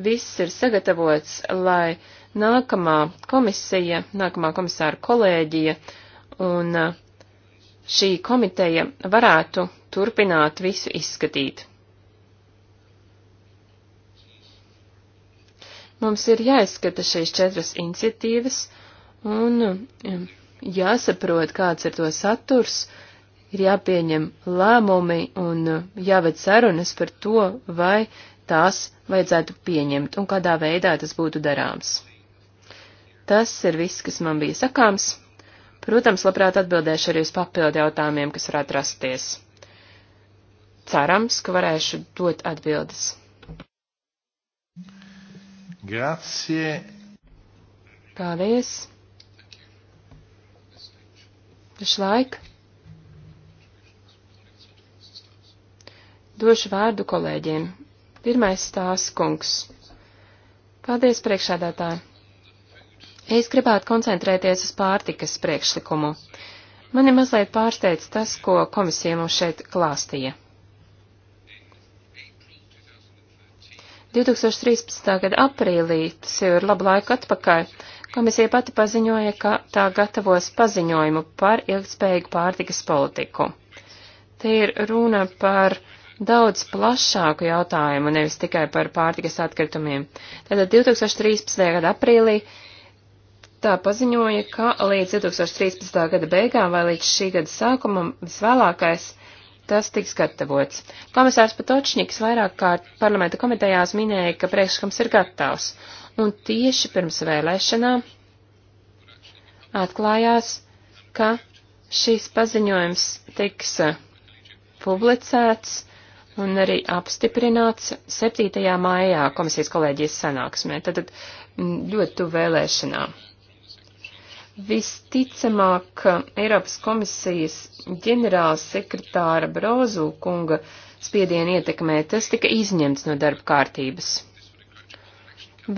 viss ir sagatavots, lai nākamā komisija, nākamā komisāra kolēģija un šī komiteja varētu turpināt visu izskatīt. Mums ir jāizskata šīs četras iniciatīvas un um, jāsaprot, kāds ir to saturs, ir jāpieņem lēmumi un uh, jāved sarunas par to, vai tās vajadzētu pieņemt un kādā veidā tas būtu darāms. Tas ir viss, kas man bija sakāms. Protams, labprāt atbildēšu arī uz papildu jautājumiem, kas varētu rasties. Cerams, ka varēšu dot atbildes. Grazie. Paldies. Pašlaik došu vārdu kolēģiem. Pirmais stāsts kungs. Paldies, priekšādātāji. Es gribētu koncentrēties uz pārtikas priekšlikumu. Mani mazliet pārsteidz tas, ko komisija mums šeit klāstīja. 2013. gada aprīlī, tas jau ir labu laiku atpakaļ, komisija pati paziņoja, ka tā gatavos paziņojumu par ilgspējīgu pārtikas politiku. Te ir runa par daudz plašāku jautājumu, nevis tikai par pārtikas atkritumiem. Tātad 2013. gada aprīlī tā paziņoja, ka līdz 2013. gada beigām vai līdz šī gada sākumam visvēlākais tas tiks gatavots. Komisārs Patočņiks vairāk kārt parlamenta komitejās minēja, ka priekšlikums ir gatavs, un tieši pirms vēlēšanām atklājās, ka šīs paziņojums tiks eh, publicēts un arī apstiprināts 7. maijā komisijas kolēģijas sanāksmē, tad ļoti tu vēlēšanām. Visticamāk, Eiropas komisijas ģenerāls sekretāra Brozu kunga spiedienu ietekmē tas tika izņemts no darba kārtības.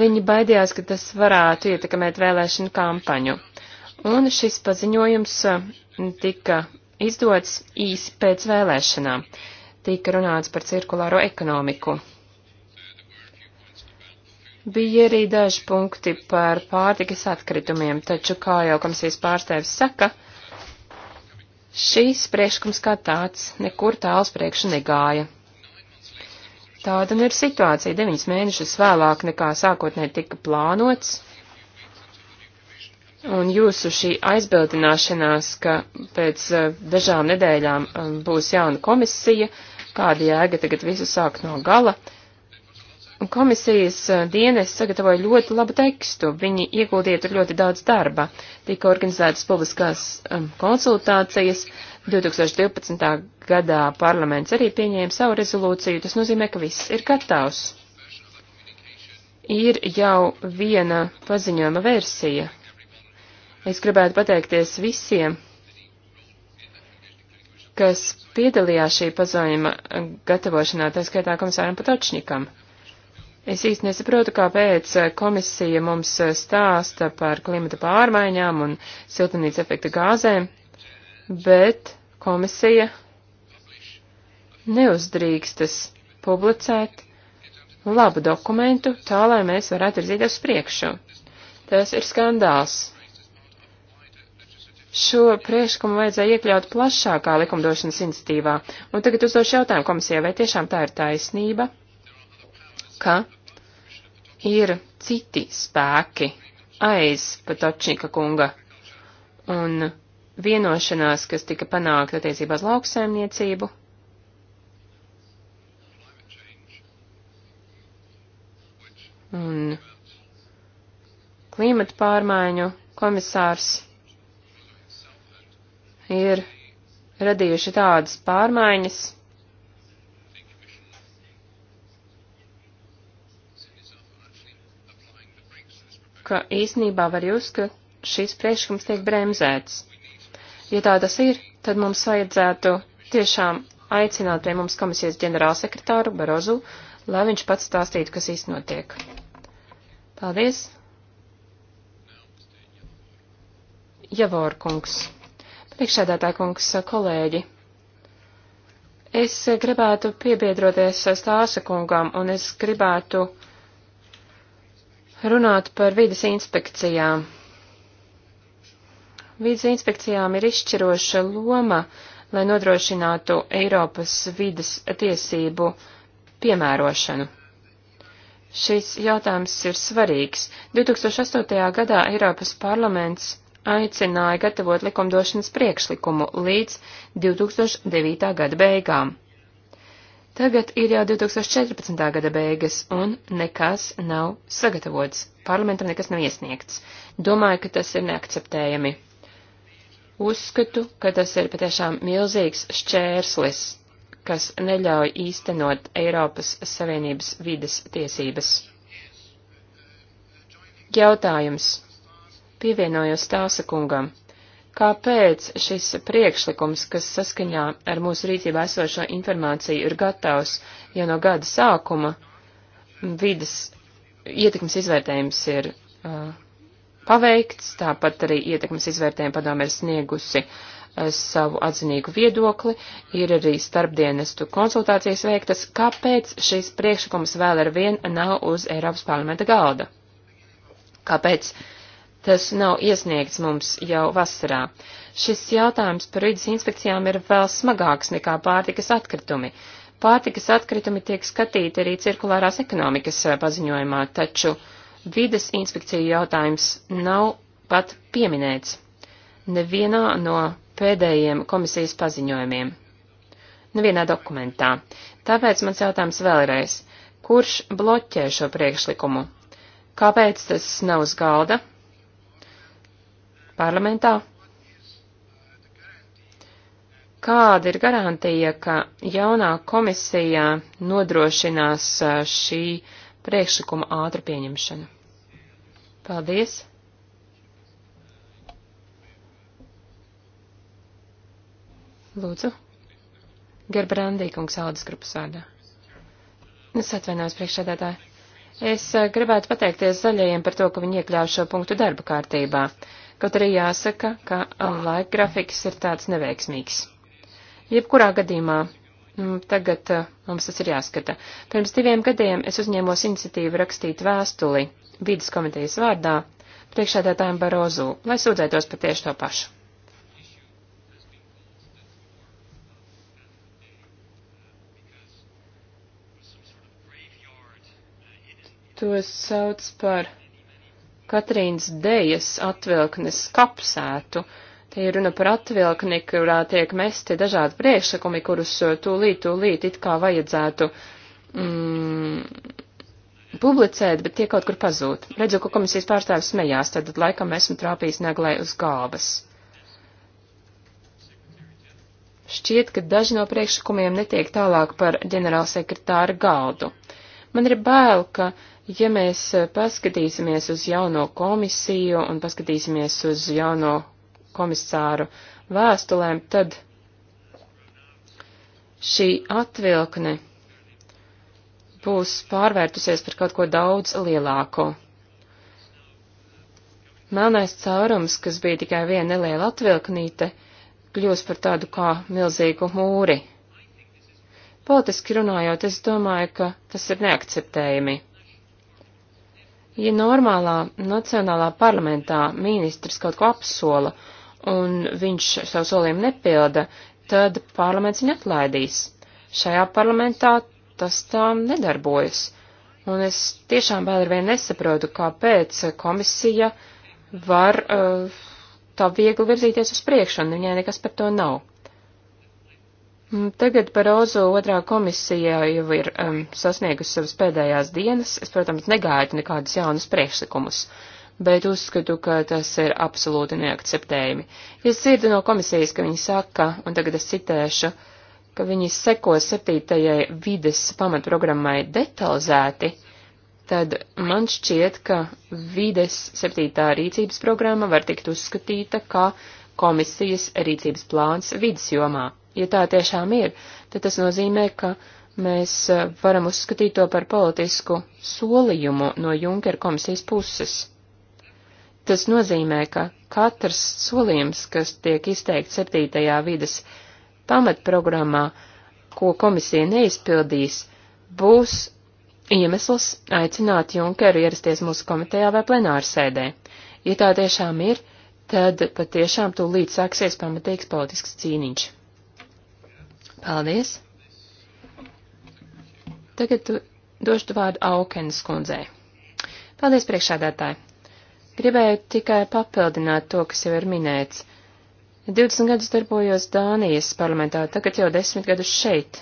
Viņi baidījās, ka tas varētu ietekmēt vēlēšanu kampaņu. Un šis paziņojums mm, tika izdots īsi pēc vēlēšanām. Tika runāts par cirkulāro ekonomiku. Bija arī daži punkti par pārtikas atkritumiem, taču, kā jau komisijas pārstāvis saka, šīs priekšlikums kā tāds nekur tāls priekšu negāja. Tāda nu ir situācija deviņas mēnešus vēlāk nekā sākotnēji tika plānots, un jūsu šī aizbildināšanās, ka pēc eh, dažām nedēļām eh, būs jauna komisija, kāda jēga tagad visu sākt no gala, uh, Komisijas uh, dienas sagatavoja ļoti labu tekstu, viņi ieguldīja tur ļoti daudz darba. Tika organizētas publiskās um, konsultācijas, 2012. gadā parlaments arī pieņēma savu rezolūciju, tas nozīmē, ka viss ir gatavs. Ir jau viena paziņojuma versija. Es gribētu pateikties visiem, kas piedalījās šī paziņojuma uh, gatavošanā, tā skaitā komisāram Patočnikam. Es īsti nesaprotu, kāpēc eh, komisija mums eh, stāsta par klimata pārmaiņām un siltumnīca efekta gāzēm, bet komisija neuzdrīkstas publicēt labu dokumentu tā, lai mēs varētu virzīties uz priekšu. Tas ir skandāls. Šo priekšlikumu vajadzēja iekļaut plašākā likumdošanas iniciatīvā, un tagad uzdošu jautājumu komisijai, vai tiešām tā ir taisnība, ka ir citi spēki aiz Patočnika kunga, un vienošanās, kas tika panākta attiecībā uz lauksaimniecību. Un klimata pārmaiņu komisārs ir radījuši tādas pārmaiņas, ka īsnībā var jūs, ka šīs priekšlikums tiek bremzēts. Ja tā tas ir, tad mums vajadzētu tiešām aicināt pie mums komisijas ģenerālsekretāru Barozu, lai viņš pats stāstītu, kas īsti notiek. Paldies! Javor kungs, priekšsēdētāj kungs, kolēģi. Es gribētu piebiedroties stāsa kungam, un es gribētu Runāt par vidas inspekcijām. Vidas inspekcijām ir izšķiroša loma, lai nodrošinātu Eiropas vidas tiesību piemērošanu. Šis jautājums ir svarīgs. 2008. gadā Eiropas parlaments aicināja gatavot likumdošanas priekšlikumu līdz 2009. gada beigām. Tagad ir jau 2014. gada beigas, un nekas nav sagatavots. Parlamentam nekas nav iesniegts. Domāju, ka tas ir neakceptējami. Uzskatu, ka tas ir patiešām milzīgs šķērslis, kas neļauj īstenot Eiropas Savienības vides tiesības. Jautājums. Pievienojos Tāsa kungam kāpēc šis priekšlikums, kas saskaņā ar mūsu rīcībā esošo informāciju ir gatavs jau no gada sākuma, vidas ietekmes izvērtējums ir uh, paveikts, tāpat arī ietekmes izvērtējuma padome ir sniegusi uh, savu atzinīgu viedokli, ir arī starpdienestu konsultācijas veiktas, kāpēc šis priekšlikums vēl ar vien nav uz Eiropas parlamenta galda. Kāpēc uh, Tas nav iesniegts mums jau vasarā. Šis jautājums par vidas inspekcijām ir vēl smagāks nekā pārtikas atkritumi. Pārtikas atkritumi tiek skatīti arī cirkulārās ekonomikas eh, paziņojumā, taču vidas inspekcija jautājums nav pat pieminēts nevienā no pēdējiem komisijas paziņojumiem. Nevienā dokumentā. Tāpēc mans jautājums vēlreiz. Kurš bloķē šo priekšlikumu? Kāpēc tas nav uz galda? parlamentā? Kāda ir garantija, ka jaunā komisija nodrošinās uh, šī priekšlikuma ātru pieņemšanu? Paldies! Lūdzu. Gerbrandī, kungs, Aldas grupas vārdā. Es atvainojos priekšsēdētāji. Es uh, gribētu pateikties zaļajiem par to, ka viņi iekļāva šo punktu darba kārtībā. Kaut arī jāsaka, ka laika grafiks ir tāds neveiksmīgs. Jebkurā gadījumā mm, tagad eh, mums tas ir jāskata. Pirms diviem gadiem es uzņēmos iniciatīvu rakstīt vēstuli vidas komitejas vārdā priekšādātājiem Barozu, lai sūdzētos par tieši to pašu. To sauc par Katrīnas Dejas atvilknes kapsētu. Te ir runa par atvilkni, kurā tiek mesti dažādi priekšsakumi, kurus eh, tūlīt, tūlīt it kā vajadzētu mm, publicēt, bet tie kaut kur pazūd. Redzu, ka komisijas pārstāvis smējās, tad laikam esmu trāpījis neglē uz galvas. Šķiet, ka daži no priekšsakumiem netiek tālāk par ģenerālsekretāra galdu. Uh, Man ir bail, ka, ja mēs eh, paskatīsimies uz jauno komisiju un paskatīsimies uz jauno komisāru vēstulēm, tad šī atvilkne būs pārvērtusies par kaut ko daudz lielāko. Melnais caurums, kas bija tikai viena neliela atvilknīte, kļūs par tādu kā milzīgu mūri, Politiski runājot, es domāju, ka tas ir neakceptējami. Ja normālā nacionālā parlamentā ministrs kaut ko apsola un viņš savu solījumu nepilda, tad parlaments viņu atlaidīs. Šajā parlamentā tas tām nedarbojas. Un es tiešām vēl ar vienu nesaprotu, kāpēc komisija var uh, tā viegli virzīties uz priekšu, un viņai nekas par to nav. Mm, tagad Barozo otrā komisija jau ir um, sasniegusi savas pēdējās dienas. Es, protams, negaidu nekādus jaunus priekšlikumus, bet uzskatu, ka tas ir absolūti neakceptējami. Es dzirdu no komisijas, ka viņi saka, un tagad es citēšu, ka viņi seko septītajai vides pamatprogrammai detalizēti, tad man šķiet, ka vides septītā rīcības programma var tikt uzskatīta kā komisijas rīcības plāns vidas jomā. Ja tā tiešām ir, tad tas nozīmē, ka mēs eh, varam uzskatīt to par politisku solījumu no Junker komisijas puses. Tas nozīmē, ka katrs solījums, kas tiek izteikts 7. vides pamatprogrammā, ko komisija neizpildīs, būs iemesls aicināt Junkeru ierasties mūsu komitejā vai plenārsēdē. Ja tā tiešām ir, tad patiešām tūlīt sāksies pamatīgs politisks cīniņš. Paldies. Tagad došu vārdu Aukenas kundzei. Paldies, priekšādātāji. Gribēju tikai papildināt to, kas jau ir minēts. 20 gadus darbojos Dānijas parlamentā, tagad jau 10 gadus šeit.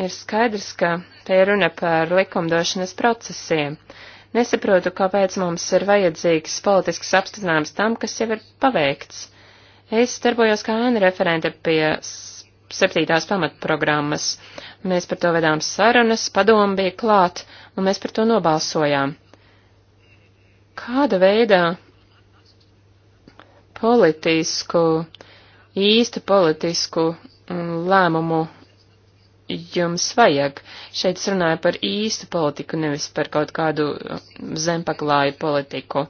Ir skaidrs, ka te ir runa par likumdošanas procesiem. Uh, Nesaprotu, kāpēc mums ir vajadzīgs politisks apstiprinājums tam, kas jau ir paveikts. Es darbojos kā ēna referente pie septītās pamatprogrammas. Mēs par to vedām sarunas, padomu bija klāt, un mēs par to nobalsojām. Kāda veidā politisku, īstu politisku mm, lēmumu jums vajag. Šeit es runāju par īstu politiku, nevis par kaut kādu uh, zempaklāju politiku.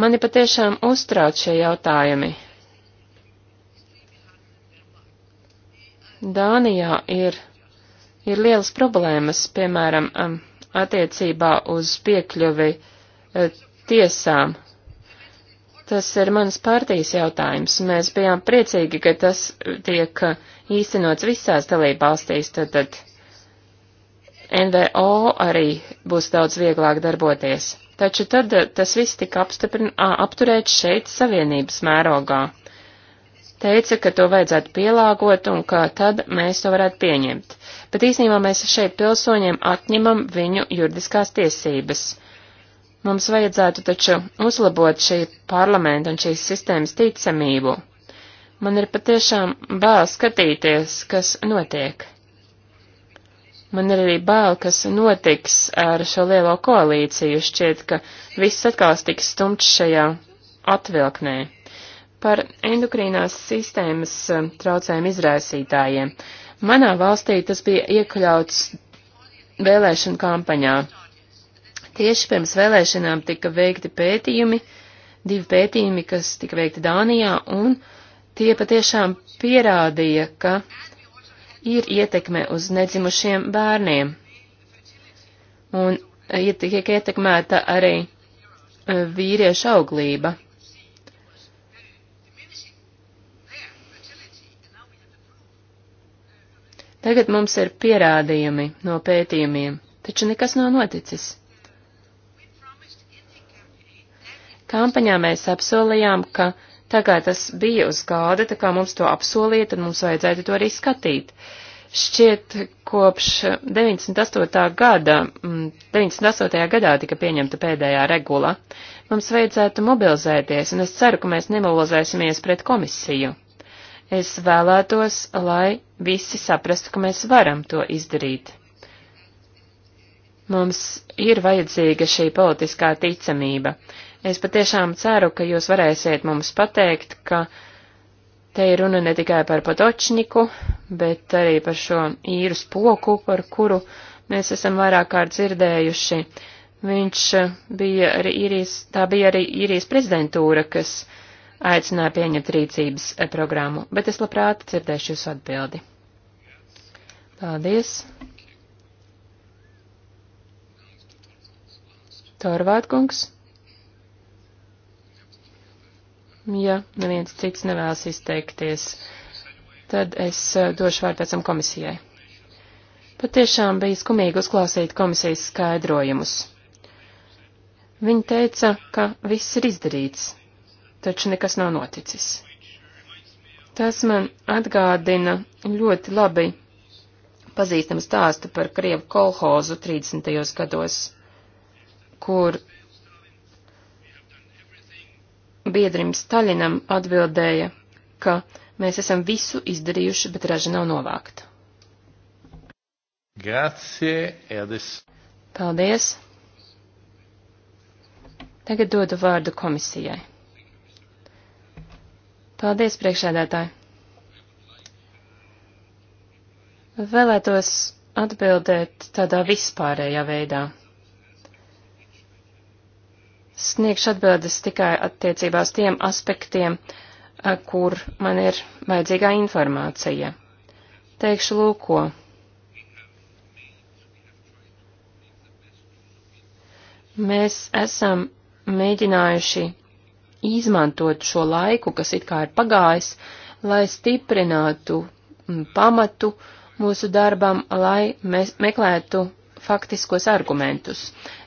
Mani patiešām uztrauc šie jautājumi. Dānijā ir, ir lielas problēmas, piemēram, um, attiecībā uz piekļuvi uh, tiesām. Tas ir mans partijas jautājums. Mēs bijām priecīgi, ka tas tiek īstenots visās dalībvalstīs, tad, tad NVO arī būs daudz vieglāk darboties. Taču tad eh, tas viss tika apturēts šeit savienības mērogā. Teica, ka to vajadzētu pielāgot un ka tad mēs to varētu pieņemt. Bet īsnībā mēs šeit pilsoņiem atņemam viņu juridiskās tiesības Mums vajadzētu taču uzlabot šī parlamenta un šīs sistēmas ticamību. Man ir patiešām bail skatīties, kas notiek. Man ir arī bail, kas notiks ar šo lielo koalīciju. Šķiet, ka viss atkal tiks stumts šajā atvilknē. Par endokrīnās sistēmas eh, traucējumu izraisītājiem. Manā valstī tas bija iekļauts vēlēšanu kampaņā. Tieši pirms vēlēšanām tika veikti pētījumi, divi pētījumi, kas tika veikti Dānijā, un tie patiešām pierādīja, ka ir ietekme uz nedzimušiem bērniem. Un ja e, tiek ietekmēta arī e, vīriešu auglība. Tagad mums ir pierādījumi no pētījumiem, taču nekas nav noticis. Kampaņā mēs apsolījām, ka tā kā tas bija uz gada, tā kā mums to apsolīja, tad mums vajadzētu to arī skatīt. Šķiet, kopš 98. gada, 98. Mm, gadā tika pieņemta pēdējā regula. Mums vajadzētu mobilizēties, un es ceru, ka mēs nemobilizēsimies pret komisiju. Es vēlētos, lai visi saprastu, ka mēs varam to izdarīt. Mums ir vajadzīga šī politiskā ticamība. Es patiešām ceru, ka jūs varēsiet mums pateikt, ka te ir runa ne tikai par Potočniku, bet arī par šo īru spoku, par kuru mēs esam vairāk kārt dzirdējuši. Viņš eh, bija arī īrijas, tā bija arī īrijas prezidentūra, kas aicināja pieņemt rīcības eh, programmu, bet es labprāt dzirdēšu jūsu atbildi. Paldies! Torvātkungs! Ja neviens cits nevēlas izteikties, tad es eh, došu vārdu pēc tam komisijai. Patiešām bija skumīgi uzklausīt komisijas skaidrojumus. Viņa teica, ka viss ir izdarīts, taču nekas nav noticis. Tas man atgādina ļoti labi pazīstamu stāstu par Krievu kolhozu 30. gados, kur biedrim Staļinam atbildēja, ka mēs esam visu izdarījuši, bet raža nav novākta. Grazie, Edis. Paldies. Tagad dodu vārdu komisijai. Paldies, priekšēdētāji. Vēlētos atbildēt tādā vispārējā veidā sniegšu atbildes tikai attiecībās tiem aspektiem, kur man ir vajadzīgā informācija. Teikšu lūko. Mēs esam mēģinājuši izmantot šo laiku, kas it kā ir pagājis, lai stiprinātu pamatu mūsu darbam, lai mēs meklētu faktiskos argumentus.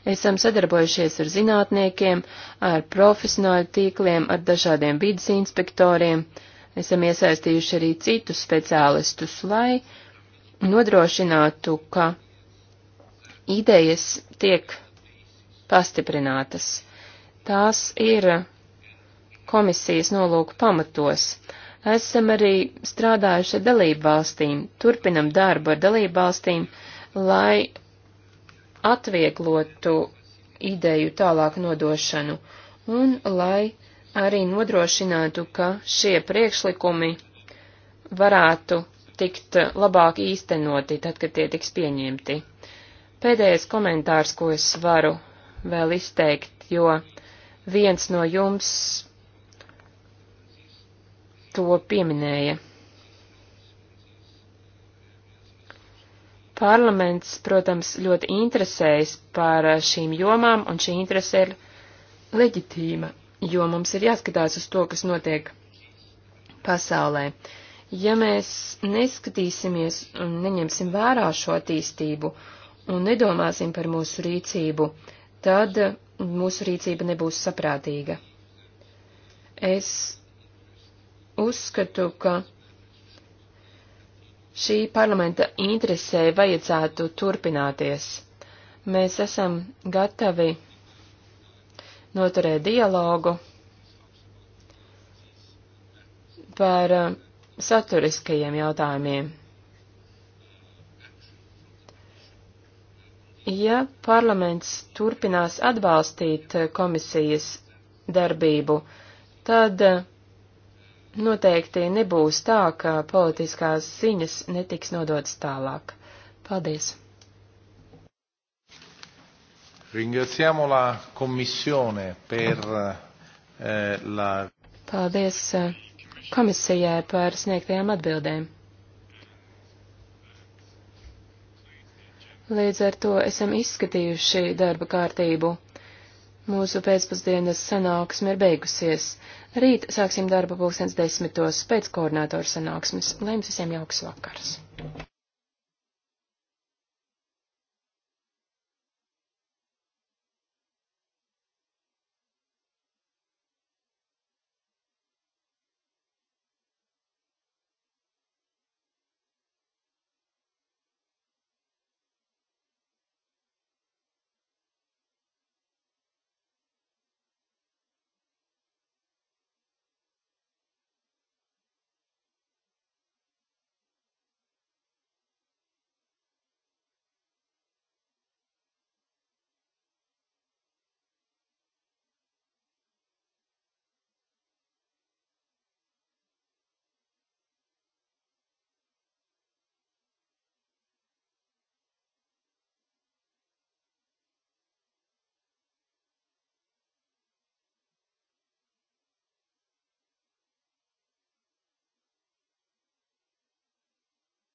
Esam sadarbojušies ar zinātniekiem, ar profesionāļu tīkliem, ar dažādiem vidas inspektoriem. Esam iesaistījuši arī citus speciālistus, lai nodrošinātu, ka idejas tiek pastiprinātas. Tās ir komisijas nolūku pamatos. Esam arī strādājuši ar dalību valstīm, turpinam darbu ar dalību valstīm, lai atvieglotu ideju tālāk nodošanu un lai arī nodrošinātu, ka šie priekšlikumi varētu tikt labāk īstenoti, tad, kad tie tiks pieņemti. Pēdējais komentārs, ko es varu vēl izteikt, jo viens no jums to pieminēja. Parlaments, protams, ļoti interesējas par šīm jomām, un šī interese ir leģitīma, jo mums ir jāskatās uz to, kas notiek pasaulē. Ja mēs neskatīsimies un neņemsim vērā šo attīstību un nedomāsim par mūsu rīcību, tad mūsu rīcība nebūs saprātīga. Es uzskatu, ka šī parlamenta interesē vajadzētu turpināties. Mēs esam gatavi noturēt dialogu par eh, saturiskajiem jautājumiem. Ja parlaments turpinās atbalstīt eh, komisijas darbību, tad eh, noteikti nebūs tā, ka politiskās ziņas netiks nodotas tālāk. Paldies! Ringraziamo la Commissione per eh, la. Paldies eh, komisijai par sniegtajām atbildēm. Līdz ar to esam izskatījuši darba kārtību. Mūsu pēcpusdienas sanāksme ir beigusies. Rīt sāksim darbu pulkstens desmitos pēc koordinātoru sanāksmes. Lai jums visiem jauks vakars!